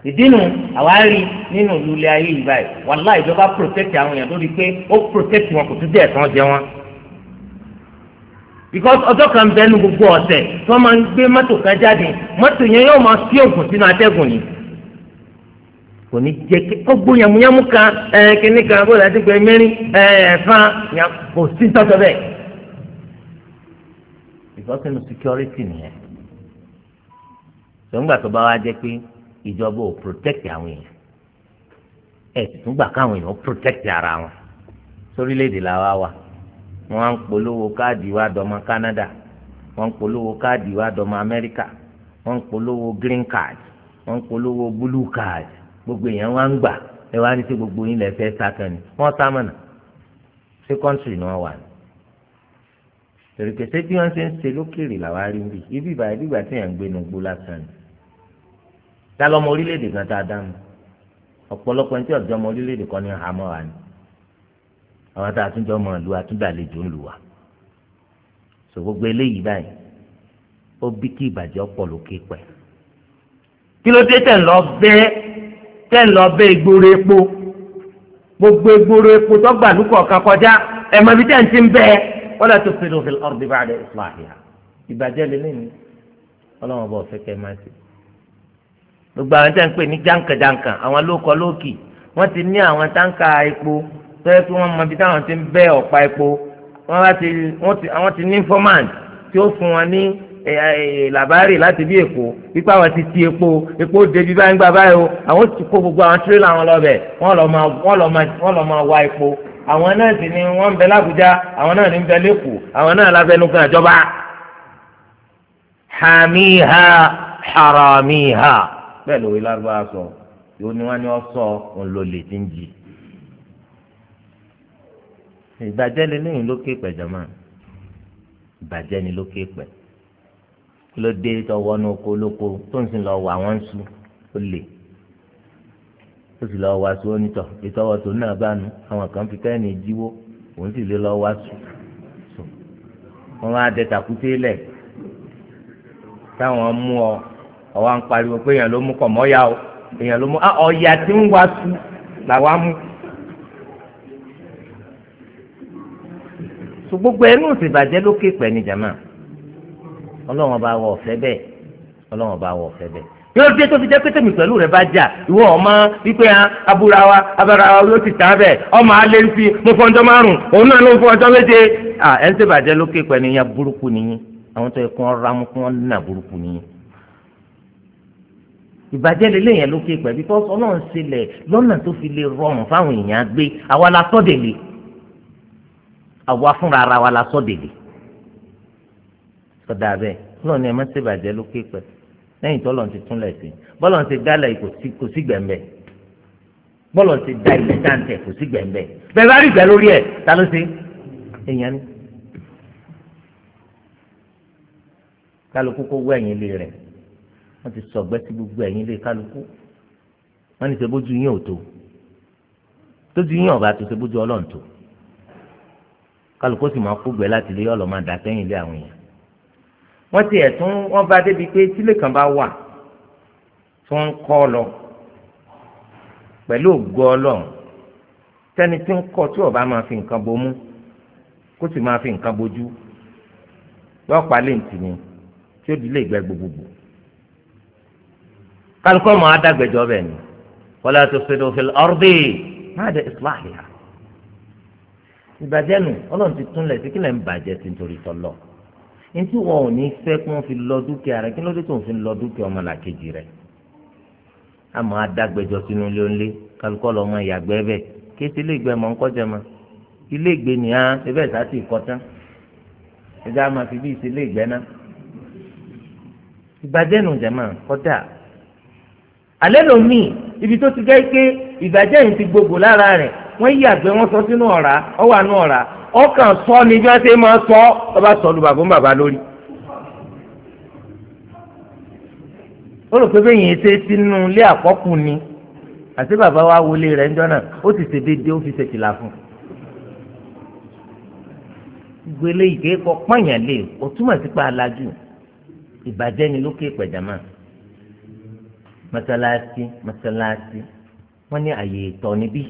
[SPEAKER 1] ìdínú àwárí nínú ìlúlẹ̀ ayé yìí báyìí wàhálà ìjọba protect àwọn èèyàn lórí pé ó protect wọn kò tún dé ẹ̀sán jẹ wọn. because ọjọ́ kan bẹ́ẹ̀ nu gbogbo ọ̀sẹ̀ tí wọ́n máa ń gbé mọ́tò kan jáde mọ́tò yẹn yóò máa sí sínú atẹ́gùn ni. kò ní jẹ́ kí gbogbo yàmúyàmú kan ẹ̀ kíní kan bó láti gbẹ mẹ́rin
[SPEAKER 2] kò sí tọ́jọ́ bẹ́ẹ̀.
[SPEAKER 1] security ìjọba ò protect àwọn èèyàn ẹ sì tún gbà káwọn èèyàn protect ara wọn sórílẹ̀èdè làwa wà wọn á ń polówó káàdì wa dọmọ Canada wọn ń polówó káàdì wa dọmọ America wọn ń polówó green card wọn ń polówó blue card gbogbo èèyàn wá ń gbà ẹ wá ní sí gbogbo yín lẹ fẹ́ sákàn ni wọn sá ṣé kọńtìrì ni wọn wà ní tòrìkẹsẹ bí wọn ṣe ń ṣe lókèrè làwa rí bí ibi ìbàdí ìgbà tí yẹn ń gbénu gbó lásán ni ta lọ́mọ orílẹ̀-èdè kan tá a dánu ọ̀pọ̀lọpọ̀ ẹni tí ọ̀dọ́ ọmọ orílẹ̀-èdè kan ní àhámọ́ wa ni àwọn tá a tún jọ ọmọ ìlú atúndàlejò ń lù wá sọ gbogbo eléyìí báyìí ó bí kí ìbàjẹ́ ọ̀pọ̀ lókè pẹ̀ kí ló dé tẹ̀ ń lọ bẹ́ tẹ̀ ń lọ bẹ́ ìgboro epo gbogbo ìgboro epo tó gbà lúkọ̀ ọ̀ka kọjá ẹ̀ mọ̀ tẹ̀ ń ti bẹ́ wọ́n lọ tó fèrè òfin ọ̀rọ̀ bíbá rẹ̀ ìfọ̀ àyà ìbàjẹ́ lélẹ́yìn ọlọ́run ọba ọ̀fẹ́ kẹ́ máa ti gbogbo àwọn tẹ́ ń pè ní jàǹkàjàǹkà àwọn lóko lókì wọ́n ti ní àwọn táǹkà epo tó yẹ kí wọ́n mọ ibi táwọn ti ń bẹ́ ọ̀pá epo wọ́n bá ti àwọn ti ní informant tí ó fún wọn ní làbárì láti bí èkó wípé àwọn ti ti epo epo débi báyìí gbà báyìí o àwọn ti kó gbogbo àwọn tirẹ́là wọn lọ́bẹ̀ wọ́n lọ́ máa wá epo àwọn náà sì ni wọ́n ń bẹ lábújá àwọn náà ní ń bẹ lẹ́kọ̀ọ́ àwọn náà lábẹ́nugan ìjọba hàmíhà hàràmíhà bẹ́ẹ̀ lórí lárúbáwá sọ yóò ní wọn ni wọn sọ òun ló lè ti ń jì ìbàjẹ́ ni lẹ́yìn lókè pẹ̀ jọ̀mọ́ ìbàjẹ́ ni lókè pẹ̀ kí ló dé tọwọ́ ní oko lóko tó ń sìn lọ wà wọ́n ń sùn ó lè ó sì lọ wá sùn ó ìtọ́wọ́ tó náà bá nu àwọn kan fi kẹ́hìnì jíwó òun sì lè lọ wá sùn wọ́n wá dẹ tàkúté lẹ̀ táwọn mú ọ àwa ń pariwo pé èèyàn ló mú kọ̀ o èèyàn ló mú ah, ọ̀yà tí ń wá sí làwa mú. gbogbo ẹnu òsèbàjẹ́ ló ké pẹ̀ ní jama ọlọ́run ọba wọ ọ̀fẹ́ bẹ́ẹ̀ ọlọ́run ọba wọ ọ̀fẹ́ bẹ́ẹ̀ yóò dé tó fi jẹ́ pẹ̀lú rẹ̀ bá jà ìwọ ọmọ wípé ah, abúra wa abara wa ló ti tà bẹ́ẹ̀ ọmọ alẹ́ fi mo ọjọ́ márùn òun ah, ìbàjẹ́ lélẹ̀ yẹn lókè pẹ̀ because ọlọ́run sílẹ̀ lọ́nà tó fi lè rọrùn fáwọn èèyàn gbé àwa la sọ́ délé àwa fúnra ara wa la sọ́ délé ọ̀dà bẹ́ẹ̀ ọlọ́run ẹ̀ má ṣe bàjẹ́ lókè pẹ̀ lẹ́yìn tó ọlọ́run ti túnlẹ̀ sí bọ́lọ̀ ti dálẹ̀ kò sí gbẹ̀mbẹ̀ bọ́lọ̀ ti da ilẹ̀ dáńtẹ̀ kò sí gbẹ̀mbẹ̀ bẹ́ẹ̀ bá rí ìgbẹ́ lórí ẹ̀ ta ló ṣe èèyàn ni kálukú kó wọ ẹ̀yìn ilé rẹ̀ wọ́n ti sọ̀gbẹ́ sí gbogbo ẹ̀yìn ilé kálukú wọ́n ní ṣe bójú yín ò tó tójú yín ọ̀gá tó ṣe bójú ọlọ́run tó kálukú sì máa kó gbẹ láti lé ọlọ́ọ̀ máa dà sẹ́yìn ilé àwọn èèyàn wọ́n ti ẹ̀tún wọ́n bá débi pé tílé kan bá wà tó ń kọ́ lọ pẹ̀lú ògo ọlọ́run tẹ́ni tí ń kọ́ tí ọba máa fi nǹkan bomú kó sì máa fi nǹkan bojú yọ pa léǹtì ni tí ó di lè gbogbogbò kálukọ́ mọ́ adágbẹ̀jọ́ bẹ̀ ni wala tufsidu fil ardi ba'da islahiha ìbàjẹ́ nù ọlọ́run ti túnlẹ̀ sí kílẹ̀ ń bàjẹ́ sí nítorí tọ́lọ̀ ntí wọn ò ní fẹ́ kí wọ́n fi lọ dúkìá rẹ kí ló dé tó ń fi lọ dúkìá ọmọ làkejì rẹ àmọ́ adágbẹ́jọ́ sínú ilé ńlẹ́ kálukọ́ lọ́mọ ìyàgbẹ́ bẹ́ẹ̀ kí etí ilé ìgbẹ́ mọ̀ ma ilé ìgbẹ́ ni á ebẹ́ ìta sì kọ́ tán ẹ̀dá fi bí ìsílé ìgbẹ́ náà ìbàjẹ́ nù jẹ́ máa kọ́dà alẹ́ lomi ibi tó ti jẹ́ pé ìbàjẹ́ yìí ti gbogbo lára rẹ̀ wọ́n yí àgbẹ̀ wọn sọ sínú ọ̀rá ọwọ́ àánú ọ̀rá ọkàn sọ ni bí wọ́n ṣe máa sọ ọba sọ lu bàbá bàbá lórí. ó rò pé bẹ́ẹ̀ yìí ṣe sínú ilé àkọ́kù ni àti bàbá wa wọlé rẹ̀ ńjọ́ náà ó sì ṣe déédéé ó fi ṣe kìlà fún un gbélé ìké pọ́nyàn lé o sí pa alájú ìbàjẹ́ ni lókè pẹ̀jámà mọ́sálásí mọ́sálásí wọ́n ní àyè ìtọ̀ níbí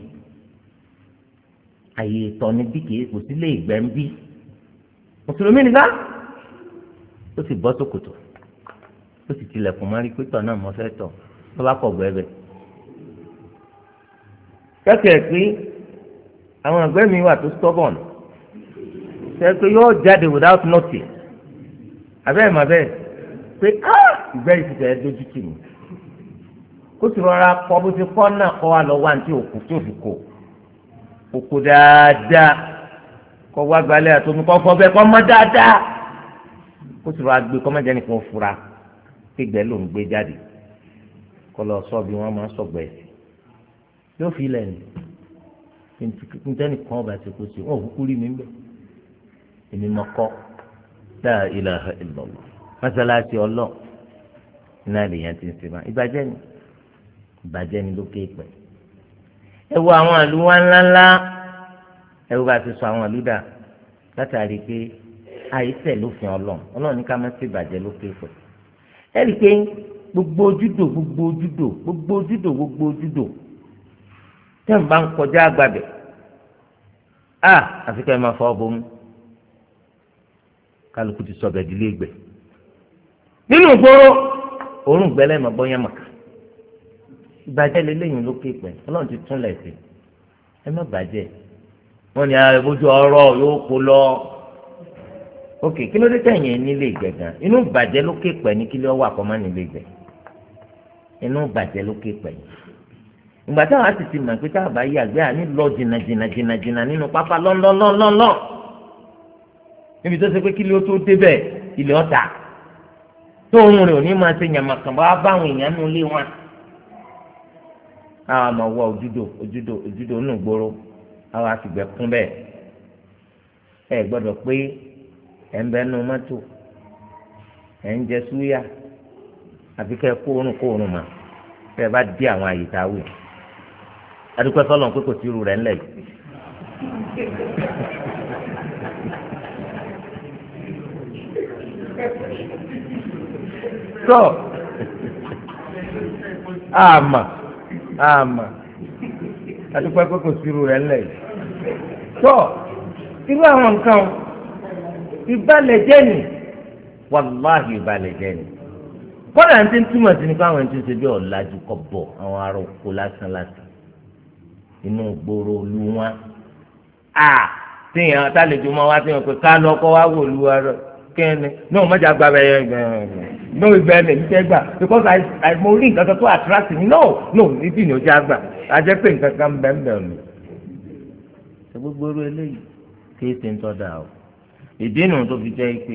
[SPEAKER 1] àyè ìtọ̀ níbí kì í kò sí lè gbẹ́ ń bí mùsùlùmí nìkan ó sì bọ́ sókòtò ó sì tilẹ̀kùn mọ́rí pétọ̀ náà mọ́ fẹ́ tọ̀ tó bá kọ̀ gbẹ́ bẹ̀. kẹ́kẹ́ pé àwọn àgbẹ̀ mi wà tó stubborn ṣe pé yóò jáde without notice abẹ́ẹ̀ màbẹ́ẹ̀ pé ah ìgbẹ́ yìí ti fẹ́ dójú kó sì rọra kọ bó ti kọ́ náà kọ́ wa lọ wá ní tí òkú tí òfin kò òkú dáadáa kọ́ wá gbalẹ̀ àtọ́nu kọ́ fọ́ bẹ́ẹ̀ kọ́ mọ́ dáadáa kó sì rọra gbé kọ́mọ́jà nìkan fura gbígbẹ́ ló ń gbé jáde kọ́ lọ sọ bí wọ́n máa sọ̀gbẹ́ yóò fi ilẹ̀ ní ntẹ́nìkan ọba ti kó sí wọn ò rí mi bẹ́ẹ̀ èmi mọ̀ kọ́ dáa ilà ìlọ̀lọ̀ mọ́sálásí ọlọ́ọ̀ náà lèèyàn ti ń sèmá ìbàjẹ́ ni ìbàjẹ́ ni lókè pẹ̀. ẹ wo àwọn àlù wa ńláńlá ẹ wo bá ti sọ àwọn àlù dà látàrí pé àìsẹ̀ lófin ọlọ́run ọlọ́run ní ká má sí ìbàjẹ́ lókè pẹ̀. ẹ rí i pé gbogbo ojúdò gbogbo ojúdò gbogbo ojúdò gbogbo ojúdò tẹ́ ń bá ń kọjá àgbàbẹ̀ a àfi ká ẹ máa fọ ọ
[SPEAKER 2] bomú kálukú ti sọ bẹ̀ẹ́dì lé gbẹ̀
[SPEAKER 1] nínú ìgboro òórùn gbẹ́lẹ́ mọ̀ bọ́yá màkà ìbàjẹ́ lélẹ́yìn ló ké pẹ̀ ọlọ́run ti túnlẹ̀ sí ẹ má bàjẹ́ wọ́n ní àìbójú ah, ọ̀rọ̀ yóò kó lọ òkè kí ló dé tẹ̀yìn nílé ìgbẹ́ gan inú ìbàjẹ́ ló ké pẹ̀ ní kí ló wà kọ́má nílé ìgbẹ́ inú ìbàjẹ́ ló ké pẹ̀ ìgbà táwọn á sì ti mọ̀ pé táwọn bá yí àgbẹ̀ àní lọ jìnnà jìnnà jìnnà jìnnà nínú pápá lọ́nlọ́nlọ́nlọ́ níbi tó ṣe pé kí ló tó débẹ̀ ilé ọ̀tà tó ń rìn òní máa ṣe yàmàkàn bá báwọn èèyàn nulẹ̀ wọn. àwọn àmọ wọ ojúdò ojúdò ojúdò nù gbòòrò àwọn àfìgbẹ kún bẹ́ẹ̀ ẹ gbọ́dọ̀ pé ẹ ń bẹ nu ẹ ń jẹ súyà mà bá di àwọn àyè tá a wù adúpẹ́ fọlọ́n pé kò sí irú rẹ̀ àmà àtúpẹ́ pé kò sí irú rẹ̀ ńlẹ̀ yìí. tó irú àwọn
[SPEAKER 2] nǹkan ìbálẹ̀ jẹ́ ni
[SPEAKER 1] wàláhì ìbálẹ̀ jẹ́ ni kọ́dà ń ti túmọ̀ sí ni pé àwọn ẹni tó ń ṣe bí ọ̀làjú kọ̀ bọ̀ àwọn ará oko lásán lásán inú gbòòrò olú wọn. à téèyàn tálejò máa wá téèyàn pé ká lọ kọ́ wá wò olú wa rẹ̀ kíni náà má jà gba bẹ́ẹ̀ no ibẹ̀ lè ní tẹ́ because I I mo rí nǹkan kan tó attract me no no níbi ni ó já gbà a jẹ́ pé nǹkan kan bẹ́ẹ̀ bẹ́ẹ̀ mi. ṣe gbogbo orú eléyìí kí ṣe ń tọ́da o ìdí nu tó fi jẹ́ pé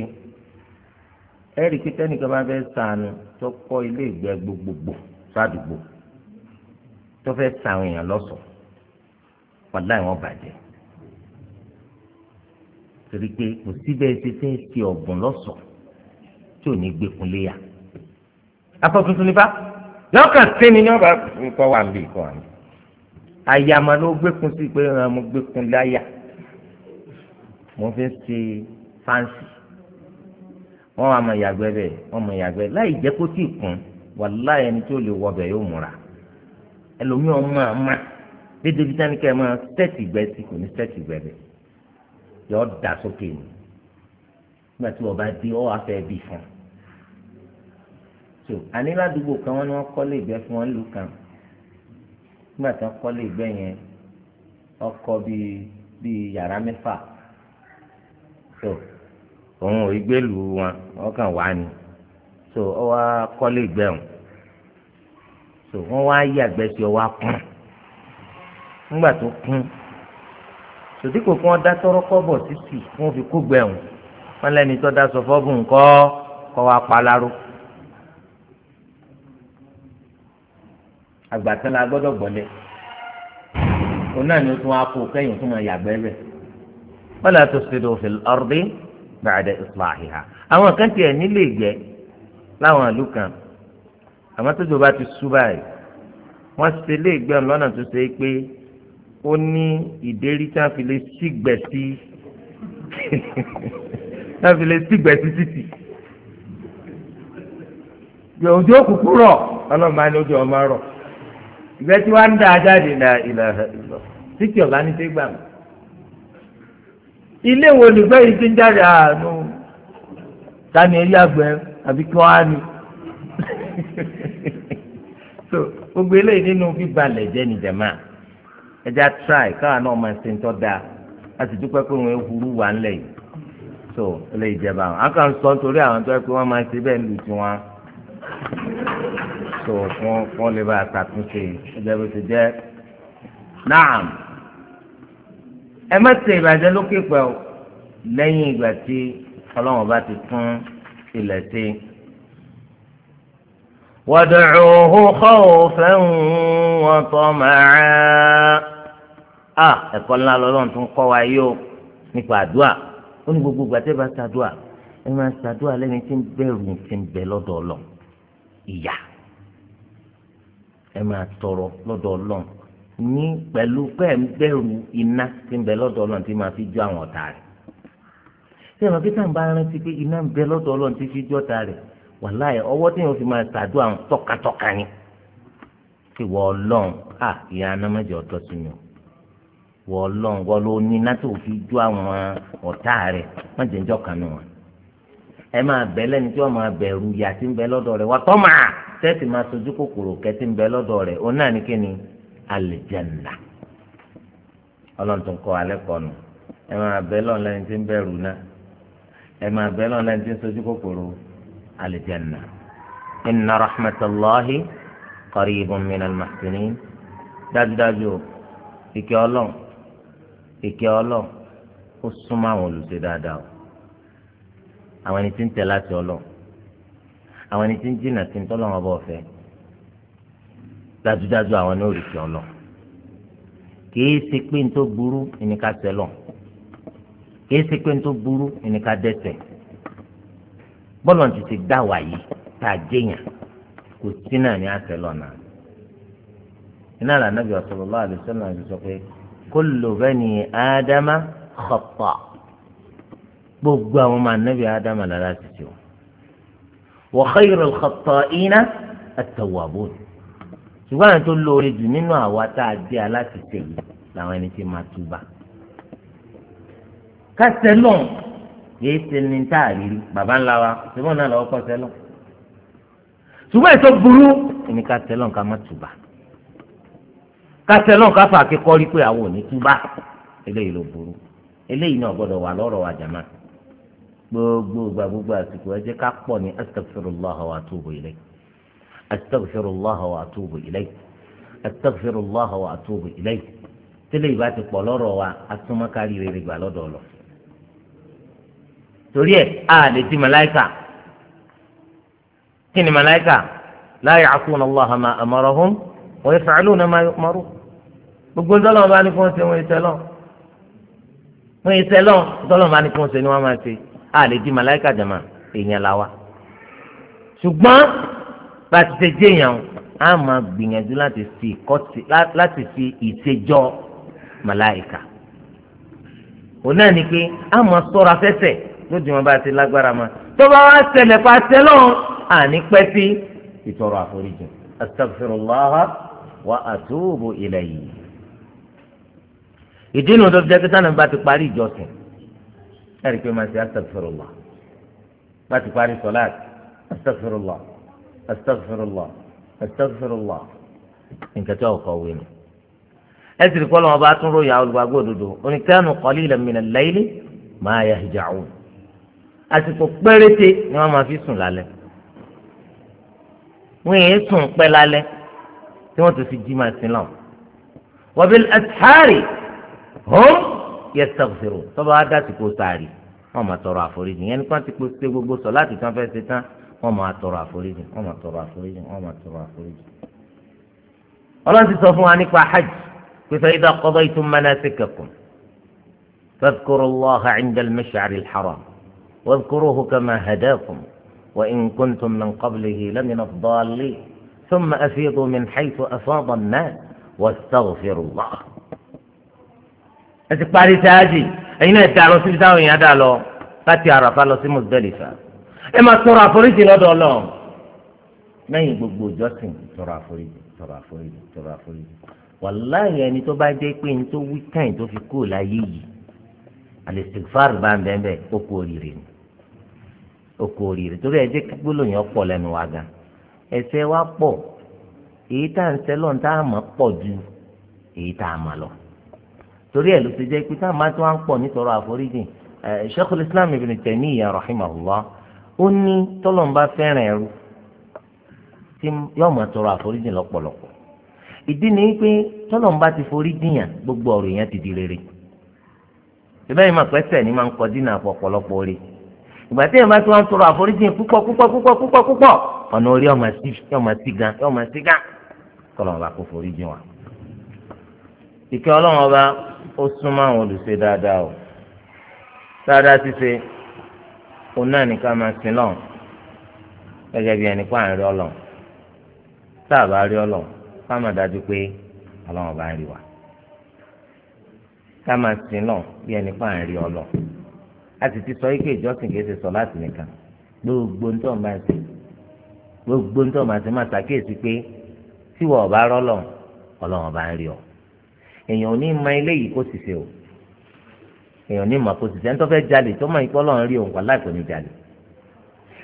[SPEAKER 1] ẹ̀rí pé tẹ́nìkan bá fẹ́ sànù tó kọ́ ilé ìgbẹ́ gbogbogbò sádùúgbò tó fẹ́ sàwọn èèyàn lọ́sọ̀ọ́ wàláì wọ́n bàjẹ́ torí pé kò síbẹ̀ ti fi ń fi ọ̀gbọ̀n lọ́sọ̀ọ́ tí ò ní gbé kunlé yà afọ tuntun ní bá yọ kàn sí ni yọ bá kọ́ wà níbi kọ́ wà níbi àyàmà ló gbé kun sí pé mo gbé kun láyà mo fi ń ṣe fáǹsì wọn wà mọ ìyàgbẹ́ bẹ́ẹ̀ wọn mọ ìyàgbẹ́ láì jẹ́ kó tíì kún wàláyé ẹni tó lè wọbẹ̀ yóò múra ẹlòmíràn máa má dédé bí táníkà máa tẹ̀sí gbẹ kò ní tẹ̀sí gbẹ yọ da sókè ni nígbà tí wọ́n bá dé ọ́ wá fẹ́ bí fún un so àní ládùúgbò kan wọn ni wọ́n kọ́lé ìgbẹ́ fún wọn lù kan nígbà tí wọ́n kọ́lé ìgbẹ́ yẹn ọkọ bíi bíi yàrá mẹ́fà so òun ò gbé lù wọn wọ́n kàn wá ni so ọ wá kọ́lé ìgbẹ́ wọn so wọ́n wá yí àgbẹ̀ sí ọ wá kún nígbà tó kún sòdíkò fún ọdá tọrọ kọ́bọ̀ títì wọn fi kó gbẹ̀hùn wọn lẹ́ni tó dá sọ fọ́gùn kọ́ kọ́ wa paláró. àgbàtàn la gbọ́dọ̀ gbọ́lẹ̀ òun náà ni ó tún wá kó kẹ́yìn tó máa yàgbẹ́ bẹ̀. wọ́n lè tó ṣe lófin al-ardi ba'da islahiha àwọn kan tiẹ̀ nílé ìgbẹ́ láwọn ìlú kan àmọ́ tó jọba ti sú báyìí wọ́n ṣe lé ìgbẹ́ lọ́nà tó ṣe é pé ó ní ìdérí tí wọ́n fi lè sígbẹ̀ sí tí wọ́n fi lè sígbẹ̀ sí títì yòòjó kúkú rọ̀ ọlọ́mọba ni ojú ọmọ rọ̀ ìgbẹ́ tí wọ́n ń dá jáde ní ilẹ̀ ìlọ títí ọ̀gá ní ṣe gbà mí. ilé wo nìgbẹ́ yìí ti ń jáde àánú tani ẹ̀yà gbẹ àbí kí wọ́n á ní. gbogbo eléyìí nínú bíbalẹ̀ jẹ́ nìjẹ̀má ẹja try káwa náà máa ṣe ń tọ́ da a sì dúpẹ́ pé wọ́n hurú wà ńlẹ̀ yìí so ilé ìjẹba àwọn akàn sọ nítorí àwọn tó yẹ pé wọ́n máa ṣe bẹ́ẹ̀ lù tiwọn so fún fún lè bá àtàtúnṣe ẹjẹ bó ti jẹ́ náà ẹ má ṣe ìbàjẹ́ lókè pẹ́ o lẹ́yìn ìgbà tí ọlọ́run bá ti tún ilẹ̀ ṣe. وادعوه خوفا وطمعا a ẹ̀kọ́ ńlá lọ́lọ́run tó ń kọ́ wa yìí o nípa àdúrà ó ní gbogbo ìgbà tẹ́ bá ṣàdúrà ẹ máa ṣàdúrà lẹ́ni tí ń bẹ̀rù ti ń bẹ lọ́dọ̀ ọlọ́ ìyá ẹ máa tọrọ lọ́dọ̀ ọlọ́run ní pẹ̀lú pé ẹ̀ ń bẹ̀rù iná ti ń bẹ lọ́dọ̀ ọlọ́run tí máa fi jó àwọn ọ̀tá rẹ̀ ṣé ìmọ̀ pété àǹbá rántí pé iná ń bẹ lọ́dọ̀ ọlọ́run tí fi jó ọ̀tá rẹ̀ wàláhì ọwọ́ tí yóò fi máa ṣàdúrà tọkàtọkà ni ìwọ ọlọ́run à ìyá wọ́n lọ́ngọ́ ló ní nátò fi ju àwọn ọ̀tá rẹ̀ má jẹ́ njọ́ kan nù wọn. ẹ máa bẹ lẹ́ni tí wọ́n máa bẹ̀rù ìyà tí ń bẹ lọ́dọ̀ rẹ̀ wà tọ́ máa tẹ́tì máa sojú kòkòrò kẹ́tì ń bẹ lọ́dọ̀ rẹ̀ òun náà ní kí ni àlùjánnà. ọlọ́run tó ń kọ́ alẹ́ kọ́ ẹ máa bẹ lọ́n lẹ́ni tí ń bẹ̀rù náà ẹ máa bẹ lọ́n lẹ́ni tí ń sojú kòkòrò àlùjánnà. inna rahmatallahi qaribun minal muhsinin dájúdájú ìkẹ́ ọlọ́run eke ọlọ ó súnmọ́ àwọn olùṣe dáadáa o àwọn ẹni tí ń tẹ̀ láti ọlọ́ọ̀ àwọn ẹni tí ń jìnnà tí ń tọ́lọ́ wọn bọ̀ fẹ́ dájúdájú àwọn ní òrìṣì ọlọ́ọ̀ kìí ṣe pé ní tó burú ní ká kìí ṣe pé tó burú ká bọ́lọ̀ ti ti dá wà yìí tá a kò sí náà ní náà iná làánà kullu bani ádámà khata gbogbo àwọn ọmọ anabi ádámà lára ti tó wa khayrul khatta'ina at-tawwabun ṣùgbọ́n àwọn tó lóore jù nínú àwa tá a jẹ́ aláṣìṣe yìí làwọn ẹni tí máa túbà kásẹ̀lọ̀ yìí ti ní táàrí bàbá ńlá wa ṣùgbọ́n náà lọ́wọ́ kọ́ sẹ́lọ̀ ṣùgbọ́n ètò burú ẹni kásẹ̀lọ̀ ká má túbà kásẹ̀ náà káfà akẹ́kọ̀ọ́rí pé àwọn ò ní túbá eléyìí ló burú eléyìí náà gbọ́dọ̀ wà lọ́rọ̀ wa jàmá gbogbo gba gbogbo àsìkò ẹ jẹ́ ká pọ̀ ní astaghfirullah wa atubu ilayhi astaghfirullah wa atubu ilayhi astaghfirullah wa atubu ilayhi tẹ́lẹ̀ ìbá ti pọ̀ lọ́rọ̀ wa atúmọ̀kárí rere gbà lọ́dọ̀ lọ. torí ẹ̀ a lè ti màláìkà kí ni màláìkà la ya'suna Allah ma amarahum wa yaf'aluna ma yu'marun gbogbo ńdọ́lọ́wọ́n bá ní kí wọ́n ṣe wọ́n ìṣẹ́ lọ́n wọ́n ìṣẹ́ lọ́n ńdọ́lọ́wọ́n bá ní kí wọ́n ṣe ni wọ́n máa ṣe á lè di màláìkà jàmá èèyàn la wa ṣùgbọ́n bá a ti ṣe jẹ́ èèyàn á máa gbìyànjú láti fi ìṣèjọ màláìkà òun náà ni pé á máa sọ́ra fẹ́sẹ̀ lójú wọn bá ti lágbára ma tó bá wá ṣẹlẹ̀ pa ṣẹlọ́n àní pẹ́ sí ìtọ̀rọ̀ àforíjì astaghfirullah wa atubu ilayhi ìdí nu tó fi jẹ́ pé sànà bá ti parí ìjọsìn ẹ̀rí pé màá ṣe astagfirullah bá ti parí sọláàt astagfirullah astagfirullah astagfirullah nǹkan tó kọ wé nu. ẹ sì rí kọ́ lọ́wọ́ bá tún ròyìn àwọn olùgbàgbọ́ òdodo oníkanu qalilan min al-layli ma yahja'un àsìkò péréte ni wọ́n máa fi sùn lálẹ́ wọ́n yẹn sùn pẹ́ lálẹ́ tí wọ́n tún fi jí máa sin lọ. wa bil هم yastaghfirun tọ́ba á dásìkò sáré wọ́n máa tọrọ àforíjì yẹn nípa ti kó ṣe gbogbo sọ láti tán fẹ́ ṣe tán wọ́n máa tọrọ àforíjì wọ́n máa tọrọ àforíjì wọ́n máa tọrọ àforíjì. ọlọ́run ti sọ fún wa nípa hajj pé fa idha qadaytum manasikakum fadhkuru allaha 'inda al-mash'ari al-haram wadhkuruhu kama hadakum wa in kuntum min qablihi lamina ad-dallin thumma afidu min haythu afada an-nas wastaghfiru allah. ẹ ti parí sáájì ẹ̀yin náà dà lọ síbi táwọn èèyàn dà lọ láti àràfà lọ sí Muzdalifa ẹ máa tọrọ àforíjì lọ́dọ̀ Ọlọ́run lẹ́yìn gbogbo ìjọsìn tọrọ àforíjì tọrọ àforíjì tọrọ àforíjì wàláyé ẹni tó bá jẹ́ pé ní tó wí káyìn tó fi kúrò láyé yìí àlèsìfáàrù bá ń bẹ́ẹ̀ bẹ́ẹ̀ ó kú oríire ni ó kú oríire torí ẹ jẹ́ gbólóyìn ọ̀pọ̀ lẹ́nu wa gan ẹ̀ṣẹ̀ wa pọ̀ èyí tá à ń sẹ́lọ̀ ń tá à mọ̀ pọ̀ ju èyí tá à mọ̀ lọ torí ẹ̀ ló ti jẹ́ pé táwọn máa tún wá ń pọ̀ nítorọ àforíjìn Sheikhul Islam Ibn Taymiyyah rahimahullah ó ní tọ́lọ́mbà fẹ́ràn ẹrú tí yóò máa tọrọ àforíjìn lọ́pọ̀lọpọ̀ ìdí ni pé tọ́lọ́mbà ti forí dìyàn gbogbo ọ̀rọ̀ yẹn ti di rere ìbẹ́ yìí máa pẹ́sẹ̀ ní máa ń kọ dínà ọ̀pọ̀lọpọ̀ rẹ̀ ìgbà tí ìyẹn bá ti wá ń tọrọ àforíjìn púpọ̀ púpọ̀ púpọ̀ púpọ̀ púpọ̀ ọ̀nà orí ọmọ sí gan ọmọ sí gan kọ́lọ́mọba kò forí jìn wa ìkẹ́ ọlọ́run ọba ó súnmọ́ àwọn olùṣe dáadáa o dáadáa ṣíṣe òun náà ní ká máa sin lọ́n gẹ́gẹ́ bí ẹni pa à ń rí ọlọ́n tá a bá rí ọlọ́n ká máa dájú pé ọlọ́run bá ń rí wa ká máa sin lọ́n bí ẹni pa à ń rí ọlọ́n a sì ti sọ yìí pé ìjọsìn kìí ṣe sọ láti nìkan gbogbo ń tọ́ máa ṣe gbogbo ń tọ́ máa ṣe máa ṣàkíyèsí pé tíwọ̀ ọ̀bá rọ́lọ́n ọlọ́run bá ń rí ọ èèyàn ò ní ma eléyìí kó sì ṣe o èèyàn ò ní ma kó sì ṣe ẹni tó fẹ́ jalè tó mọ̀ ìpọ́ lọ́n rí òun wà láì kò ní jalè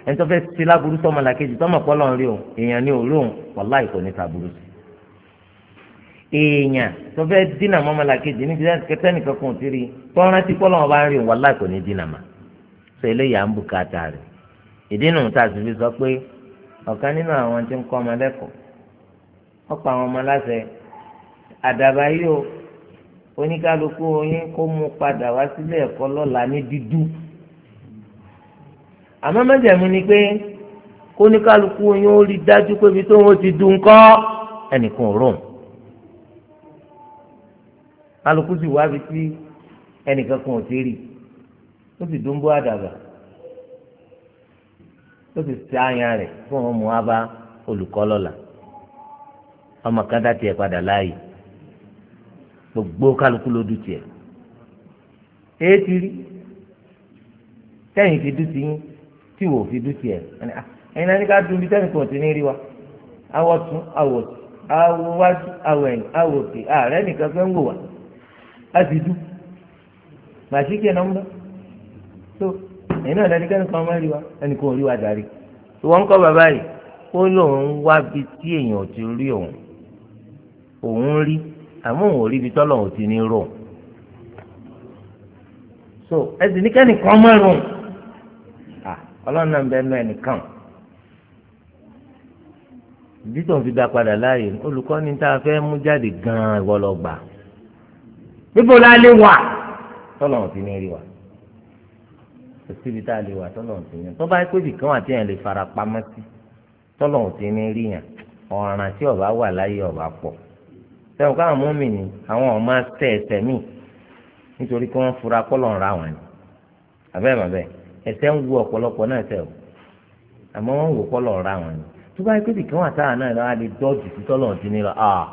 [SPEAKER 1] ẹni tó fẹ́ ṣe láburú sọ́mọ làkejì tó mọ̀ ìpọ́ lọ́n rí òun èèyàn ní òru òun wà láì kò ní taburú sí èèyàn tó fẹ́ dínà mọ́mọ làkejì níbi kẹtẹ́ kan ti rí tọ́ran tí pọ́lọ́n bá rí òun wà láì dínà mà sọ eléyìí à ń bùkátà rẹ̀ ìdí nù tá àdàbà yìí o oníkálukú oyin kó mú padà wá sílé ẹ̀kọ́ lọ́la ní dídú àmọ́ mẹ́jẹ̀mú ni pé kóníkálukú oyin ó rí dájú pé ibi tó ń ti dùn kọ́ ẹnìkan ò rọ̀n kálukú sì wá bí tí ẹnìkan kan ò ti rí ó sì dún bó àdàbà ó sì ṣe àyàn rẹ̀ fún ọmọ wa bá olùkọ́ lọ́la ọmọ kan dá tiẹ̀ padà láàyè gbogbo kálukú ló dùn tiẹ̀ èé ti rí tẹ́yìn fi dùn ti yín tí wò fi dùn tiẹ̀ ah, ẹ̀yin náà ní ká dùn bí tẹ́yìn kan ti ní rí wa awọ tún awọ tún awọ wájú awọ ẹ̀yìn awọ òkè ààrẹ nìkan fẹ́ ń wò wá a sì dùn màṣíkè náà ń bá tó ẹ̀yin náà lẹ́ni kẹ́ni kan máa rí wa ẹnì kan ò rí wa darí wọ́n ń kọ́ bàbá yìí ó lóun wá bi tí èèyàn ti rí òun òun rí àmọ́ òun ò rí ibi tọ́lọ̀ òun ti ní rò so ẹsìn ní kẹ́nìkan márùn ọlọ́run náà ń bẹ́ẹ̀ nú ẹnìkan ìdí tó ń fi dá padà láàyè olùkọ́ ní tá a fẹ́ mú jáde gan-an ìwọ lọ gbà bíbó la lè wà tọ́lọ̀ òun ti ní rí wa kò síbi tá a lè wà tọ́lọ̀ òun ti ní tó bá yẹ pé ibìkan àti yẹn lè fara pamọ́ sí tọ́lọ̀ òun ti ní rí yẹn ọ̀ràn tí ọba wà láyé ọba pọ̀ sẹ́wọ̀n káwọn mọ́mì ni àwọn ọmọ tẹ̀ ẹ̀ṣẹ̀ mí nítorí pé wọ́n fura kọ́lọ̀ ń ra wọn ni àbẹ́ màbẹ́ ẹ̀ṣẹ̀ ń wu ọ̀pọ̀lọpọ̀ náà tẹ̀ o àmọ́ wọ́n wò kọ́lọ̀ ń ra wọn ni tó bá yẹ pé kìkan wà táwọn náà lọ́wọ́ á lè dọ́ọ̀jù títọ́ lọ́n ti ní lọ ah,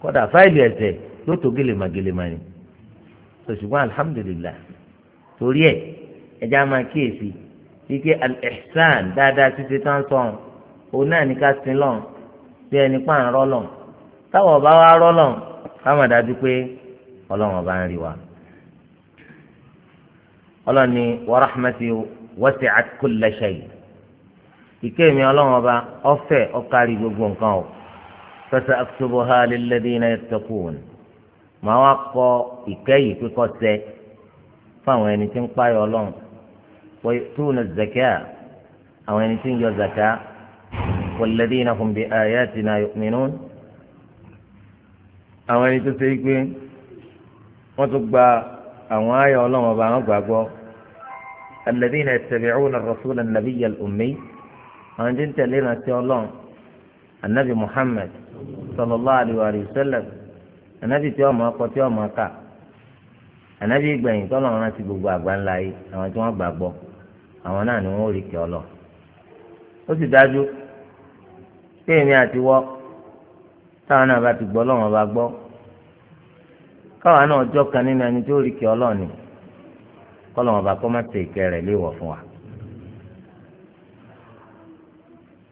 [SPEAKER 1] kọ́dà fáìlì ẹ̀ṣẹ̀ yóò tó gèlèmàgèlèmà ni ṣùgbọ́n alhamdulillah torí ẹ̀ ẹ̀já máa kíyèsí wípé al-ihsan dáadáa títí tán sọ̀n òun náà ní ká sin lọ́n bí ẹni pààrọ̀ lọ́n táwọn ọba wa rọ́lọ̀ káwọn dájú pé ọlọ́run ọba ń rí wa ọlọ́run ni wa rahmati wasi'at kulla shay ìkẹ́ mi ọlọ́run ọba ọ̀fẹ́ ó kárí gbogbo nǹkan o fasaktubuha lilladhina yattaqun màá wá kọ ìkẹ́ yìí pé kọ́ sẹ́ fáwọn ẹni tí ń páyọ̀ ọlọ́run wa yu'tuna zakat àwọn ẹni tí ń yọ zakat walladhina hum bi ayatina yu'minun àwọn ẹni tó ṣe é pé wọ́n tún gba àwọn ayọ̀ ọlọ́run ọba àwọn gbàgbọ́ alladhina yattabi'una ar-rasula an-nabiyya al-ummi àwọn tí ń tẹ̀lé ìrántí ọlọ́run anabi muhammed sallallahu alayhi wa sallam anabi tí ọmọ akọ tí ọmọ aka anabi gbẹ̀yìn tọ́lọ́run rántí gbogbo àgbà ńlá yìí àwọn tí wọ́n gbàgbọ́ àwọn náà ni wọ́n rí kí ọlọ́ ó sì dájú pé èmi àti wọ́n táwọn náà bá ti gbọ́ lọ́wọ́n bá gbọ́ káwọn náà ọjọ́ kan nínú ẹni tó rí kí ọlọ́ọ̀ni kọ́lọ́wọ́n bá kọ́ má ṣe ìkẹ́ rẹ̀ léèwọ̀ fún wa.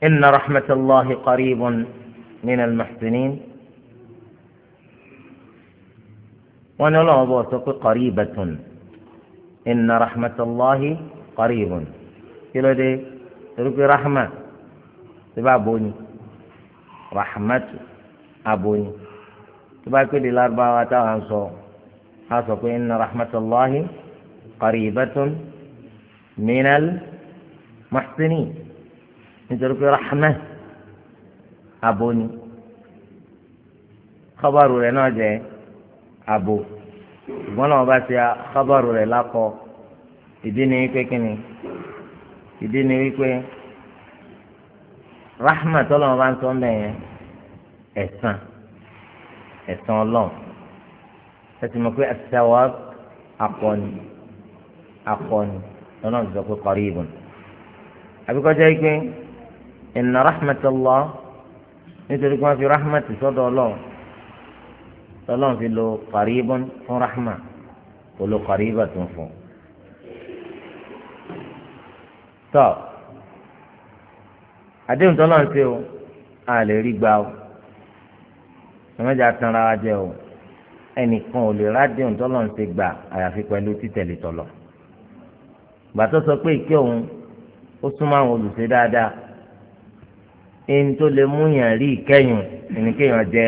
[SPEAKER 1] inna rahmatullahi qaribun min al-muhsinin wọ́n ní ọlọ́wọ́n bá sọ pé qaribatun inna rahmatullahi qaribun kí ló dé torí rahma ti bá bóni rahmatu aboyún tó bá kéde lárúbáwá táwọn sọ á sọ pé inna rahmatulahi qaribatun minal muhsinin nítorí pé rahma aboyún kọ́bọ̀rù rẹ̀ náà jẹ́ abo ṣùgbọ́n náà bá ṣe kọ́bọ̀rù rẹ̀ lákọ ìdí ni wípé kíni ìdí ni wípé rahma tọ́lọ́mọba ń sọ ń yẹn ẹ̀san ẹ̀san ọlọ́run ẹtì mọ̀ pé ẹ̀sẹ̀wọ́ akọni akọni ọlọ́run sọ pé qaribun àbíkọ́jà yìí pé inna rahmatallah nítorí pé wọ́n fi rahmat sọ́dọ̀ ọlọ́run tọ́lọ́run fi lo qaribun fún rahma kò lo qariba tó ń fún tọ́ àdéhùn tọ́lọ́run ṣe o a lè rí gbà o ẹ̀mẹ́jà tanra wa jẹ o ẹnìkan ò lè rádìó ńtọ́lọ̀ ń ṣe gbà àyàfi pẹ̀lú títẹ̀lé tọ̀lọ̀ gbàtọ́ sọ pé ìké òun ó súnmọ́ àwọn olùṣe dáadáa ẹni tó lè mú yàn rí ìkẹyìn ẹni kéèyàn jẹ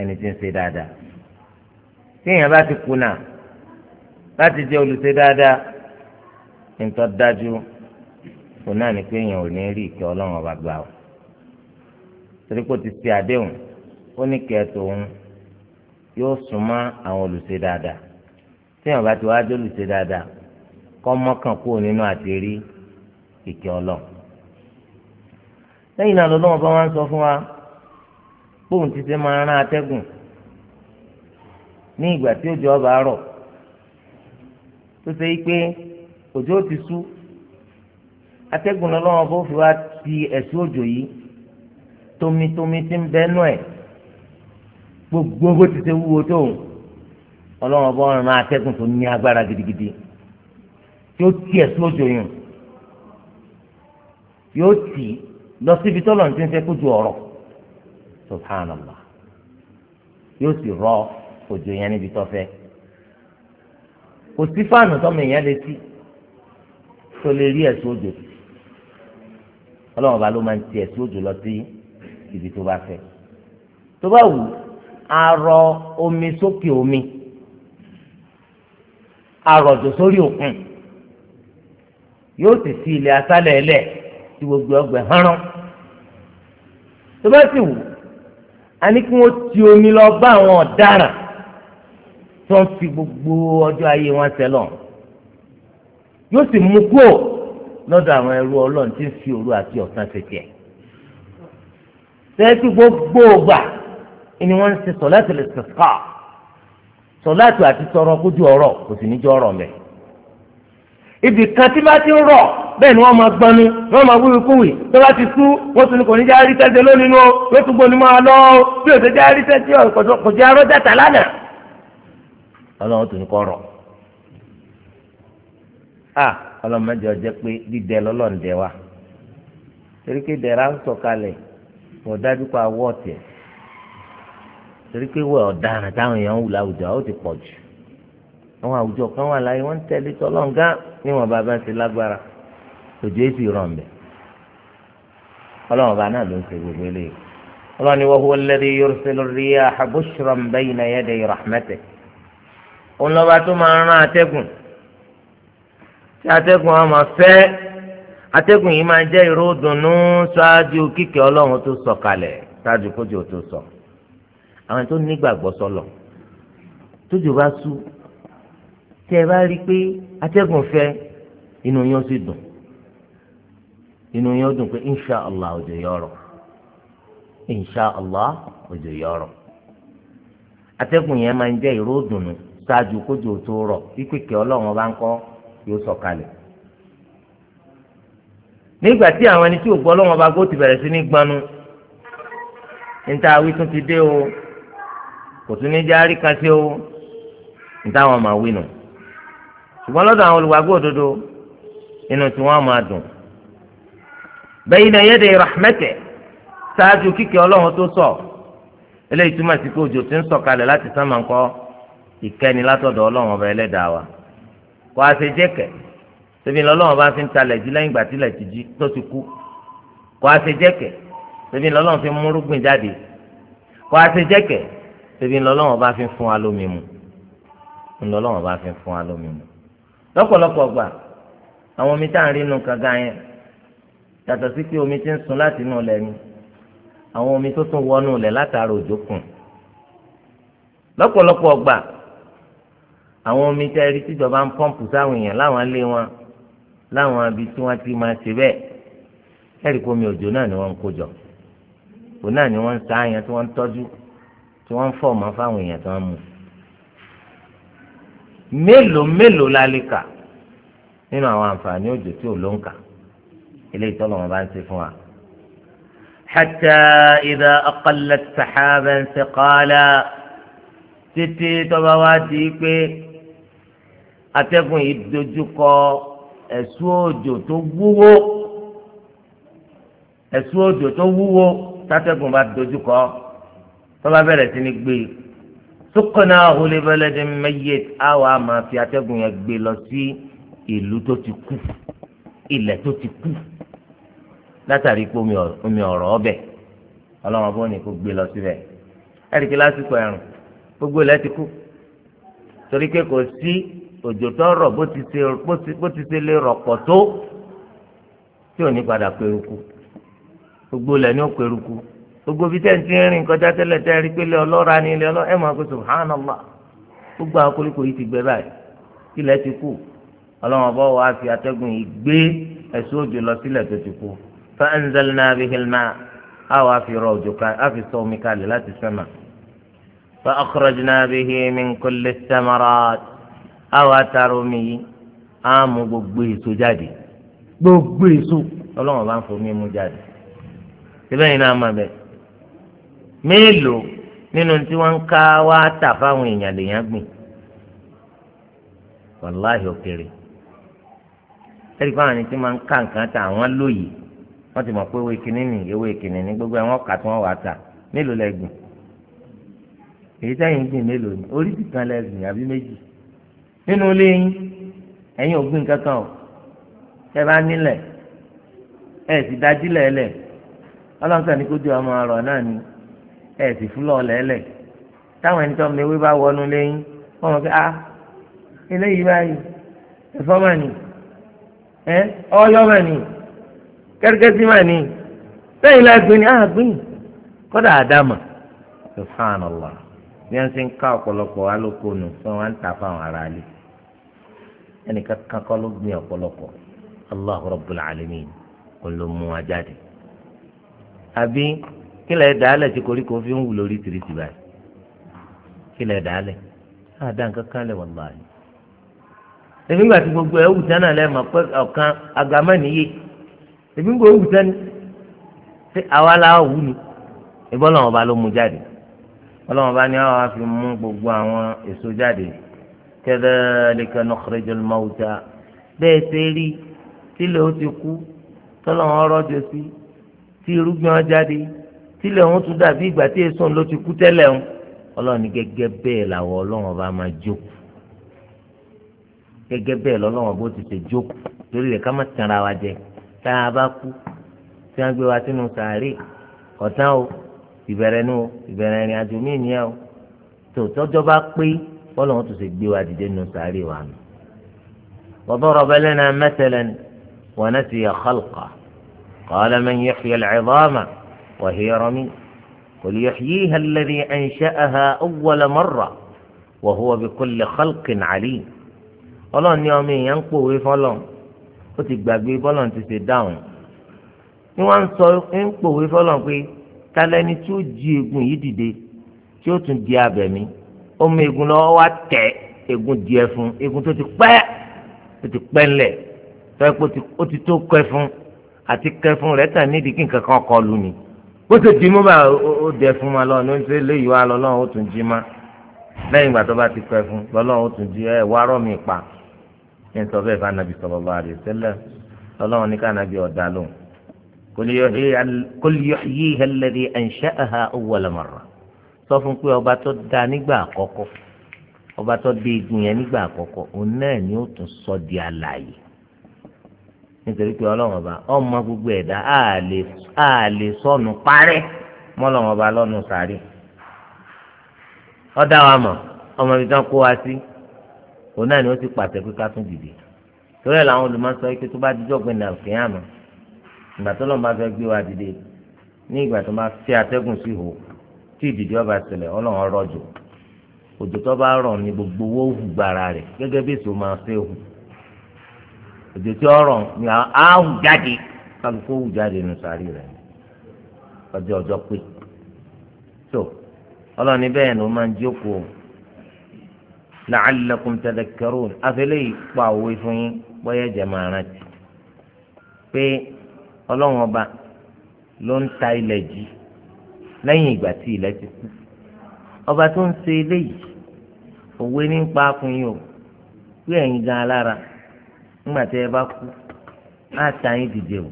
[SPEAKER 1] ẹni tí ń ṣe dáadáa téèyàn bá ti kùnà láti jẹ olùṣe dáadáa ńtọ́ dájú òun náà ni kéèyàn ò ní rí ìkẹ́ ọlọ́run ọba gbà o torí kó ti ṣe àdéhùn ó ní kẹtù òun yóò súnmọ́ àwọn olùṣe dáadáa téèyàn bá ti wá dé olùṣe dáadáa kọ́ mọ́kàn kúrò nínú àti rí ìkẹ́ ọlọ́run lẹ́yìn náà lọ́wọ́ bá wá ń sọ fún wa bóun ti ṣe máa rán atẹ́gùn ní ìgbà tí òjò ọba rọ̀ tó ṣe pé òjò ti sú atẹ́gùn lọ́wọ́ bó fi wá ti ẹ̀sùn òjò yìí tómitómi ti ń bẹ́nu ẹ̀ gbogbo bó ti ṣe wúwo tó ọlọ́run bọ́ ọ̀run máa tẹ́kùn tó ní agbára gidigidi yóò tì ẹ̀ sójò yùn yóò tì lọ síbi tọ́lọ̀ ní ti ń fẹ́ kójú ọ̀rọ̀ subhanallah yóò sì rọ òjò yẹn níbi tó fẹ́ kò sí fáànù tọ́mọ èèyàn lè ti tó lè rí ẹ̀sùn òjò ọlọ́run ọba ló máa ń ti ẹ̀sùn òjò lọ sí ibi tó bá fẹ́ tó bá wù ú arọ omi sókè omi arọ̀jò sórí òkun yóò sì sí ilẹ̀ asálẹ̀ ẹlẹ̀ tí gbogbo ọgbẹ́ hánrán tó bá sì wù á ní kí wọ́n ti omi lọ bá àwọn ọ̀daràn tó ń fi gbogbo ọjọ́ ayé wọn sẹ́lọ̀ yóò sì mú kúrò lọ́dọ̀ àwọn ẹrú ọlọ́run tí ń fi òru àti ọ̀sán ṣe tiẹ̀. sẹ́ẹ̀tì gbogbo ògbà ni wọ́n ń ṣe sọ̀láàtì istisqa sọ̀láàtì àti tọrọ kójú ọ̀rọ̀ kò sì ní jọ ọ̀rọ̀ mẹ́. ibì kan tí bá ti ń rọ̀ bẹ́ẹ̀ ni wọ́n máa gbanu wọ́n máa wíwí kúwì tó bá ti sú wọ́n tún ní kò ní já rí sẹ́sẹ́ lónìí nù yóò tún gbóni máa lọ bí òṣè já rí sẹ́sẹ́ kò já rọ́jà tà lánàá. ọlọ́run tún ní kọ́ rọ̀ a ọlọ́run má jẹ́ ọjẹ́ pé dídẹ lọ́lọ́run dẹ wa torí pé dẹ̀ra ń sọ̀kalẹ̀ kò dájú pa wọ́ọ̀tì ẹ̀ torí pé wọ́n ọ̀daràn táwọn èèyàn ń wù láwùjọ ó ti pọ̀ jù àwọn àwùjọ kan wà láyé wọ́n ń tẹ̀lé tọ́lọ́ǹgá níwọ̀n bàbá ti lágbára òjò èsì rọ̀ǹbẹ̀ ọlọ́run ọba náà ló ń ṣe gbogbo eléyìí ọlọ́run ni wọ́n wọlé lẹ́dí yorùsẹ́lẹ̀ rí àbúṣọ̀rọ̀m bẹ́yìn náà yẹ́dẹ̀ rahmẹ́tẹ̀ òun lọ́ba tó máa rán atẹ́gùn tí atẹ́gùn á máa fẹ́ atẹ́gùn yìí máa jẹ́ ìró dùnnú ṣáájú kíkẹ́ ọlọ́run tó sọ̀kalẹ̀ ṣáájú kójú tó sọ̀ àwọn tó nígbàgbọ́ sọlọ tójú bá sú tí ẹ bá rí i pé atẹ́gùn fẹ́ inú yín ó sì dùn inú yín ó dùn pé insha allah òjò yọrọ insha allah òjò yọrọ atẹ́gùn yẹn máa ń jẹ́ ìró dùnú ṣáájú kójú tó rọ̀ kíkèké ọlọ́run bá ń kọ́ yóò sọ̀kalẹ̀ nígbà tí àwọn ẹni tí ò gbọ́ ọlọ́run bá gbó ti bẹ̀rẹ̀ sí ní gbanu níta wí tún ti dé o kò tún ní járí kan sí o nítawọn máa wí nù ṣùgbọ́n lọ́dọ̀ àwọn olùwàgbọ́ òdodo inú tí wọ́n máa dùn bayna yaday rahmatihi ṣáájú kíkẹ́ ọlọ́run tó sọ eléyìí túmọ̀ sí pé òjò ti ń sọ̀kalẹ̀ láti sánmà ńkọ́ ìkẹ́ni látọ̀dọ̀ ọlọ́run ọba ẹlẹ́dàá wa kó a ṣe jẹ́kẹ̀ ṣebí lọ́lọ́run bá fi ń talẹ̀ jí lẹ́yìn ìgbà tílẹ̀ ti jí tó ti kú kó a ṣe jẹ́kẹ̀ ṣebí lọ́lọ́run fi mú rúgbìn jáde kó a ṣe jẹ́kẹ̀ ṣebí ńlọlọ́wọ́n bá fi fún wa lómi mu ńlọlọ́wọ́n bá fi fún wa lómi mu lọ́pọ̀lọpọ̀ gbà àwọn omi tá à ń rí inú kànga yẹn yàtọ̀ sí pé omi ti ń sun láti inú ilẹ̀ ni àwọn omi tó tún wọnú ilẹ̀ látara òjò kùn lọ́pọ̀lọpọ̀ gbà àwọn omi tá rí tíjọba ń pọ́ǹpù sáwọn èèyàn láwọn ilé wọn láwọn ibi tí wọ́n ti máa ṣe bẹ́ẹ̀ ẹ̀rí pé omi òjò náà ni wọ́n ń kó jọ òun náà ni wọ́n ń sa àyàn tí wọ́n ń tọ́jú tí wọ́n ń fọ̀ mọ́ fáwọn èèyàn tí wọ́n mú mélòó mélòó la lè kà nínú àwọn àǹfààní òjò tí ò ló ń kà eléyìí tọ́lọ̀ wọn bá ń ṣe fún wa. حتى إذا أقلت سحابا ثقالا títí tọ́ba wá di pé atẹ́gùn yìí dojúkọ ẹ̀sùn òjò tó wúwo ẹ̀sùn òjò tó wúwo tátẹ́gùn bá dojúkọ tó bá bẹ̀rẹ̀ sí ní gbé e sókònà olèbẹ̀lẹ́dẹ̀ mẹ́yẹt àwọn àmà fi atẹ́gùn yẹn gbé lọ sí ìlú tó ti kú ilẹ̀ tó ti kú látàrí pé omi ọ̀rọ̀ ọbẹ̀ ọlọ́run bó ní kó gbé lọ síbẹ̀ ẹ̀ríkì lásìkò ẹ̀rùn gbogbo ilẹ̀ ti kú torí pé kò sí òjò tó rọ̀ bó ti ṣe lè rọ̀ pọ̀ tó tí ò ní padà pẹ̀rù kú gbogbo ilẹ̀ ni ó pẹ̀rù kú gbogbo bí tẹ́ ń ti rìn kọjá tẹ́lẹ̀ tẹ́ rí pé ọlọ́ra ni ilé ọlọ́ ẹ̀ máa kó subhanallah gbogbo àwọn koríko yìí ti gbẹ báyìí ilẹ̀ ti kú ọlọ́wọ́n bọ́ wàá fi atẹ́gùn yìí gbé ẹ̀sùn òjò lọ sílẹ̀ tó ti kú fa anzalna bihil ma'a á wàá fi rọ òjò ká á fi sọ omi kalẹ̀ láti sẹ́mà fa akhrajna bihi min kulli ń fọ omi mélòó nínú tí wọ́n ń ká wá tà fáwọn èèyàn lèèyàn gbìn wàláhì òkèrè ẹ̀rí fáwọn ẹni tí wọ́n ń ká nǹkan tà àwọn lóye wọ́n ti mọ̀ pé ewé kìíní ni ewé ni gbogbo ẹ̀ wọ́n tí wọ́n wà tà mélòó lẹ gbìn èyí gbìn mélòó ni lẹ gbìn àbí méjì nínú kankan o ẹ bá nílẹ̀ sì lẹ̀ ọlọ́nkà ní ẹ̀ sì fúlọ̀ lẹ́lẹ̀ táwọn ẹni tó ń mewé bá wọnú lẹ́yìn wọ́n mọ̀ pé a ah, eléyìí báyìí ẹ̀fọ́ mà ní ẹ ọyọ́ mà ní kẹ́tíkẹ́tì mà ní sẹ́yìn la gbìn ní a gbìn kọ́dà àdàmà subhanallah bí wọ́n ti ń ká ọ̀pọ̀lọpọ̀ alókòónù fún wọn ta fáwọn ará ilé ẹnìkan kan kọ́ ló gbìn ọ̀pọ̀lọpọ̀ Allahu Rabbul Alamin kò ló mú wa jáde àbí kílẹ̀ dàálẹ̀ tí koríko fi ń wù lórí tìrìtì báyìí kílẹ̀ dàálẹ̀ àdá nǹkan kan lẹ̀ wọ́n báyìí. èmi gbà tí gbogbo ẹ̀ wù sẹ́nà lẹ́ẹ̀mọ̀ pé ọ̀kan àgàmánìyé èmi gbà wù sẹ́ni ṣé àwa la wù ni ìbọn ọlọ́wọ́n bá ló mu jáde ọlọ́wọ́n bá ní àwa fi mú gbogbo àwọn èso jáde kadhalika nukhrijul mawta bẹ́ẹ̀ ṣe rí tílẹ̀ ó ti kú tọ́lọ́wọ́n rọ́jò sí tí irúgbìn ọ jáde tílẹ̀ wọn tún dàbí ìgbà tí èso ló ti kú tẹ́lẹ̀ ń ọlọ́run ní gẹ́gẹ́ bẹ́ẹ̀ làwọn ọlọ́run ọba máa jókòó gẹ́gẹ́ bẹ́ẹ̀ lọ́lọ́run ọba ó ti ṣe jókòó torí rẹ̀ ká má tanra wa jẹ tá a bá kú tí wọ́n gbé wa sínú sàárè ọ̀tán o ìbẹ̀rẹ̀ nu ìbẹ̀rẹ̀ ìrìn àjò míì nìyẹn o tó tọ́jọ́ bá pé ọlọ́run tó ṣe gbé wa dìde nínú sàárè wa nù. وضرب لنا مثلا ونسي خلقه قال من يحيي العظام وهي رميم قل يحييها الذي أنشأها أول مرة وهو بكل خلق عليم ọlọ́run ní ọmọ èèyàn ń pòwe fọlọ́n ó ti gbàgbé bọ́lọ́n ti ṣe dáhùn ni wọ́n ń sọ ń pòwe fọlọ́n pé kálẹ́ni tí ó jí egun yìí dìde tí ó tún di abẹ̀mí ọmọ egun lọ́wọ́ wá tẹ̀ egun di ẹfun egun tó ti pẹ́ tó ti pẹ́ ńlẹ̀ tọ́ ẹ pé ó ti tó kẹfun àti kẹfun rẹ̀ tàn nídìí kí nǹkan kan kọ lù ni. bó ṣe dì í bá ó dẹ fún ma lọ ní oṣù eléyìí wá lọ́wọ́ ó tún jí ma lẹ́yìn ìgbà tó bá ti pẹ́ fún lọ́wọ́ ó tún jí ẹ wá rọ́ mi pa ní sọ bẹ́ẹ̀ sọ̀rọ̀ sallallahu alaihi wasallam lọ́wọ́ ní kánabi ọ̀dà lò kul yuhyiha alladhi ansha'aha awwala marra sọ fún pé ọba tó da nígbà àkọ́kọ́ ọba tó dé igun nígbà àkọ́kọ́ nítorí pé ọlọ́run ọba ọmọ gbogbo ẹ̀dá á lè sọnù parẹ́ mọ́lọ́run ọba lọ́nù sáré ọ̀dà wa mọ̀ ọmọ ibi tí wọ́n kó wa sí òun náà ni ó ti pàṣẹ pé ká tún dìde torí ẹ̀ làwọn olùmọ̀ pé tó bá dijọ́ gbẹ̀ náà àmọ́ ìgbà tó bá fẹ́ gbé wa dìde ní ìgbà tó bá atẹ́gùn sí tí ìdìde ọba ṣẹlẹ̀ ọlọ́run gbogbo owó hù gbàrà rẹ̀ gẹ́gẹ́ bí èso máa òjò tí ọ̀rọ̀ ni àáhù jáde kálukú hù jáde nù sàárì rẹ̀ ọjọ́ ọjọ́ pé tó ọlọ́ni bẹ́ẹ̀ ni ó máa ń jókòó la'allakum tadhakkarun afẹ́lẹ́ yìí pa òwe fún yín bóyá ẹ̀jẹ̀ máa rántí pé ọlọ́run ọba ló ń ta ilẹ̀ jí lẹ́yìn ìgbà tí ilẹ̀ ti kú ọba tó ń ṣe eléyìí òwe nípa akùn yìí o pé ẹ̀yin gan alára nígbà tí ẹ bá kú á ta yín dìde o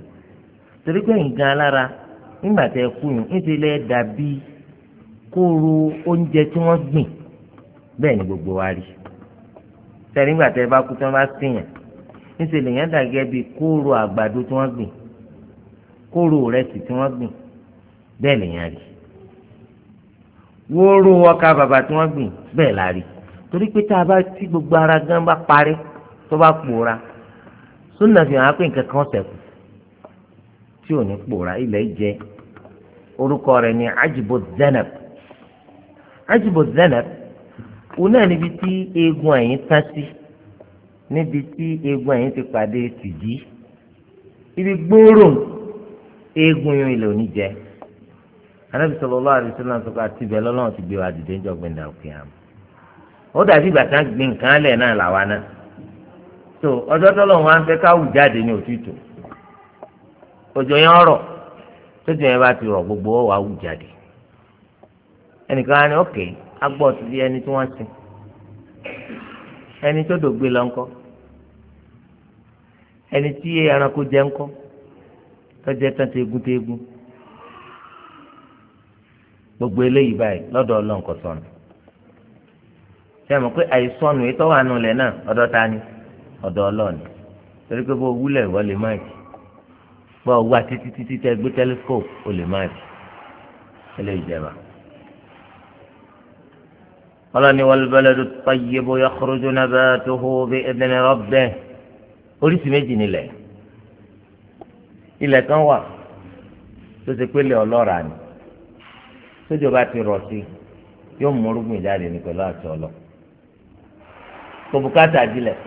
[SPEAKER 1] torí pé nǹkan alára nígbà tí ẹ kú yín ní ti lẹ́ dàbí kóró oúnjẹ tí wọ́n gbìn bẹ́ẹ̀ ni gbogbo wa rí sẹ́ni nígbà tí ẹ bá kú tí wọ́n bá sèyàn ní ti lè yàn dàgẹ́ bí kóró àgbàdo tí wọ́n gbìn kóró rẹsì tí wọ́n gbìn bẹ́ẹ̀ lè yàn wóró ọkà bàbà tí wọ́n gbìn bẹ́ẹ̀ la torí pé tá a bá tí gbogbo ara gan bá parí tó bá pòórá súnà fi hàn á pé nǹkan kan ṣẹ́kù tí ò ní pòórá ilẹ̀ jẹ orúkọ rẹ̀ ní ajibo zenab ajibo zenab òun náà níbi tí eegun ẹ̀yìn tán sí níbi tí eegun ẹ̀yìn ti pàdé tìjí ibi gbòòrò eegun yun ilẹ̀ òní anabi sallallahu alaihi wasallam àti ti gbé wa dìde ń jọ gbẹndà òkè ó dàbí ìgbà tí tó ọjọ́ tọ́lọ̀ wọn á ń fẹ́ káwù jáde ní òtítù òjò yẹn rọ̀ tójú yẹn bá ti rọ̀ gbogbo jáde ẹnìkan á ní òkè agbọ́ ti di ẹni tí wọ́n ẹni tó dògbé lọ ńkọ́ ẹni tí ẹranko jẹ ńkọ́ gbogbo eléyìí báyìí lọ́dọ̀ sọnù pé àìsọnù ètò wà nù lẹ̀ ọ̀dọ̀ ọlọ́ọ̀ni torí pé bó wúlẹ̀ ìwọ lè má jì bó wá títí títí tẹ gbé tẹlifóòpù ó lè má jì eléyìí jẹba. ọlọ́ni wal-baladu at-tayyibu yakhruju nabatuhu bi-idhni rabbih oríṣi méjì nílẹ̀ ilẹ̀ kan wà tó ṣe pé ọlọ́ra ni sójú ti rọ̀ sí yóò mú orúkún ìjáde ní pẹ̀lú àti ọlọ́ kò bùkátà jílẹ̀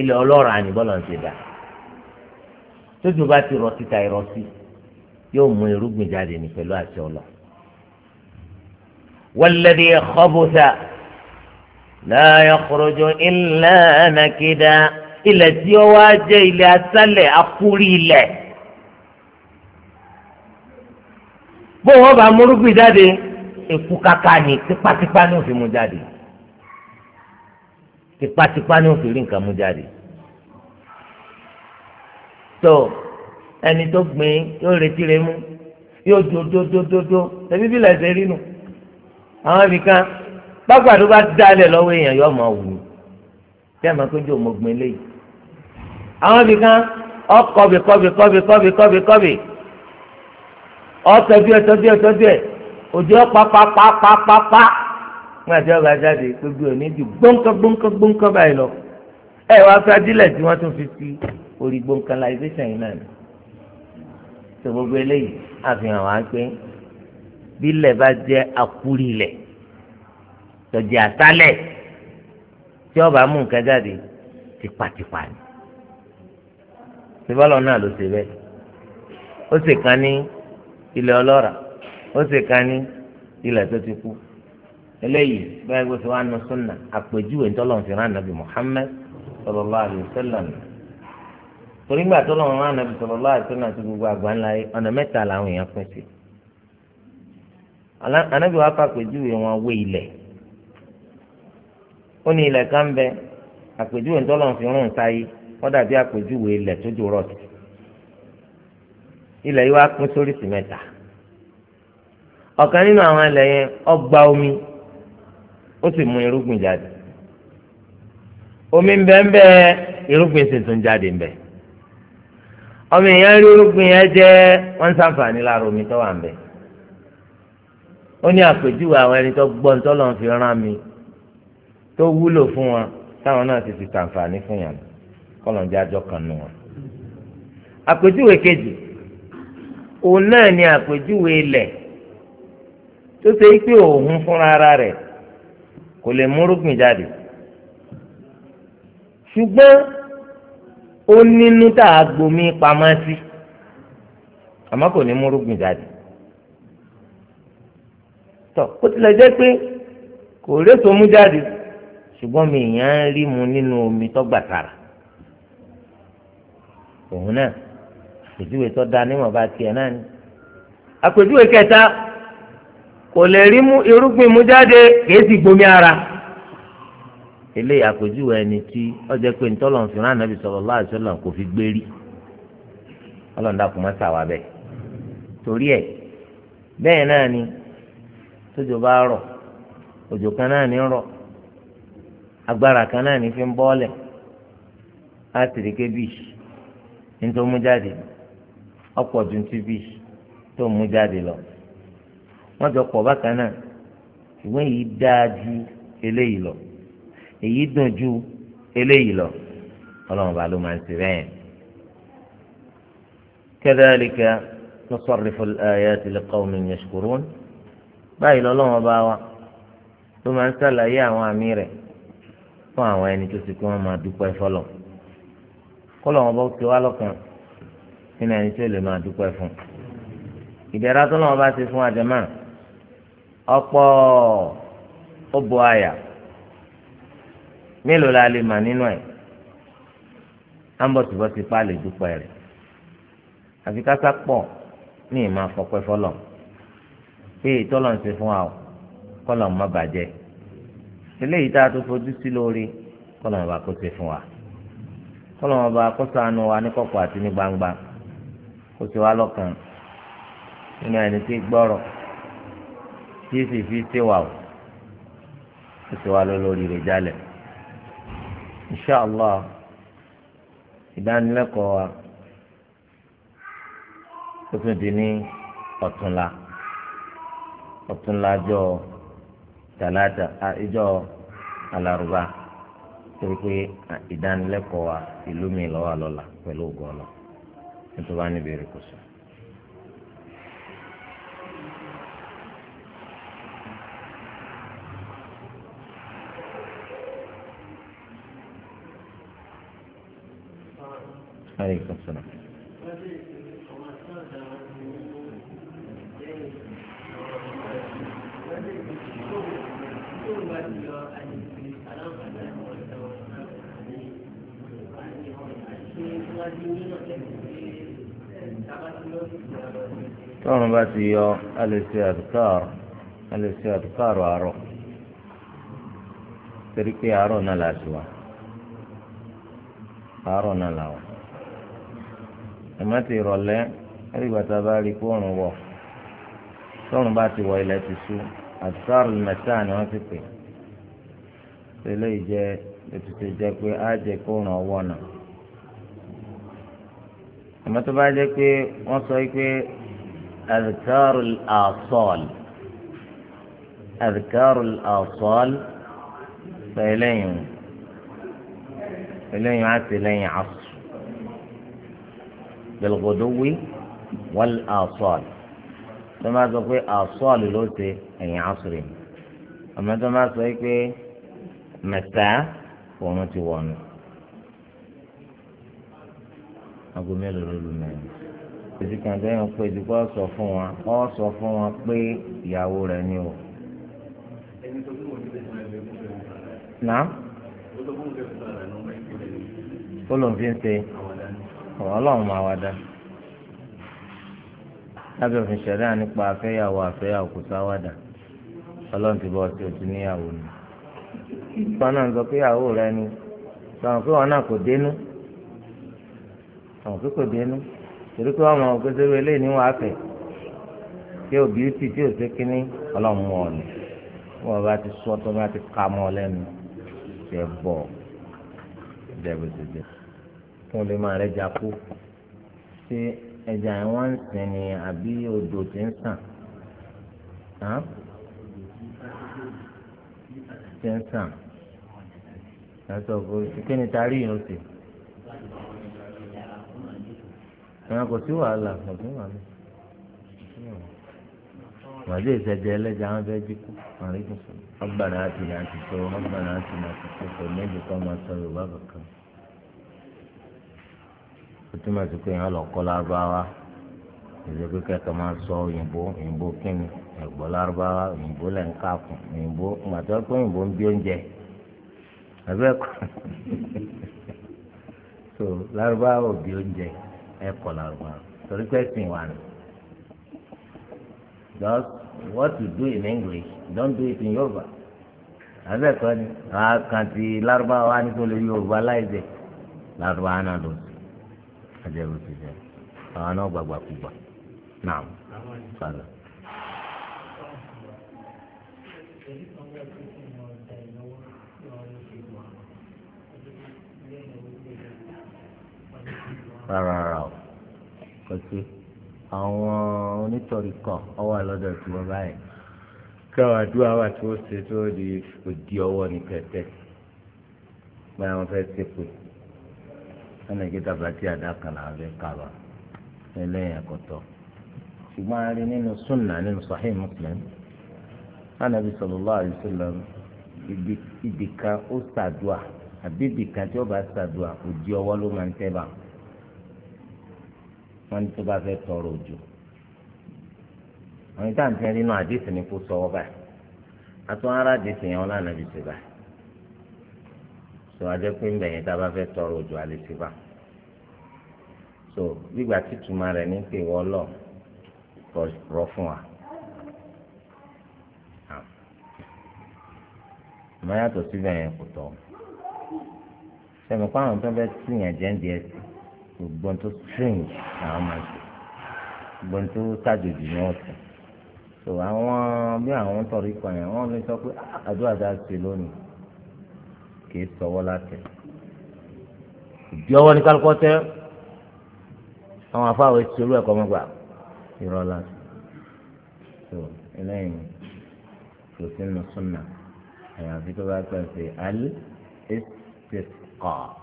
[SPEAKER 1] ilẹ̀ ọlọ́ràá ni bọ́lá ń ṣe dà tójú bá ti rọ títa ìrọsí yóò mú irúgbìn jáde ní pẹ̀lú àti ọlọ. wọ́lẹ́dì ẹ̀kọ́bùsà láàyè kúròjò ilẹ̀ nàkídà ilẹ̀ tí ó wá jẹ́ ilẹ̀ asálẹ̀ akúrí ilẹ̀. bó wọ́n bá múrúgbìn jáde èkú kàkà ní tipátipá ní òfin mu jáde tipátipá ni ó fi rí nǹkan mú jáde tó ẹni tó gbìn yóò retí rẹ mú yóò dòdòdòdòdò ẹbí bí lẹsẹ rí nu àwọn ibìkan gbàgbàdo bá dálẹ lọ́wọ́ èèyàn yóò máa wù ú tí a máa pé jò mo gbìn léyìí àwọn ibìkan ọkọbì kọbì kọbì kọbì kọbì kọbì ọtọjú ẹtọjú ẹtọjú ẹ òjò pápápápápá wọn àti ọba jáde gbogbo ẹ̀ níbi gbọ́nkán gbọ́nkán gbọ́nkán báyìí lọ ẹ wá fẹ́ adílẹ̀ tí wọ́n tún fi sí orí gbọ́nkánláìsẹ̀sẹ̀ yìí náà ni tó gbogbo eléyìí àfihàn wá pé bílẹ̀ bá jẹ́ àkúrí ilẹ̀ tọ̀jì àtálẹ̀ tí ọba mú nǹkan jáde tipatipa ni síbọ̀lọ́ náà ló ṣe bẹ́ẹ̀ ó sì kan ní ilẹ̀ ọlọ́ràá ó sì kan ní ilẹ̀ tó ti kú eléyìí báyìí bó ti wá nu súnà àpèjúwe ńtọ́lọ́n fi rán nàbì Muhammad sallallahu alaihi wasallam torí gbà tọ́lọ́n rán nàbì sallallahu alaihi wasallam àti gbogbo àgbà ńlá yìí ọ̀nà mẹ́ta làwọn èèyàn pín sí. anábì wá fàpèjúwe wọn wé ilẹ̀ ó ní ilẹ̀ kan bẹ àpèjúwe ńtọ́lọ́n fi rún sáyé wọ́n dàbí àpèjúwe ilẹ̀ tó jò rọ̀tì ilẹ̀ yìí wá pín sórí sí mẹ́ta ọ̀kan nínú àwọn ilẹ̀ yẹn ọgbà omi ó sì mú irúgbìn jáde omi ńbẹ́ńbẹ́ irúgbìn sì tún jáde ńbẹ́ ọmọ èèyàn rí irúgbìn yẹn jẹ́ wọ́n ń sàǹfààní omi tó wà ńbẹ́ ó ní àpèjúwe àwọn ẹni tó gbọ́ nítorí wulo fi rán mi tó wúlò fún wọn táwọn náà ti fi sàǹfààní fún yàn àjọ kan nù wọn. àpèjúwe kejì òun náà ni àpèjúwe ilẹ̀ tó ṣe kò lè múrúgbìn jáde ṣùgbọ́n ó nínú tá a gbomi pamọ́ sí àmọ́ kò ní múrúgbìn jáde tọ́ ó tilẹ̀ jẹ́ pé kò réso mú jáde ṣùgbọ́n mi ìyàn ń rí mu nínú omi tọ́gbà sára òun náà àpèjúwe tó da níwọ̀nba tiẹ̀ náà ni àpèjúwe kẹta. kò lè rí irúgbìn mú jáde kìí sì gbomi ara eléyìí àpèjúwe ẹni tí ọjọ́ pé ntọ́lọ̀ ń fi rán ànábì sallallahu alaihi wasallam kò fi gbé rí ọlọ́ọ̀dà kò má sàwà bẹ́ẹ̀ torí ẹ̀ bẹ́ẹ̀ náà ni tójò bá rọ̀ òjò kan náà ní rọ̀ agbára kan náà ní fi ń bọ́ọ̀lẹ̀ átìríkẹ́ bíi ní tó mú jáde ọ̀pọ̀ ju ti bíi tó mú jáde lọ. wọ́n jọ pọ̀ bákan náà ṣùgbọ́n èyí dáa ju eléyìí lọ èyí dùn ju eléyìí lọ ọlọ́run bá ló máa ń ṣe bẹ́ẹ̀. kadhalika nusarrifu al-ayati liqawmin yashkurun báyìí lọ́lọ́run bá wa ló máa ń ṣàlàyé àwọn àmì rẹ̀ fún àwọn ẹni tó ti kí wọ́n máa dúpẹ́ fọlọ́ kọ́lọ́run bá ti wá lọ́kàn nínú ẹni tó lè máa dúpẹ́ fún ìdẹ̀ra tó lọ́wọ́ bá ti fún àjẹmáà. Ọpọ ọ̀bọ̀ àyà mélòó la lè mà nínú ẹ̀ ambọ̀tìbọ̀tì pa lè dúpẹ́ rẹ̀ àfi kásá pọ̀ ní ìmọ̀ afọ́pẹ́ fọlọ̀ pé ìtọ́lọ̀ ń ṣe fún wa o kọ́lọ̀ má bàjẹ́ eléyìí tá a tó fojú sí lórí kọ́lọ̀ má bà kó ṣe fún wa kọ́lọ̀ wa ní kọ̀kọ̀ àti ní gbangba tí sì fi ṣe wà o ó sì wà lólórí rẹ̀ jálẹ̀ inṣàlá ìdánilẹ́kọ̀ọ́ wa ó tún di ní ọ̀túnla ọ̀túnla jọ tàlátà ìjọ alárùbá torí pé ìdánilẹ́kọ̀ọ́ wa ìlú mi lọ́wọ́ lọ́la pẹ̀lú ògùn ọ̀la nítorí wọn níbi èrè kò sùn. aleykum salaam. tọ́run bá ti yọ alèsè àdùkárò alèsè àdùkárò àárọ̀ torí pé àárọ̀ náà là sí wa àárọ̀ náà là wà àmọ́ ti rọ̀lẹ́ ẹ̀rìgbà tá a bá rí kó òrùn wọ̀ tọ́run bá ti wọ̀ ilẹ̀ ti sú àtúntàrún mẹ́ta ni wọ́n ti pè tẹ́lẹ̀ ìjẹ́ ètùtù jẹ́ pé á jẹ́ kó òrùn ọwọ́ náà àmọ́ tó bá jẹ́ pé wọ́n sọ pé àdìkárù àsọ̀l àdìkárù àsọ̀l sọ eléyìí eléyìí á ti lẹ́yìn àsọ̀ gbẹlẹgọdọwé wal asal tó máa sọ pé asal ló ṣe ẹ̀yìn asùrì àmọ́ tó máa sọ pé mẹ́ta òun ti wọnú aago mélòó ló lù mẹ́rin èsì kan sẹ́yìn pé ìdúpọ̀ sọ fún wa ọ sọ fún wa pé ìyàwó rẹ̀ ni o. nà ó lóun fi ń ṣe. ọ̀rọ̀ ọlọ́run máa wá dá lábẹ́ òfin ṣẹ̀dá nípa afẹ́yàwó afẹ́yàwó kò ọlọ́run ti bọ́ ọtí òtún níyàwó ni. ìfọ̀n náà ń sọ pé ìyàwó rẹ ni sọ̀rọ̀ pé wọn náà kò dénú sọ̀rọ̀ pé kò dénú torí pé níwọ̀n afẹ́ ka mọ́ lẹ́nu fún lè máa rẹjà kú ṣé ẹja yẹn wọ́n ń sìn ní àbí odò tí ń sàn tí ń sàn ẹsọ fún kí ni taari yìí ń sè ẹnà kò sí wàhálà kò sí wàhálà màdé ìsẹjẹ ẹlẹjà wọn fẹẹ jí kú màrí kò sọ ọgbàrá àti ìyá ọgbàrá àti ìyá ti sọ kò máa sọ Yorùbá kankan ó túmọ̀ sí pé èèyàn lọ kọ́ lárúbáwá ìṣe pé kẹ́kọ̀ọ́ máa sọ òyìnbó òyìnbó kíni ẹ̀gbọ́n lárúbáwá òyìnbó lẹ̀ ń kàkùn òyìnbó màtọ́ pé òyìnbó ń bí oúnjẹ abẹ́ẹ̀kọ́ so lárúbáwá ò bí oúnjẹ ẹ̀kọ́ lárúbáwá torí pé ẹ̀sìn wà ní. just what you do in English don't do it in Yorùbá abẹ́ẹ̀kọ́ ni àkàntì lárúbáwá ní kò lè Yorùbá láì dé lárúbáwá náà ló sọ ajẹ́rù ti jẹ́ àwọn náà gbàgbà kúgbà náà sálọ.
[SPEAKER 2] rárá rárá o
[SPEAKER 1] kò sí àwọn onítọ̀rí kan ọwọ́ àlọ́dọ̀ tí wọ́n báyìí káwọn àdúrà wà tí ó ṣe tó di òdi ọwọ́ ní pẹ́pẹ́ báyìí wọ́n fẹ́ ṣépè ẹnì kíta bàtí àdàkà là ń fẹ́ kàbà ẹlẹ́yìn ẹ̀kọ́tọ̀ ṣùgbọ́n a rí nínú sunna nínú sahih muslim anabi sallallahu alaihi wasallam ibì kan ó ṣàdúà àbí ibì kan tí ó bá ṣàdúà òjì ọwọ́ ló máa ń tẹ́ bá wọn ní tó bá fẹ́ tọrọ òjò àwọn ìtàn tí wọn nínú àdìsí ni kò sọ ọ báyìí àtúwárá àdìsí yẹn wọn lánàá bí ṣe báyìí tó a jẹ́ pé ń bẹ̀yẹn tá a bá fẹ́ tọrọ òjò àlè sí bá so gbígbà títúmọ̀ rẹ̀ ní pé wọ́n lọ rọ fún wa. Ah. àmọ́ yàtọ̀ síbẹ̀ yẹn kò tọ́ sẹ́mi kó àwọn tó bẹ́ tì yẹn jẹ́ ń di ẹsẹ̀ gbogbo tó strange làwọn máa ṣe gbogbo tó ṣàjòjì ní ọ̀sẹ̀ so àwọn bí àwọn tọ̀rí kan yẹn wọ́n lè sọ pé ah, àdúrà dá sí lónìí kì í sọwọ́ látẹ̀ ìdí ọwọ́ ní kálukọ́ tẹ́ àwọn afáwọ̀ etí olú ẹ̀kọ́ mọ́gbà ìrọ̀lá tó ẹlẹ́yìn kò sí nínú súnà àyàfi tó bá gbà ṣe alẹ́ ẹ̀sìtẹ̀kọ̀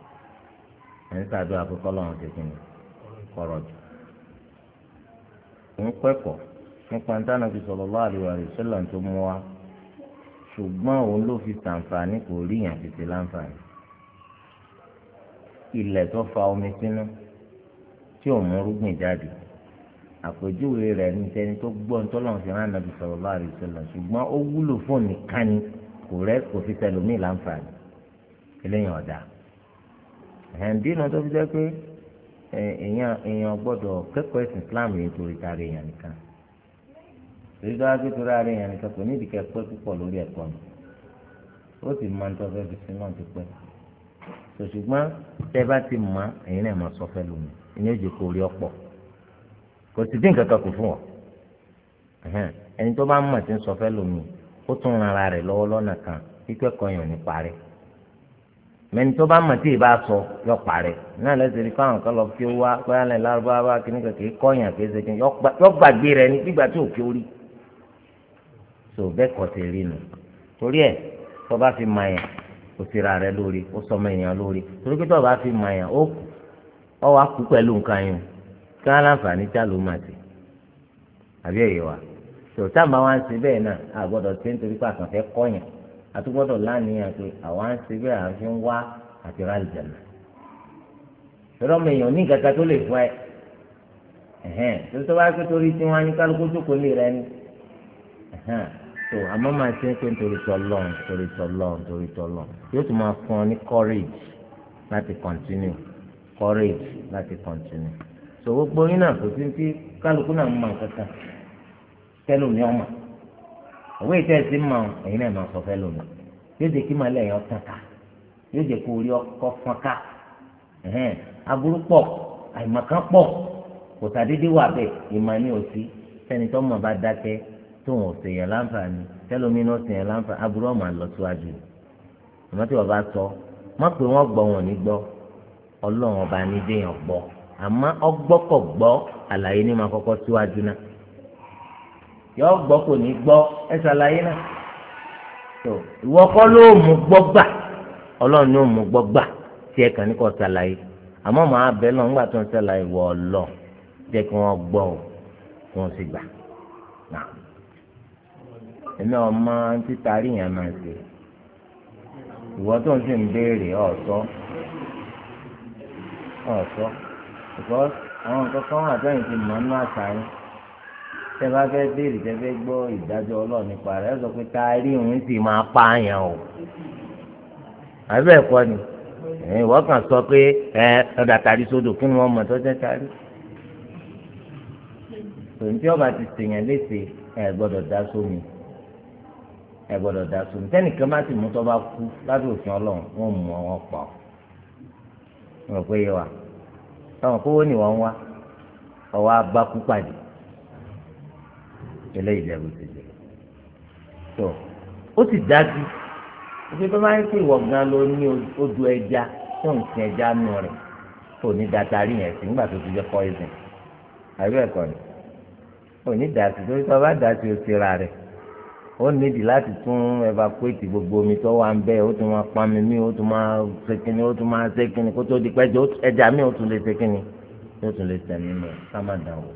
[SPEAKER 1] ẹ̀ ń sàdúrà pé kọ́lọ́run ti kọ̀rọ̀ jù ń pẹ́kọ̀ọ́ nípa ní tánà fi sallallahu alaihi wa sallam tó mú wa ṣùgbọ́n òun ló fi ṣàǹfààní kò rí yàn tètè láǹfààní ilẹ̀ tó fa omi sínú tí ò mú rúgbìn jáde àpèjúwe rẹ̀ ní tẹni tó gbọ́ ntọ́lọ́run fi hàn nàbì sallallahu alaihi wasallam ṣùgbọ́n ó wúlò fún nìkan ni kò rẹ́ kò fi tẹlómi láǹfààní eléyìí ọ̀dà ẹ̀ǹdínà tó fi jẹ́ pé èèyàn gbọ́dọ̀ kẹ́kọ̀ọ́ ẹ̀sìn Islam yìí torí tari èèyàn nìkan èyí tó wá pé torí ara èèyàn nìkan kò ní ìdíkẹ́ pẹ́ púpọ̀ lórí ẹ̀kọ́ ni ó sì máa ń tọ́ fẹ́ fi sí náà ti pẹ́ ṣùgbọ́n tẹ́ bá ti mọ̀ ẹ̀yin náà máa sọ fẹ́ lómi ìyẹn ojú kò rí ọ̀pọ̀ kò sì dín kankan kù fún ọ ẹni tó bá mọ̀ tí ń sọ fẹ́ lómi ó tún ran ara rẹ̀ lọ́wọ́ lọ́nà kan kíkọ́ ẹ̀kọ́ yàn ní parẹ́ mẹ́ni tó bá mọ̀ tí ì bá sọ yọ parẹ́ náà lẹ́sẹ̀ rí fáwọn kan lọ kí ó wá pé alẹ́ lárúbáwá kí ní kankan kí kọ́ yàn ṣe kí yọ gbàgbé rẹ̀ ní gbígbà tí ò kí ó rí. so bẹ́ẹ̀ kọ́ ti rí nu torí ẹ̀ tó bá fi mọ yẹn kò sí ra rẹ lórí ó sọmọ lórí torí pé fi mọ ó kù ọ wá kú pẹ̀lú nǹkan yẹn kí wọ́n láǹfààní máa àbí ẹ̀yẹ wa tó táàmù àwọn àǹsí bẹ́ẹ̀ náà àgbọ̀dọ̀ ṣe nítorí pé àkànfẹ́ àtúgbọ́dọ̀ pé àwọn àǹsí bẹ́ẹ̀ à ń fi wá àti ra àlùjànnà torí ọmọ èèyàn ní ìkàkà tó lè ẹ ẹ̀hẹ́n tó tó bá pé torí so àmọ́ máa ṣe ń pè nítorí tọ́lọ́ nítorí tọ́lọ́ nítorí tọ́lọ́ yóò tún máa fún ọ ní courage láti continue courage láti continue so gbogbo yín náà kò sí ti kálukú náà mọ kankan tẹlómi ọmọ òwe ìtẹ́sí mọ ẹ̀yin náà máa sọ yóò jẹ́ kí màá lẹ́yìn ká yóò jẹ́ kó orí ọkọ̀ fọ́n ká pọ̀ tí ò ṣèyàn láǹfààní tẹlómi náà ṣèyàn láǹfààní aburú ọmọ àlọ síwájú àmọ́ tí wọn bá sọ má pé wọn gbọ wọn ní Ọlọ́run ọba ní déèyàn gbọ́ àmọ́ ọgbọkọ gbọ àlàyé ní máa síwájú náà yọ kò ní náà tó ìwọ ló mú gbà mú gbà tí ẹ kàn ní màá bẹ lọ tó ń wọ ọ jẹ kí wọn kí wọn sì gbà náà. èmi ọmọ títa rí yẹn máa ṣe ìwọ tó ń sì ń béèrè ọ̀tọ́ ọ̀tọ́ because àwọn nǹkan kan wà tẹ́yìn ti mọ̀ nínú àṣà yín tẹ́ bá fẹ́ béèrè tẹ́ fẹ́ gbọ́ ìdájọ́ ọlọ́ọ̀ nípa rẹ̀ ẹ sọ pé tá rí òun sì máa pa àyàn o àbẹ́ ẹ̀kọ́ ni ìwọ kan sọ pé ẹ ọ̀dà tàrí sódò kí ni wọ́n mọ̀ tó jẹ́ tàrí tòun tí ọba ti sèyàn léṣe ẹ gbọ́dọ̀ dá sómi. So ẹ gbọ́dọ̀ dá sórí tẹ́nìkan bá sì mú tó bá kú lábẹ́ òfin ọlọ́run wọ́n mú wọn pa ọ́ rò pé yẹ wa táwọn kówó ni wọ́n wá ọwọ́ abákú pàdé eléyìí lẹ́wọ́ ti jẹ́ tó ó sì dájú ìṣe tó bá ń pè wọ́n gan ló ní odò ẹja tó ń sin ẹja nù rẹ̀ tó ní dátàrí yẹn sí nígbà tó ti jẹ́ poison àbí ẹ̀kọ́ ni ò ní dàtí torí tó bá dàtí o ti ra rẹ̀ ó nídìí láti tún evacuate gbogbo omi tó wà ń bẹ ó tún máa pami mí ó tún máa ṣèkínní ó tún máa ṣèkínní kó tó di pẹ́jọ ẹja mi ó tún lè ṣèkínní ó tún lè tẹ̀mí mọ́ ká má dàn wò.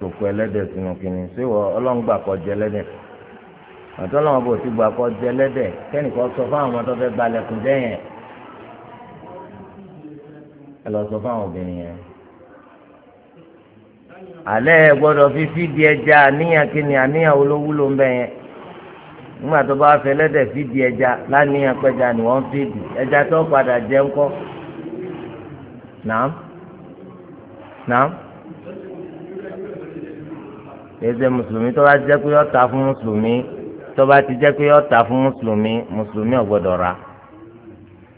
[SPEAKER 1] tòkù ẹlẹ́dẹ̀ sínú kínní ṣé wọ ọlọ́run gbà kọ́ jẹ ẹlẹ́dẹ̀ àti ọlọ́run bò ti gbà kọ́ jẹ ẹlẹ́dẹ̀ kẹ́nìkan sọ fún àwọn ọmọ tó fẹ́ balẹ̀kùn ẹ lọ sọ fún àwọn obìnrin yẹn alẹ́ ẹ gbọ́dọ̀ fi fídìí ẹja àníyàn kìíní àníyàn olówúlò ń bẹ yẹn nígbà tó bá fẹ́ lẹ́dẹ̀ fídìí ẹja láníyàn pẹ́jà ni wọ́n fídìí ẹja tó padà jẹ́ ńkọ́ nàám nàám ẹsẹ mùsùlùmí tó bá jẹ́ pé ó ta fún mùsùlùmí tó bá ti jẹ́ pé ó ta fún mùsùlùmí mùsùlùmí ò gbọ́dọ̀ rà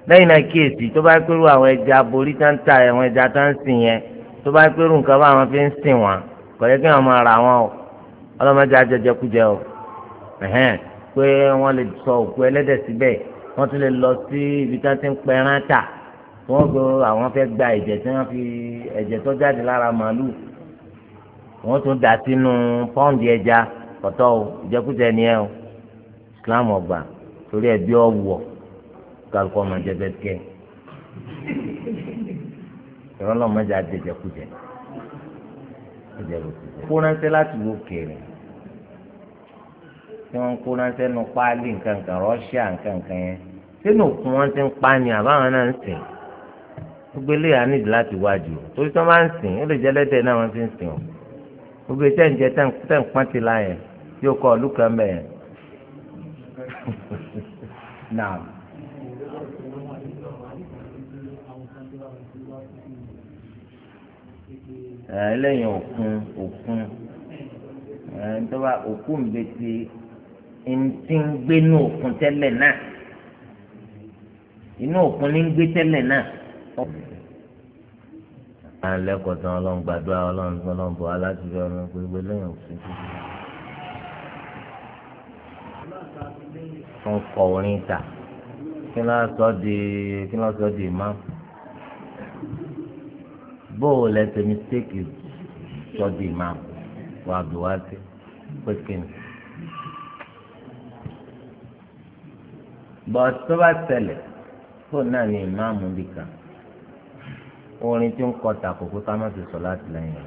[SPEAKER 1] lẹ́yìn náà kíyèsí tó bá pẹ́rù àwọn ẹja aborí tá ń ta àwọn ẹja tá ń sìn yẹn tó bá pé irú nǹkan báwọn fi ń sìn wọn kò yẹ kí wọn máa ra wọn o ọlọ́mọdé ajẹjẹkújẹ o ẹ̀hẹ́n pé wọ́n lè sọ òkú ẹlẹ́dẹ̀ síbẹ̀ wọ́n tún lè lọ sí ibi tí wọ́n ti ń pẹran tà wọ́n gbọ́ àwọn fẹ́ gba ẹ̀jẹ̀ tí wọ́n fi ẹ̀jẹ̀ tó jáde lára màálù wọ́n tún dà sínú pọ́ǹdì ẹja kọ̀tọ́ o ìjẹkújẹ ni ẹ o Islam ọgbà torí ẹbí ọ̀wọ̀ kálukọ́ máa jẹ bẹ́ẹ̀ kẹ́ tọ́lọ́ lọ́mọ jẹ́ àjẹjẹkújẹ kó ránṣẹ́ láti wo kéré tí wọ́n kó ránṣẹ́ nu páálí nǹkankan rọ́ṣíà nǹkankan yẹn sínú òkun wọn ti ń pa ni àbáwọn náà ń sìn gbogbo eléyà nídìí láti wájú o torí tí wọ́n bá ń sìn ó lè jẹ́ lẹ́dẹ̀ẹ́ náà wọ́n ti ń sìn o gbogbo iṣẹ́ ìjẹ́ tẹ̀ ń pọ́n ti la yóò kọ́ ọ̀lú kan bẹ̀ ẹlẹ́yìn òkun òkun ẹ̀ńtọ́ba òkun bẹ́tẹ̀ ntí ń gbé inú òkun tẹ́lẹ̀ náà inú òkun ní ń gbé tẹ́lẹ̀ náà. a ń lẹ́kọ̀ọ́ tán ọlọ́run gbàdúrà ọlọ́run ọlọ́run bọ̀ aláti fi ọlọ́run gbogbo lẹ́yìn òkun tó ti wọ́n kọ orin ta kí ló sọ di kí ló sọ di ìmáàmù bóò lẹ́sẹ̀ mistake sọ́dí imam wà abdulwasi pékin. bọ́t tó bá tẹ̀lẹ̀ fóònù náà ni imam bí kan orin tí ń kọ tàkó kó ká má ti sọ láti lẹ́yìn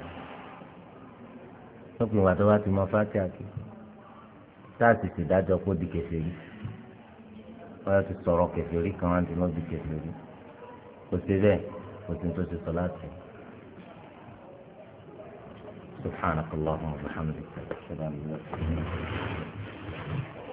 [SPEAKER 1] rẹ̀ lópin ìgbà tó bá ti mọ fáti àti táàsì ti dájọ́ kó di kèfèrí wọ́n ti sọ̀rọ̀ kèfèrí kan wá ti lọ́ di kèfèrí kò sí bẹ́ẹ̀ kò sí tó ti sọ láti lẹ́yìn.
[SPEAKER 2] سبحانك اللهم وبحمدك أشهد أن